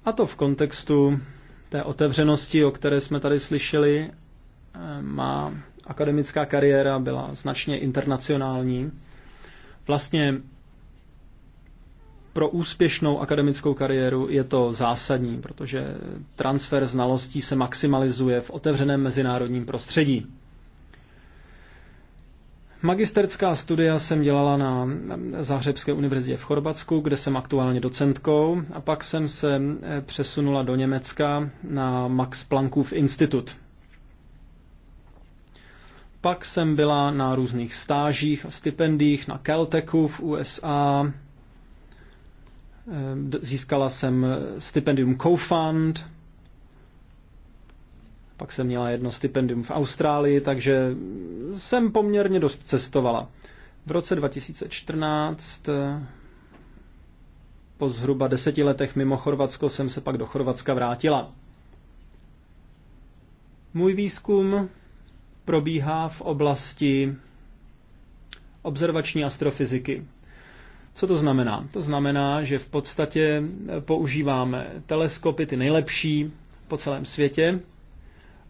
A to v kontextu té otevřenosti, o které jsme tady slyšeli. Eh, má akademická kariéra byla značně internacionální. Vlastně pro úspěšnou akademickou kariéru je to zásadní, protože transfer znalostí se maximalizuje v otevřeném mezinárodním prostředí. Magisterská studia jsem dělala na Záhřebské univerzitě v Chorvatsku, kde jsem aktuálně docentkou a pak jsem se eh, přesunula do Německa na Max Planckův institut. Pak jsem byla na různých stážích a stipendích na Caltechu v USA. Eh, získala jsem eh, stipendium co -fund pak jsem měla jedno stipendium v Austrálii, takže jsem poměrně dost cestovala. V roce 2014 eh, po zhruba deseti letech mimo Chorvatsko jsem se pak do Chorvatska vrátila. Můj výzkum probíhá v oblasti observační astrofyziky. Co to znamená? To znamená, že v podstatě používáme teleskopy, ty nejlepší po celém světě,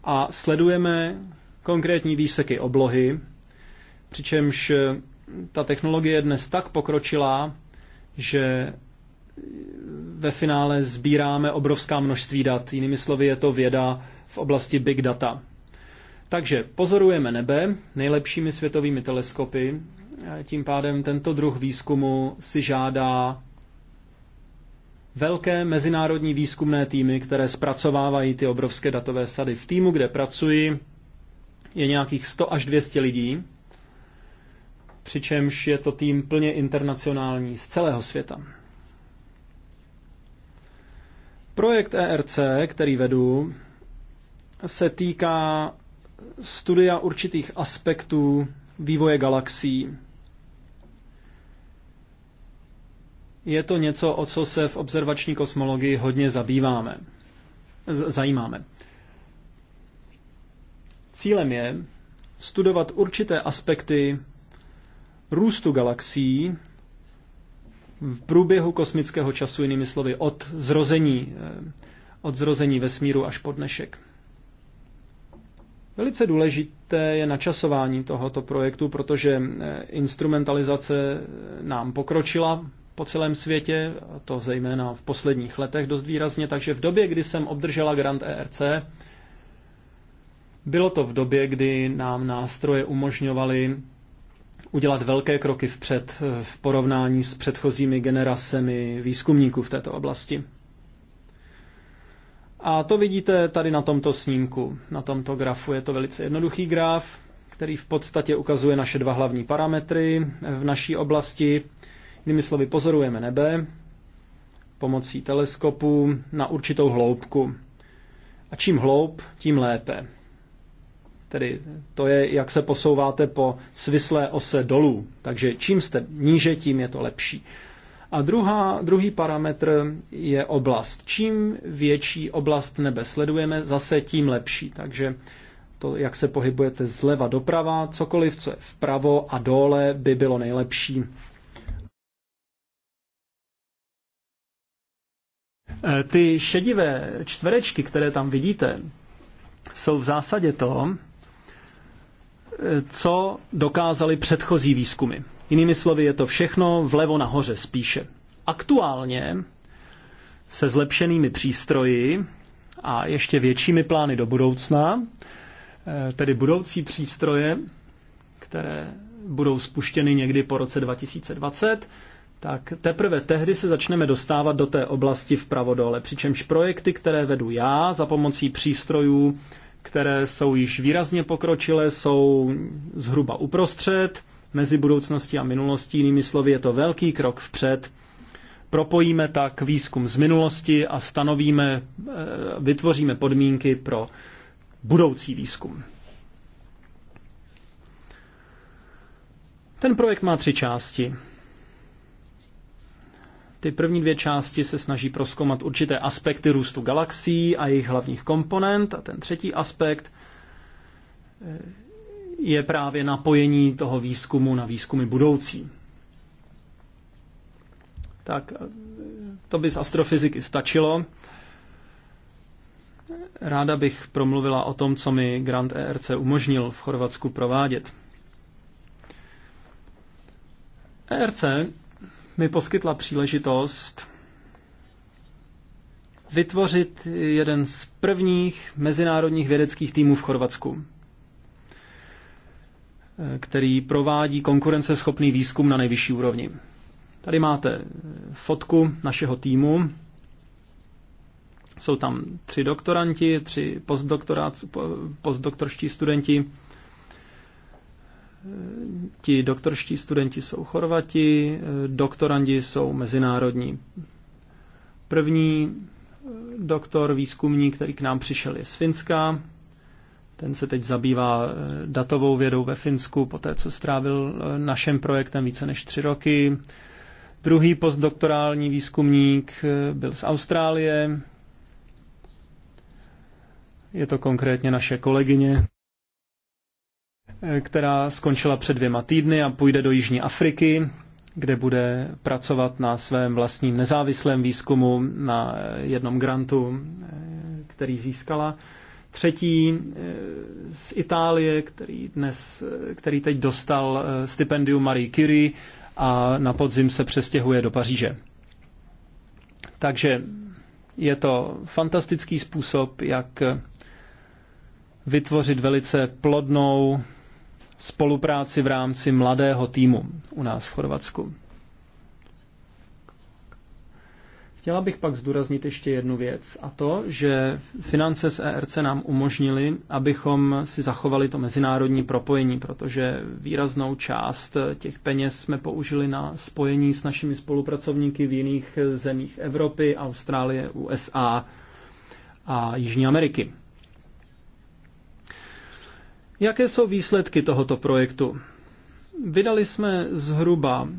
a sledujeme konkrétní výseky oblohy, přičemž ta technologie je dnes tak pokročilá, že ve finále sbíráme obrovská množství dat. Jinými slovy je to věda v oblasti big data. Takže pozorujeme nebe nejlepšími světovými teleskopy. Tím pádem tento druh výzkumu si žádá velké mezinárodní výzkumné týmy, které zpracovávají ty obrovské datové sady. V týmu, kde pracuji, je nějakých 100 až 200 lidí, přičemž je to tým plně internacionální z celého světa. Projekt ERC, který vedu, se týká studia určitých aspektů vývoje galaxií je to něco, o co se v observační kosmologii hodně zabýváme. Zajímáme. Cílem je studovat určité aspekty růstu galaxií v průběhu kosmického času, jinými slovy, od zrození, eh, od zrození vesmíru až po dnešek. Velice důležité je načasování tohoto projektu, protože eh, instrumentalizace nám pokročila po celém světě, to zejména v posledních letech dost výrazně, takže v době, kdy jsem obdržela grant ERC, bylo to v době, kdy nám nástroje umožňovaly udělat velké kroky vpřed eh, v porovnání s předchozími generacemi výzkumníků v této oblasti. A to vidíte tady na tomto snímku, na tomto grafu. Je to velice jednoduchý graf, který v podstatě ukazuje naše dva hlavní parametry v naší oblasti. Jinými slovy, pozorujeme nebe pomocí teleskopu na určitou hloubku. A čím hloub, tím lépe. Tedy to je, jak se posouváte po svislé ose dolů. Takže čím jste níže, tím je to lepší. A druhá, druhý parametr je oblast. Čím větší oblast nebe sledujeme, zase tím lepší. Takže to, jak se pohybujete zleva doprava, cokoliv, co je vpravo a dole, by bylo nejlepší. Eh, ty šedivé čtverečky, které tam vidíte, jsou v zásadě to, eh, co dokázali předchozí výzkumy. Jinými slovy, je to všechno vlevo nahoře spíše. Aktuálně se zlepšenými přístroji a ještě většími plány do budoucna, eh, tedy budoucí přístroje, které budou spuštěny někdy po roce 2020, tak teprve tehdy se začneme dostávat do té oblasti vpravo dole. Přičemž projekty, které vedu já za pomocí přístrojů, které jsou již výrazně pokročilé, jsou zhruba uprostřed mezi budoucností a minulostí. Jinými slovy, je to velký krok vpřed. Propojíme tak výzkum z minulosti a stanovíme, eh, vytvoříme podmínky pro budoucí výzkum. Ten projekt má tři části. Ty první dvě části se snaží proskoumat určité aspekty růstu galaxií a jejich hlavních komponent a ten třetí aspekt eh, je právě napojení toho výzkumu na výzkumy budoucí. Tak eh, to by z astrofyziky stačilo. Ráda bych promluvila o tom, co mi Grant ERC umožnil v Chorvatsku provádět. ERC mi poskytla příležitost vytvořit jeden z prvních mezinárodních vědeckých týmů v Chorvatsku, který provádí konkurenceschopný výzkum na nejvyšší úrovni. Tady máte fotku našeho týmu. Jsou tam tři doktoranti, tři postdoktorští studenti ti doktorští studenti jsou Chorvati, doktorandi jsou mezinárodní. První eh, doktor, výzkumník, který k nám přišel, je z Finska. Ten se teď zabývá eh, datovou vědou ve Finsku, té co strávil eh, našem projektem více než tři roky. Druhý postdoktorální výzkumník byl z Austrálie. Je to konkrétně naše kolegyně, Eh, která skončila před dvěma týdny a půjde do Jižní Afriky, kde bude pracovat na svém vlastním nezávislém výzkumu na eh, jednom grantu, eh, který získala. Třetí z Itálie, který, dnes, který teď dostal stipendium Marie Curie a na podzim se přestěhuje do Paříže. Takže je to fantastický způsob, jak vytvořit velice plodnou spolupráci v rámci mladého týmu u nás v Chorvatsku. Chtěla bych pak zdůraznit ještě jednu věc a to, že finance z ERC nám umožnili, abychom si zachovali to mezinárodní propojení, protože výraznou část těch peněz jsme použili na spojení s našimi spolupracovníky v jiných zemích Evropy, Austrálie, USA a Jižní Ameriky. Jaké jsou výsledky tohoto projektu? Vydali jsme zhruba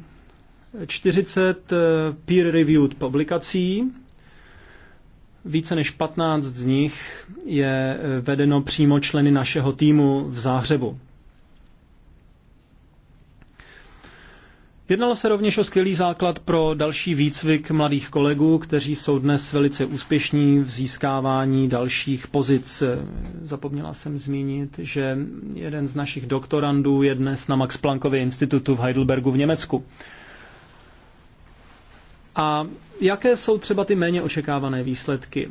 40 eh, peer-reviewed publikací, více než 15 z nich je eh, vedeno přímo členy našeho týmu v Záhřebu. Jednalo se rovněž o skvělý základ pro další výcvik mladých kolegů, kteří jsou dnes velice úspěšní v získávání dalších pozic. Zapomněla jsem zmínit, že jeden z našich doktorandů je dnes na Max Planckově institutu v Heidelbergu v Německu. A jaké jsou třeba ty méně očekávané výsledky?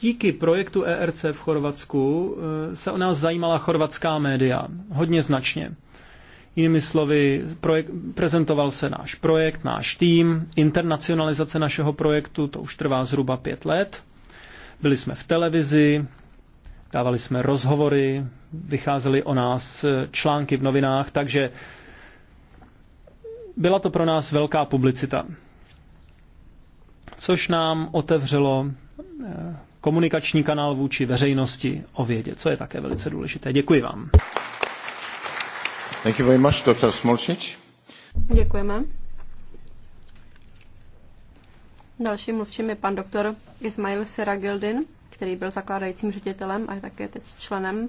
Díky projektu ERC v Chorvatsku eh, se o nás zajímala chorvatská média hodně značně. Jinými slovy, projekt, prezentoval se náš projekt, náš tým, internacionalizace našeho projektu, to už trvá zhruba pět let. Byli jsme v televizi, dávali jsme rozhovory, vycházely o nás eh, články v novinách, takže byla to pro nás velká publicita. Což nám otevřelo eh, komunikační kanál vůči veřejnosti o vědě, co je také velice důležité. Děkuji vám. Thank you very much, Dr. Smolčič. Děkujeme. Dalším mluvčím je pan doktor Ismail Seragildin, který byl zakládajícím ředitelem a je také teď členem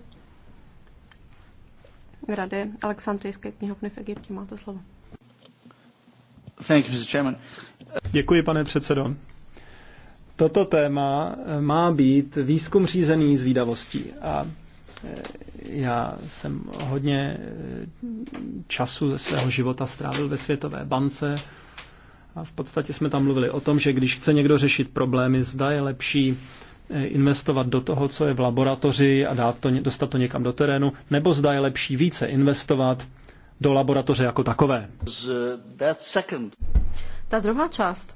Rady Alexandrijské knihovny v Egyptě. Máte slovo. Thank you, Mr. Chairman. Děkuji, pane předsedo. Toto téma má být výzkum řízený zvídavostí. A já jsem hodně eh, času ze svého života strávil ve Světové bance a v podstatě jsme tam mluvili o tom, že když chce někdo řešit problémy, zda je lepší eh, investovat do toho, co je v laboratoři a dát to, dostat to někam do terénu, nebo zda je lepší více investovat do laboratoře jako takové. Ta druhá část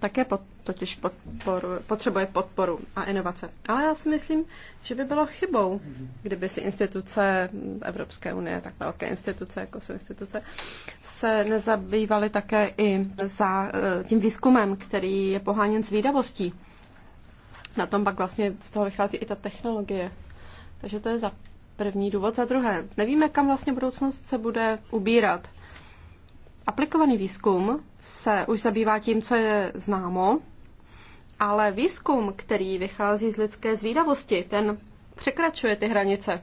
také pod, totiž podporu, potřebuje podporu a inovace. Ale já si myslím, že by bylo chybou, kdyby si instituce Evropské unie, tak velké instituce, jako jsou instituce, se nezabývaly také i za eh, tím výzkumem, který je poháněn výdavostí. Na tom pak vlastně z toho vychází i ta technologie. Takže to je za první důvod. Za druhé, nevíme, kam vlastně budoucnost se bude ubírat. Aplikovaný výzkum se už zabývá tím, co je známo, ale výzkum, který vychází z lidské zvídavosti, ten překračuje ty hranice.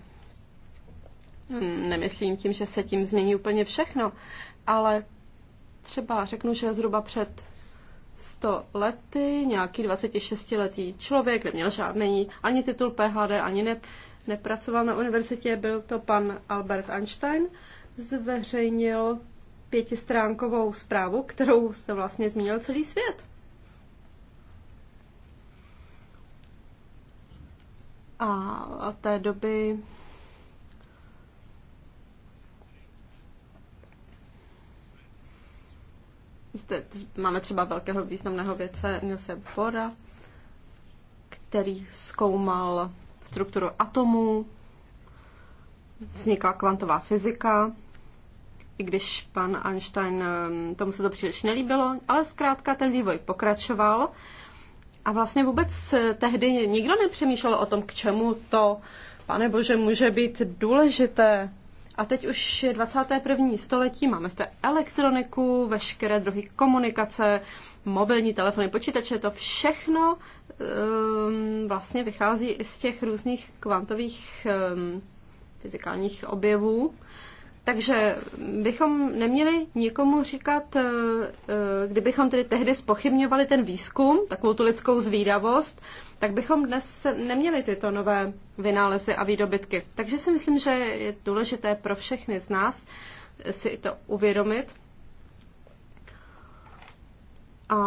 Nemyslím tím, že se tím změní úplně všechno, ale třeba řeknu, že zhruba před 100 lety nějaký 26-letý člověk, neměl žádný ani titul PhD, ani ne, nepracoval na univerzitě, byl to pan Albert Einstein, zveřejnil pětistránkovou zprávu, kterou se vlastně zmínil celý svět. A od té doby Jste, máme třeba velkého významného vědce Nilse Bohra, který zkoumal strukturu atomů, vznikla kvantová fyzika, i když pan Einstein, ehm, tomu se to příliš nelíbilo, ale zkrátka ten vývoj pokračoval. A vlastně vůbec eh, tehdy nikdo nepřemýšlel o tom, k čemu to, pane bože, může být důležité. A teď už je 21. století, máme zde elektroniku, veškeré druhy komunikace, mobilní telefony, počítače, to všechno um, vlastně vychází i z těch různých kvantových um, fyzikálních objevů. Takže bychom neměli nikomu říkat, eh, eh, kdybychom tedy tehdy spochybňovali ten výzkum, takovou tu lidskou zvídavost, tak bychom dnes neměli tyto nové vynálezy a výdobytky. Takže si myslím, že je důležité pro všechny z nás si to uvědomit a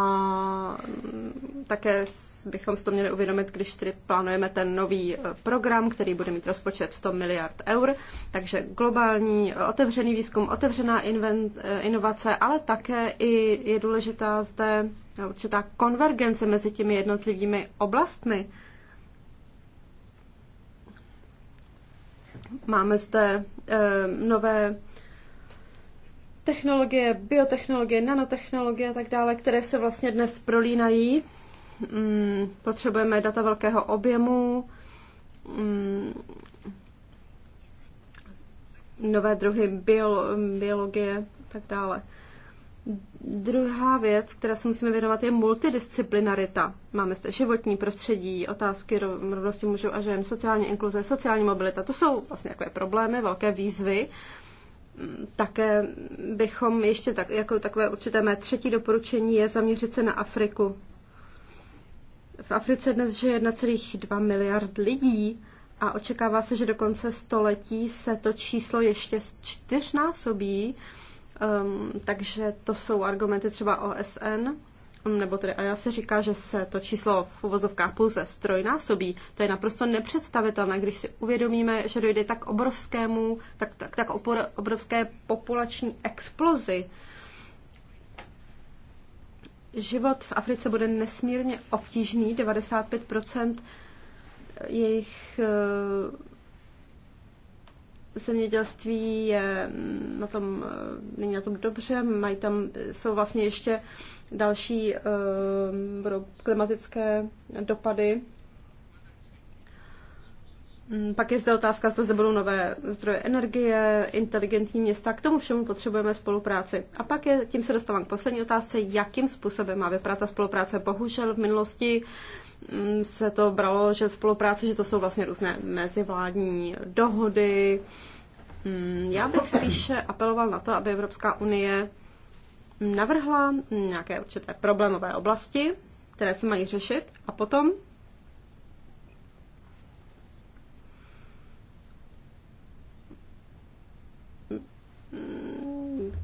také bychom si to měli uvědomit, když tedy plánujeme ten nový eh, program, který bude mít rozpočet 100 miliard eur. Takže globální eh, otevřený výzkum, otevřená invent, eh, inovace, ale také i je důležitá zde určitá konvergence mezi těmi jednotlivými oblastmi. Máme zde nové technologie, biotechnologie, nanotechnologie a tak dále, které se vlastně dnes prolínají Mm, potřebujeme data velkého objemu, mm, nové druhy bio, biologie a tak dále. Druhá věc, která se musíme věnovat, je multidisciplinarita. Máme zde životní prostředí, otázky rovnosti mužů a žen, sociální inkluze, sociální mobilita. To jsou vlastně takové problémy, velké výzvy. Mm, také bychom ještě tak, jako takové určité mé třetí doporučení je zaměřit se na Afriku. V Africe dnes žije 1,2 miliard lidí a očekává se, že do konce století se to číslo ještě čtyřnásobí, um, takže to jsou argumenty třeba OSN, ehm, nebo tedy a já se říká, že se to číslo v uvozovkách pouze strojnásobí. To je naprosto nepředstavitelné, když si uvědomíme, že dojde tak obrovskému, tak, tak, tak obrovské populační explozi Život v Africe bude nesmírně obtížný, 95 jejich eh, zemědělství je mm, na tom, eh, není na tom dobře, mají tam, jsou vlastně ještě další eh, klimatické dopady Mm, pak je zde otázka, zda se budou nové zdroje energie, inteligentní města, k tomu všemu potřebujeme spolupráci. A pak je, tím se dostávám k poslední otázce, jakým způsobem má vypadat ta spolupráce. Bohužel v minulosti mm, se to bralo, že spolupráce, že to jsou vlastně různé mezivládní dohody. Mm, já bych spíše apeloval na to, aby Evropská unie navrhla nějaké určité problémové oblasti, které se mají řešit a potom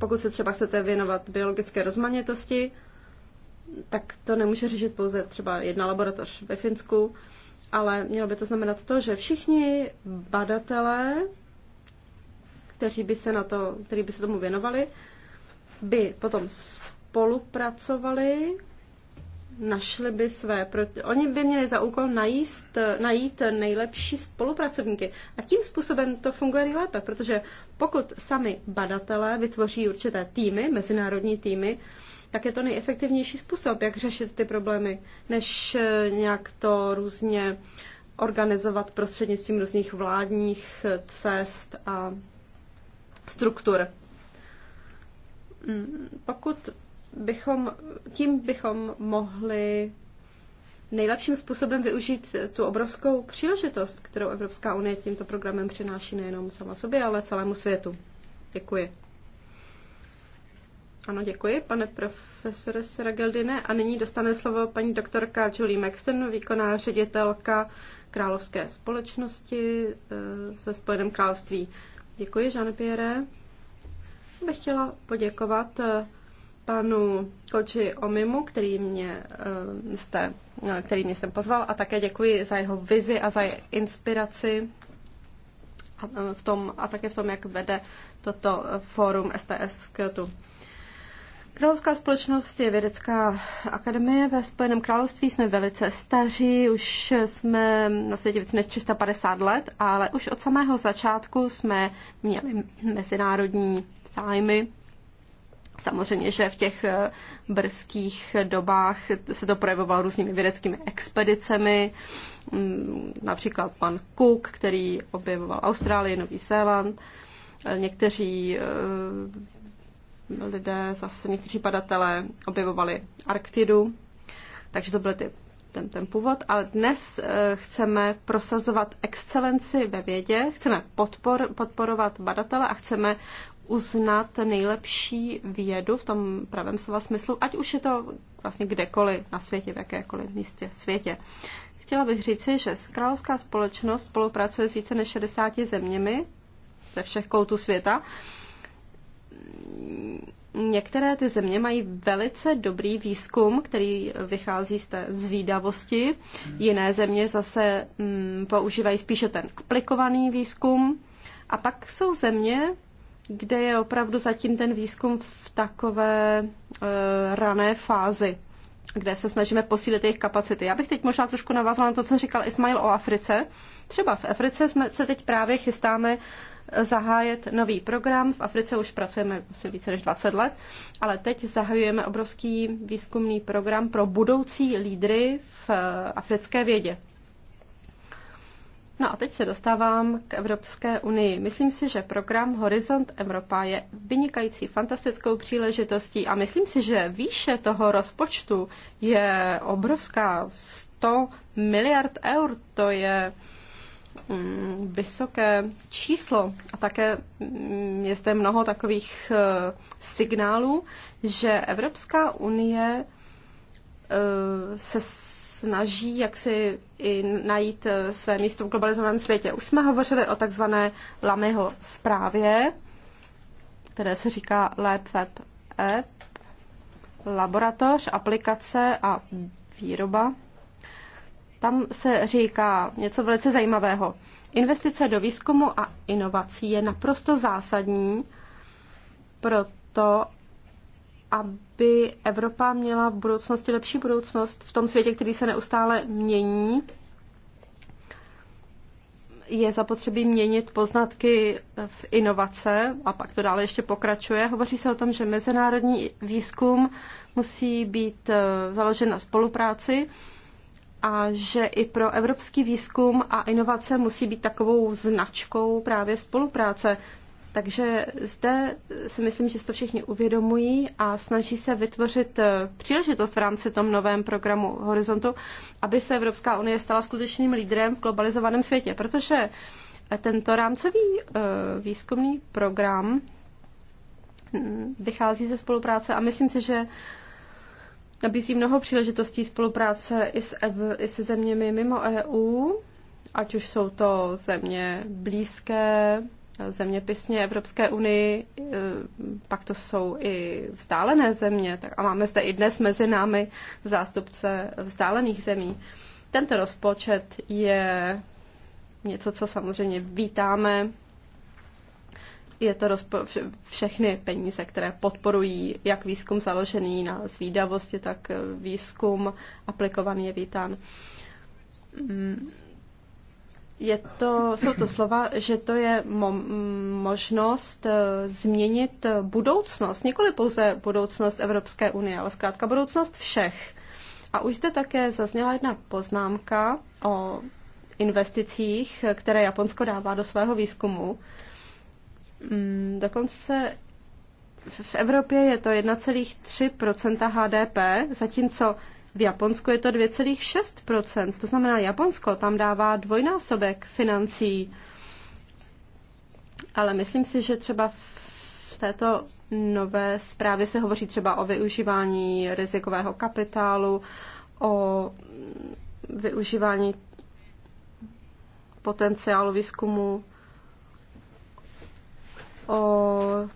pokud se třeba chcete věnovat biologické rozmanitosti, tak to nemůže řešit pouze třeba jedna laboratoř ve Finsku, ale mělo by to znamenat to, že všichni badatelé, kteří by se, na to, kteří by se tomu věnovali, by potom spolupracovali našli by své, oni by měli za úkol najíst, najít nejlepší spolupracovníky. A tím způsobem to funguje nejlépe, protože pokud sami badatelé vytvoří určité týmy, mezinárodní týmy, tak je to nejefektivnější způsob, jak řešit ty problémy, než eh, nějak to různě organizovat prostřednictvím různých vládních eh, cest a struktur. Mm, pokud bychom, tím bychom mohli nejlepším způsobem využít tu obrovskou příležitost, kterou Evropská unie tímto programem přináší nejenom sama sobě, ale celému světu. Děkuji. Ano, děkuji, pane profesore Serageldine. A nyní dostane slovo paní doktorka Julie Maxton, výkonná ředitelka Královské společnosti eh, se Spojeném království. Děkuji, Jean-Pierre. Bych chtěla poděkovat eh, panu Koči Omimu, který mě, eh, jste, eh, který mě jsem pozval a také děkuji za jeho vizi a za jeho inspiraci eh, v tom, a také v tom, jak vede toto fórum STS v Kyoto. Královská společnost je vědecká akademie. Ve Spojeném království jsme velice staří, už jsme na světě více než 350 let, ale už od samého začátku jsme měli mezinárodní zájmy Samozřejmě, že v těch eh, brzkých dobách se to projevovalo různými vědeckými expedicemi, mm, například pan Cook, který objevoval Austrálii, Nový Zéland, eh, někteří eh, lidé, zase někteří padatelé objevovali Arktidu, takže to byl ty, ten, ten původ. Ale dnes chceme prosazovat excelenci ve vědě, chceme podpor, podporovat badatele a chceme uznat nejlepší vědu v tom pravém slova smyslu, ať už je to vlastně kdekoliv na světě, v jakékoliv místě světě. Chtěla bych říci, že královská společnost spolupracuje s více než 60 zeměmi ze všech koutů světa. Některé ty země mají velice dobrý výzkum, který vychází z té zvídavosti. Jiné země zase mm, používají spíše ten aplikovaný výzkum. A pak jsou země, kde je opravdu zatím ten výzkum v takové uh, rané fázi, kde se snažíme posílit jejich kapacity. Já bych teď možná trošku navázala na to, co říkal Ismail o Africe. Třeba v Africe jsme se teď právě chystáme eh, zahájet nový program. V Africe už pracujeme asi více než 20 let, ale teď zahajujeme obrovský výzkumný program pro budoucí lídry v eh, africké vědě. No a teď se dostávám k Evropské unii. Myslím si, že program Horizont Evropa je vynikající, fantastickou příležitostí a myslím si, že výše toho rozpočtu je obrovská. 100 miliard eur, to je mm, vysoké číslo. A také mm, je zde mnoho takových e, signálů, že Evropská unie e, se snaží jak si i najít eh, své místo v globalizovaném světě. Už jsme hovořili o takzvané Lamyho zprávě, které se říká Lab Web App, laboratoř, aplikace a výroba. Tam se říká něco velice zajímavého. Investice do výzkumu a inovací je naprosto zásadní pro to, aby Evropa měla v budoucnosti lepší budoucnost v tom světě, který se neustále mění. Je zapotřebí měnit poznatky v inovace a pak to dále ještě pokračuje. Hovoří se o tom, že mezinárodní výzkum musí být eh, založen na spolupráci a že i pro evropský výzkum a inovace musí být takovou značkou právě spolupráce. Takže zde si myslím, že si to všichni uvědomují a snaží se vytvořit eh, příležitost v rámci tom novém programu Horizontu, aby se Evropská unie stala skutečným lídrem v globalizovaném světě, protože eh, tento rámcový eh, výzkumný program mm, vychází ze spolupráce a myslím si, že nabízí mnoho příležitostí spolupráce i, s, i se zeměmi mimo EU, ať už jsou to země blízké zeměpisně Evropské unii, eh, pak to jsou i vzdálené země, tak a máme zde i dnes mezi námi zástupce vzdálených zemí. Tento rozpočet je něco, co samozřejmě vítáme. Je to rozpo- všechny peníze, které podporují jak výzkum založený na zvídavosti, tak eh, výzkum aplikovaný je vítán. Mm. Je to, jsou to slova, že to je mo- možnost eh, změnit budoucnost, nikoli pouze budoucnost Evropské unie, ale zkrátka budoucnost všech. A už zde také zazněla jedna poznámka o investicích, které Japonsko dává do svého výzkumu. Mm, dokonce v Evropě je to 1,3 HDP, zatímco v Japonsku je to 2,6%. To znamená, Japonsko tam dává dvojnásobek financí. Ale myslím si, že třeba v této nové zprávě se hovoří třeba o využívání rizikového kapitálu, o využívání potenciálu výzkumu, o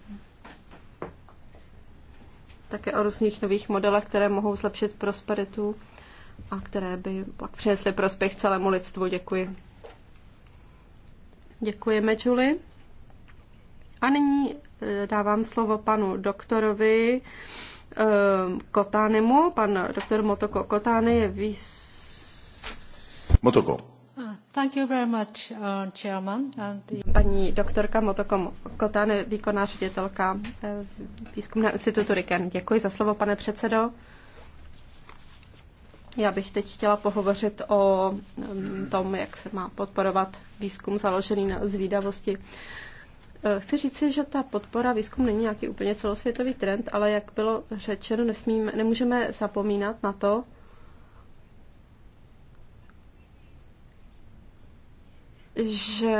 také o různých nových modelech, které mohou zlepšit prosperitu a které by pak přinesly prospěch celému lidstvu. Děkuji. Děkujeme, čuli A nyní eh, dávám slovo panu doktorovi eh, Kotánemu. Pan doktor Motoko Kotány je výs... Motoko. Uh, Paní doktorka Motoko Kotane, výkonná ředitelka eh, výzkumného institutu RIKEN. Děkuji za slovo, pane předsedo. Já bych teď chtěla pohovořit o mm, tom, jak se má podporovat výzkum založený na zvídavosti. Eh, chci říci, že ta podpora výzkum není nějaký úplně celosvětový trend, ale jak bylo řečeno, nesmíme, nemůžeme zapomínat na to, že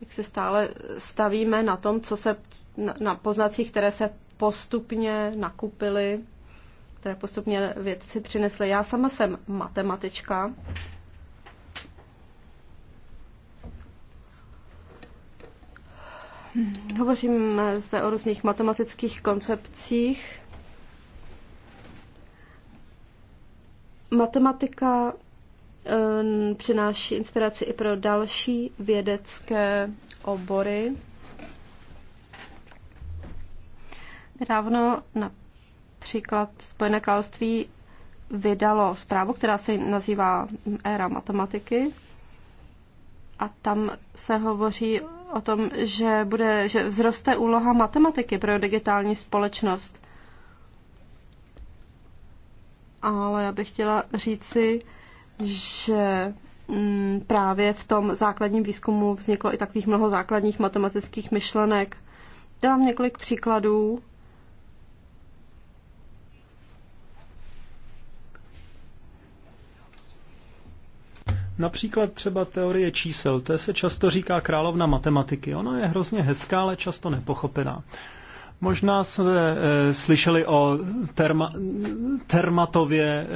jak se stále stavíme na tom, co se na, na poznacích, které se postupně nakupily, které postupně vědci přinesli. Já sama jsem matematička. Hovořím zde o různých matematických koncepcích. Matematika Ehm, přináší inspiraci i pro další vědecké obory. Nedávno například Spojené království vydalo zprávu, která se nazývá Éra matematiky. A tam se hovoří o tom, že, bude, že vzroste úloha matematiky pro digitální společnost. Ale já bych chtěla říci, že mm, právě v tom základním výzkumu vzniklo i takových mnoho základních matematických myšlenek. Dám několik příkladů. Například třeba teorie čísel, té se často říká královna matematiky. Ona je hrozně hezká, ale často nepochopená. Možná jsme e, slyšeli o terma, termatově, e,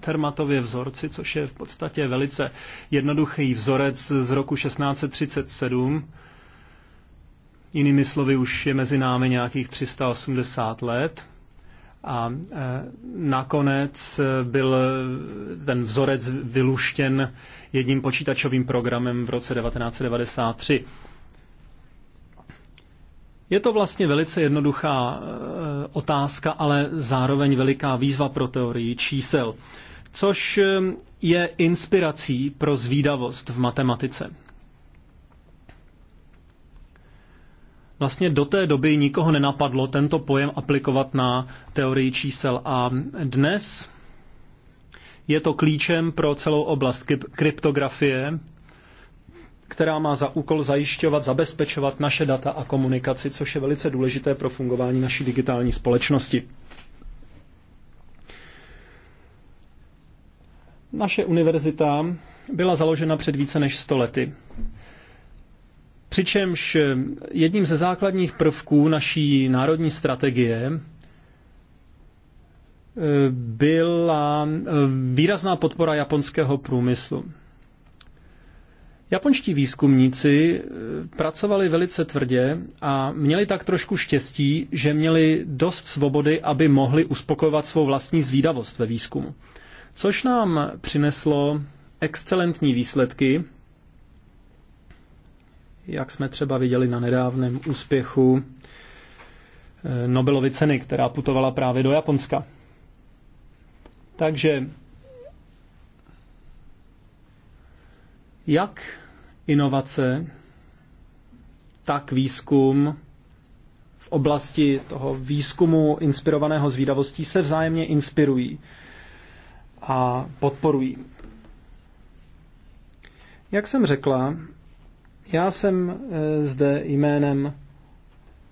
termatově vzorci, což je v podstatě velice jednoduchý vzorec z roku 1637. Jinými slovy, už je mezi námi nějakých 380 let. A e, nakonec byl ten vzorec vyluštěn jedním počítačovým programem v roce 1993. Je to vlastně velice jednoduchá eh, otázka, ale zároveň veliká výzva pro teorii čísel, což eh, je inspirací pro zvídavost v matematice. Vlastně do té doby nikoho nenapadlo tento pojem aplikovat na teorii čísel a dnes je to klíčem pro celou oblast kryptografie, která má za úkol zajišťovat, zabezpečovat naše data a komunikaci, což je velice důležité pro fungování naší digitální společnosti. Naše univerzita byla založena před více než 100 lety. Přičemž jedním ze základních prvků naší národní strategie eh, byla eh, výrazná podpora japonského průmyslu. Japonští výzkumníci eh, pracovali velice tvrdě a měli tak trošku štěstí, že měli dost svobody, aby mohli uspokojovat svou vlastní zvídavost ve výzkumu. Což nám přineslo excelentní výsledky, jak jsme třeba viděli na nedávném úspěchu eh, Nobelovy ceny, která putovala právě do Japonska. Takže Jak inovace, tak výzkum v oblasti toho výzkumu inspirovaného zvídavostí se vzájemně inspirují a podporují. Jak jsem řekla, já jsem eh, zde jménem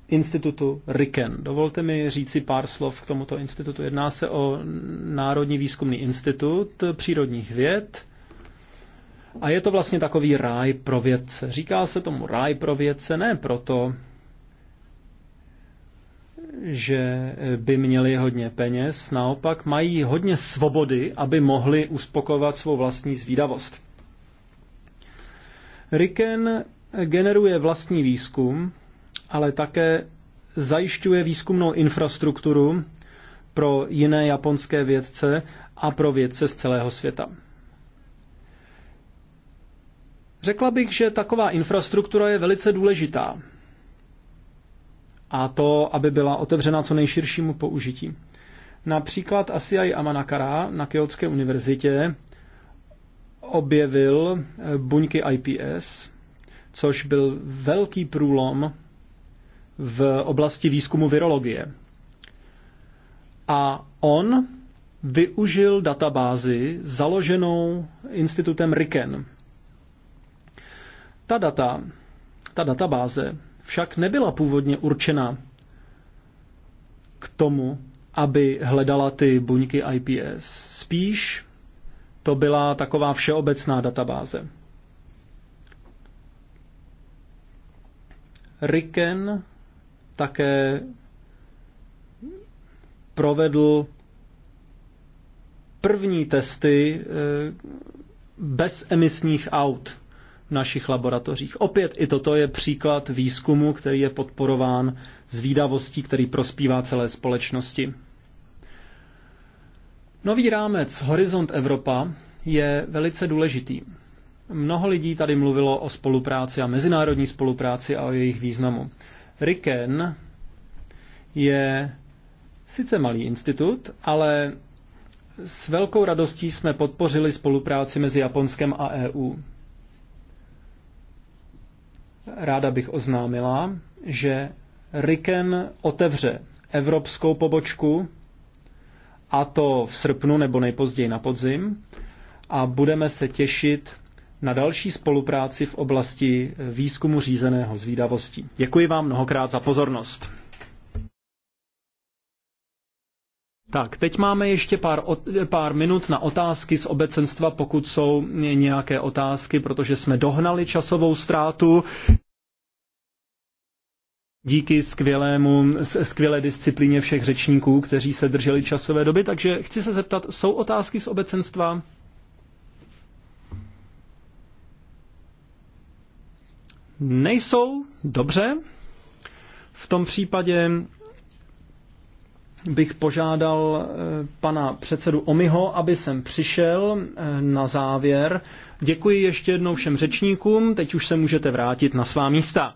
institutu RIKEN. Dovolte mi říci pár slov k tomuto institutu. Jedná se o Národní výzkumný institut přírodních věd, a je to vlastně takový ráj pro vědce. Říká se tomu ráj pro vědce ne proto, že by měli hodně peněz, naopak mají hodně svobody, aby mohli uspokovat svou vlastní zvídavost. Riken generuje vlastní výzkum, ale také zajišťuje výzkumnou infrastrukturu pro jiné japonské vědce a pro vědce z celého světa. Řekla bych, že taková infrastruktura je velice důležitá. A to, aby byla otevřena co nejširšímu použití. Například Asiai Amanakara na Kyotské univerzitě objevil eh, buňky IPS, což byl velký průlom v oblasti výzkumu virologie. A on využil databázi založenou institutem RIKEN, ta data, ta databáze však nebyla původně určena k tomu, aby hledala ty buňky IPS. Spíš to byla taková všeobecná databáze. Riken také provedl první testy eh, bez emisních aut našich laboratořích. Opět i toto je příklad výzkumu, který je podporován zvídavostí, který prospívá celé společnosti. Nový rámec Horizont Evropa je velice důležitý. Mnoho lidí tady mluvilo o spolupráci a mezinárodní spolupráci a o jejich významu. RIKEN je sice malý institut, ale s velkou radostí jsme podpořili spolupráci mezi Japonskem a EU. Ráda bych oznámila, že Riken otevře evropskou pobočku, a to v srpnu nebo nejpozději na podzim, a budeme se těšit na další spolupráci v oblasti výzkumu řízeného zvídavosti. Děkuji vám mnohokrát za pozornost. Tak, teď máme ještě pár, pár minut na otázky z obecenstva, pokud jsou nějaké otázky, protože jsme dohnali časovou ztrátu. Díky skvělému, skvělé disciplíně všech řečníků, kteří se drželi časové doby. Takže chci se zeptat, jsou otázky z obecenstva? Nejsou? Dobře. V tom případě bych požádal eh, pana předsedu Omiho, aby sem přišel eh, na závěr. Děkuji ještě jednou všem řečníkům, teď už se můžete vrátit na svá místa.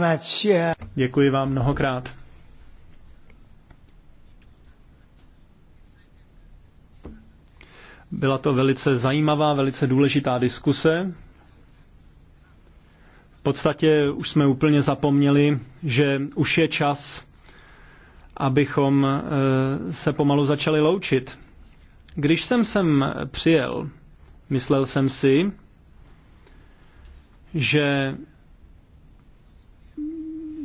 Uh, Děkuji vám mnohokrát. Byla to velice zajímavá, velice důležitá diskuse. V podstatě už jsme úplně zapomněli, že už je čas, abychom eh, se pomalu začali loučit. Když jsem sem přijel, myslel jsem si, že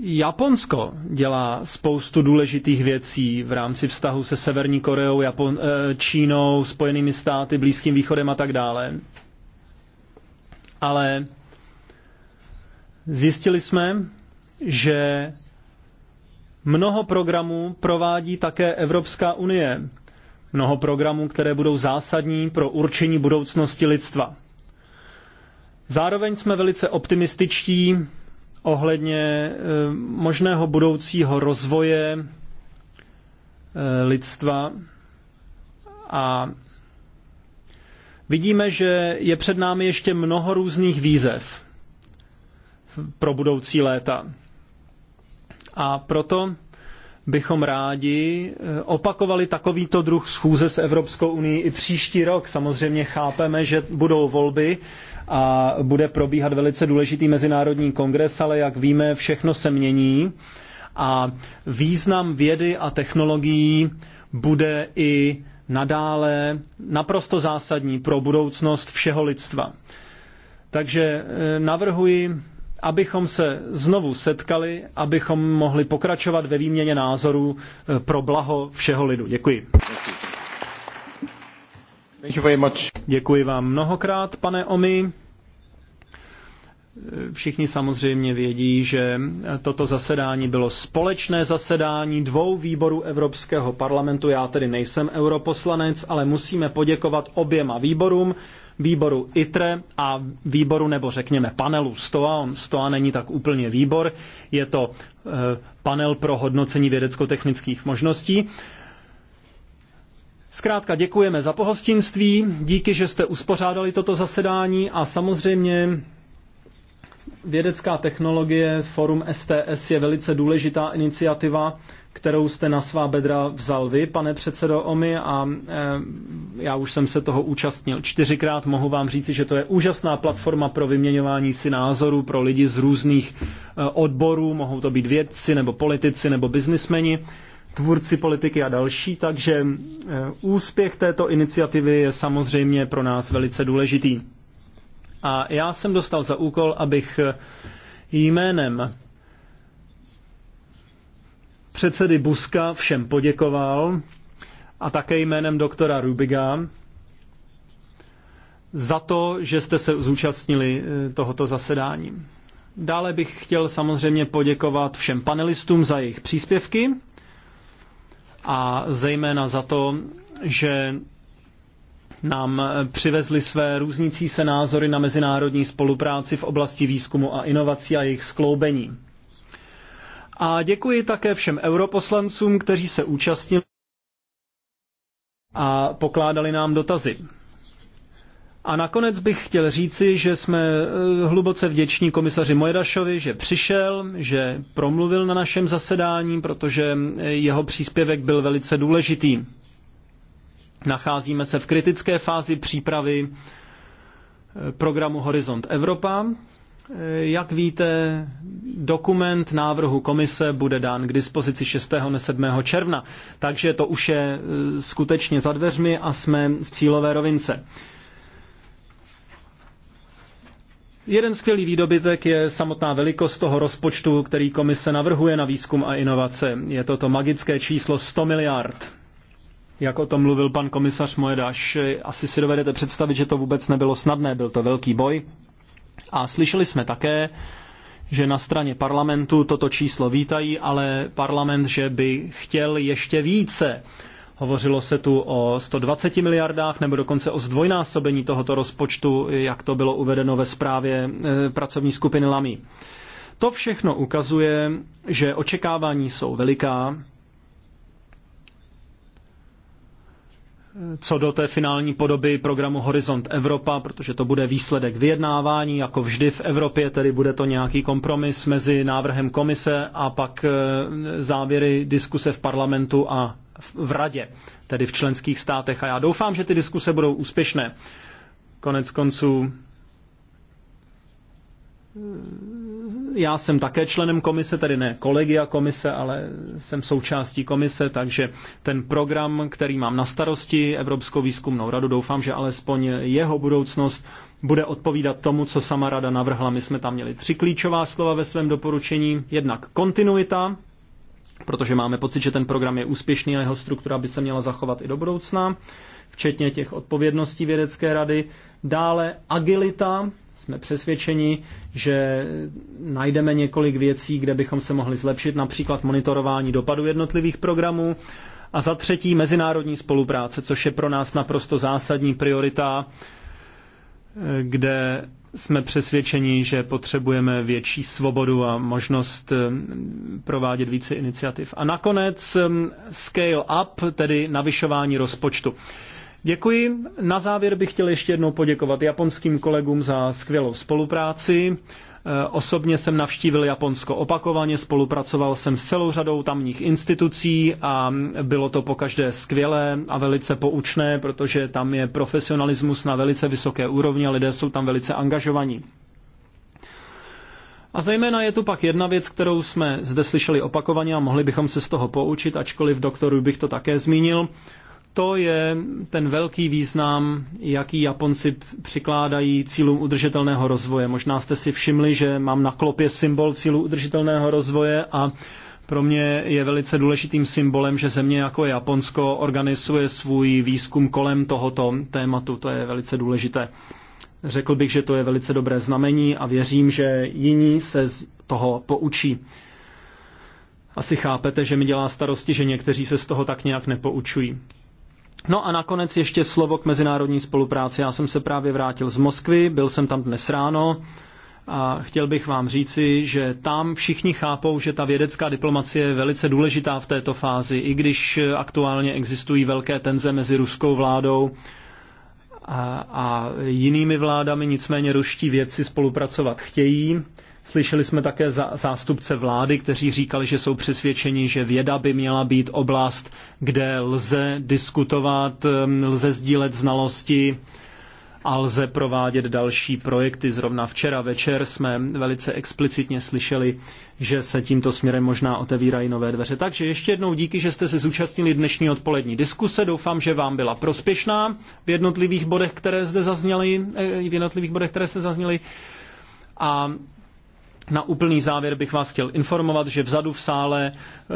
Japonsko dělá spoustu důležitých věcí v rámci vztahu se Severní Koreou, Japon, eh, Čínou, Spojenými státy, Blízkým východem a tak dále. Ale zjistili jsme, že mnoho programů provádí také Evropská unie. Mnoho programů, které budou zásadní pro určení budoucnosti lidstva. Zároveň jsme velice optimističtí ohledně eh, možného budoucího rozvoje eh, lidstva a vidíme, že je před námi ještě mnoho různých výzev pro budoucí léta. A proto bychom rádi eh, opakovali takovýto druh schůze s Evropskou unii i příští rok. Samozřejmě chápeme, že budou volby, a bude probíhat velice důležitý mezinárodní kongres, ale jak víme, všechno se mění a význam vědy a technologií bude i nadále naprosto zásadní pro budoucnost všeho lidstva. Takže e, navrhuji, abychom se znovu setkali, abychom mohli pokračovat ve výměně názorů e, pro blaho všeho lidu. Děkuji. Děkuji. Thank you very much. Děkuji vám mnohokrát, pane Omi. Všichni samozřejmě vědí, že toto zasedání bylo společné zasedání dvou výborů Evropského parlamentu. Já tedy nejsem europoslanec, ale musíme poděkovat oběma výborům, výboru ITRE a výboru, nebo řekněme panelu STOA. On STOA není tak úplně výbor, je to eh, panel pro hodnocení vědecko-technických možností. Zkrátka děkujeme za pohostinství, díky, že jste uspořádali toto zasedání a samozřejmě vědecká technologie, forum STS je velice důležitá iniciativa, kterou jste na svá bedra vzal vy, pane předsedo Omi, a e, já už jsem se toho účastnil čtyřikrát. Mohu vám říci, že to je úžasná platforma pro vyměňování si názorů pro lidi z různých e, odborů, mohou to být vědci nebo politici nebo biznismeni tvůrci politiky a další, takže eh, úspěch této iniciativy je samozřejmě pro nás velice důležitý. A já jsem dostal za úkol, abych eh, jménem předsedy Buska všem poděkoval a také jménem doktora Rubiga za to, že jste se zúčastnili eh, tohoto zasedání. Dále bych chtěl samozřejmě poděkovat všem panelistům za jejich příspěvky a zejména za to, že nám přivezli své různící se názory na mezinárodní spolupráci v oblasti výzkumu a inovací a jejich skloubení. A děkuji také všem europoslancům, kteří se účastnili a pokládali nám dotazy. A nakonec bych chtěl říci, že jsme eh, hluboce vděční komisaři Mojdašovi, že přišel, že promluvil na našem zasedání, protože eh, jeho příspěvek byl velice důležitý. Nacházíme se v kritické fázi přípravy eh, programu Horizont Evropa. Jak víte, dokument návrhu komise bude dán k dispozici 6. a 7. června, takže to už je skutečně za dveřmi a jsme v cílové rovince. Jeden skvělý výdobytek je samotná velikost toho rozpočtu, který komise navrhuje na výzkum a inovace. Je to to magické číslo 100 miliard. Jak o tom mluvil pan komisař Moedaš, asi si dovedete představit, že to vůbec nebylo snadné, byl to velký boj. A slyšeli jsme také, že na straně parlamentu toto číslo vítají, ale parlament, že by chtěl ještě více Hovořilo se tu o 120 miliardách nebo dokonce o zdvojnásobení tohoto rozpočtu, jak to bylo uvedeno ve zprávě e, pracovní skupiny LAMI. To všechno ukazuje, že očekávání jsou veliká, co do té finální podoby programu Horizont Evropa, protože to bude výsledek vyjednávání, jako vždy v Evropě, tedy bude to nějaký kompromis mezi návrhem komise a pak e, závěry diskuse v parlamentu a v radě, tedy v členských státech. A já doufám, že ty diskuse budou úspěšné. Konec konců já jsem také členem komise, tedy ne kolegia komise, ale jsem součástí komise, takže ten program, který mám na starosti, Evropskou výzkumnou radu, doufám, že alespoň jeho budoucnost bude odpovídat tomu, co sama rada navrhla. My jsme tam měli tři klíčová slova ve svém doporučení. Jednak kontinuita, protože máme pocit, že ten program je úspěšný a jeho struktura by se měla zachovat i do budoucna, včetně těch odpovědností vědecké rady. Dále agilita, jsme přesvědčeni, že najdeme několik věcí, kde bychom se mohli zlepšit, například monitorování dopadu jednotlivých programů. A za třetí mezinárodní spolupráce, což je pro nás naprosto zásadní priorita, kde jsme přesvědčeni, že potřebujeme větší svobodu a možnost eh, provádět více iniciativ. A nakonec eh, scale up, tedy navyšování rozpočtu. Děkuji. Na závěr bych chtěl ještě jednou poděkovat japonským kolegům za skvělou spolupráci Eh, osobně jsem navštívil Japonsko opakovaně, spolupracoval jsem s celou řadou tamních institucí a bylo to pokaždé skvělé a velice poučné, protože tam je profesionalismus na velice vysoké úrovni a lidé jsou tam velice angažovaní. A zejména je tu pak jedna věc, kterou jsme zde slyšeli opakovaně a mohli bychom se z toho poučit, ačkoliv doktor bych to také zmínil to je ten velký význam, jaký Japonci přikládají cílům udržitelného rozvoje. Možná jste si všimli, že mám na klopě symbol cílů udržitelného rozvoje a pro mě je velice důležitým symbolem, že země jako Japonsko organizuje svůj výzkum kolem tohoto tématu. To je velice důležité. Řekl bych, že to je velice dobré znamení a věřím, že jiní se z toho poučí. Asi chápete, že mi dělá starosti, že někteří se z toho tak nějak nepoučují. No a nakonec ještě slovo k mezinárodní spolupráci. Já jsem se právě vrátil z Moskvy, byl jsem tam dnes ráno a chtěl bych vám říci, že tam všichni chápou, že ta vědecká diplomacie je velice důležitá v této fázi, i když aktuálně existují velké tenze mezi ruskou vládou a, a jinými vládami, nicméně ruští vědci spolupracovat chtějí Slyšeli jsme také zástupce vlády, kteří říkali, že jsou přesvědčeni, že věda by měla být oblast, kde lze diskutovat, lze sdílet znalosti a lze provádět další projekty. Zrovna včera večer jsme velice explicitně slyšeli, že se tímto směrem možná otevírají nové dveře. Takže ještě jednou díky, že jste se zúčastnili dnešní odpolední diskuse. Doufám, že vám byla prospěšná v jednotlivých bodech, které zde zazněly, eh, v jednotlivých bodech, které se zazněly. A na úplný závěr bych vás chtěl informovat, že vzadu v sále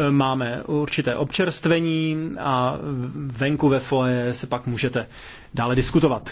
e, máme určité občerstvení a venku ve foje se pak můžete dále diskutovat.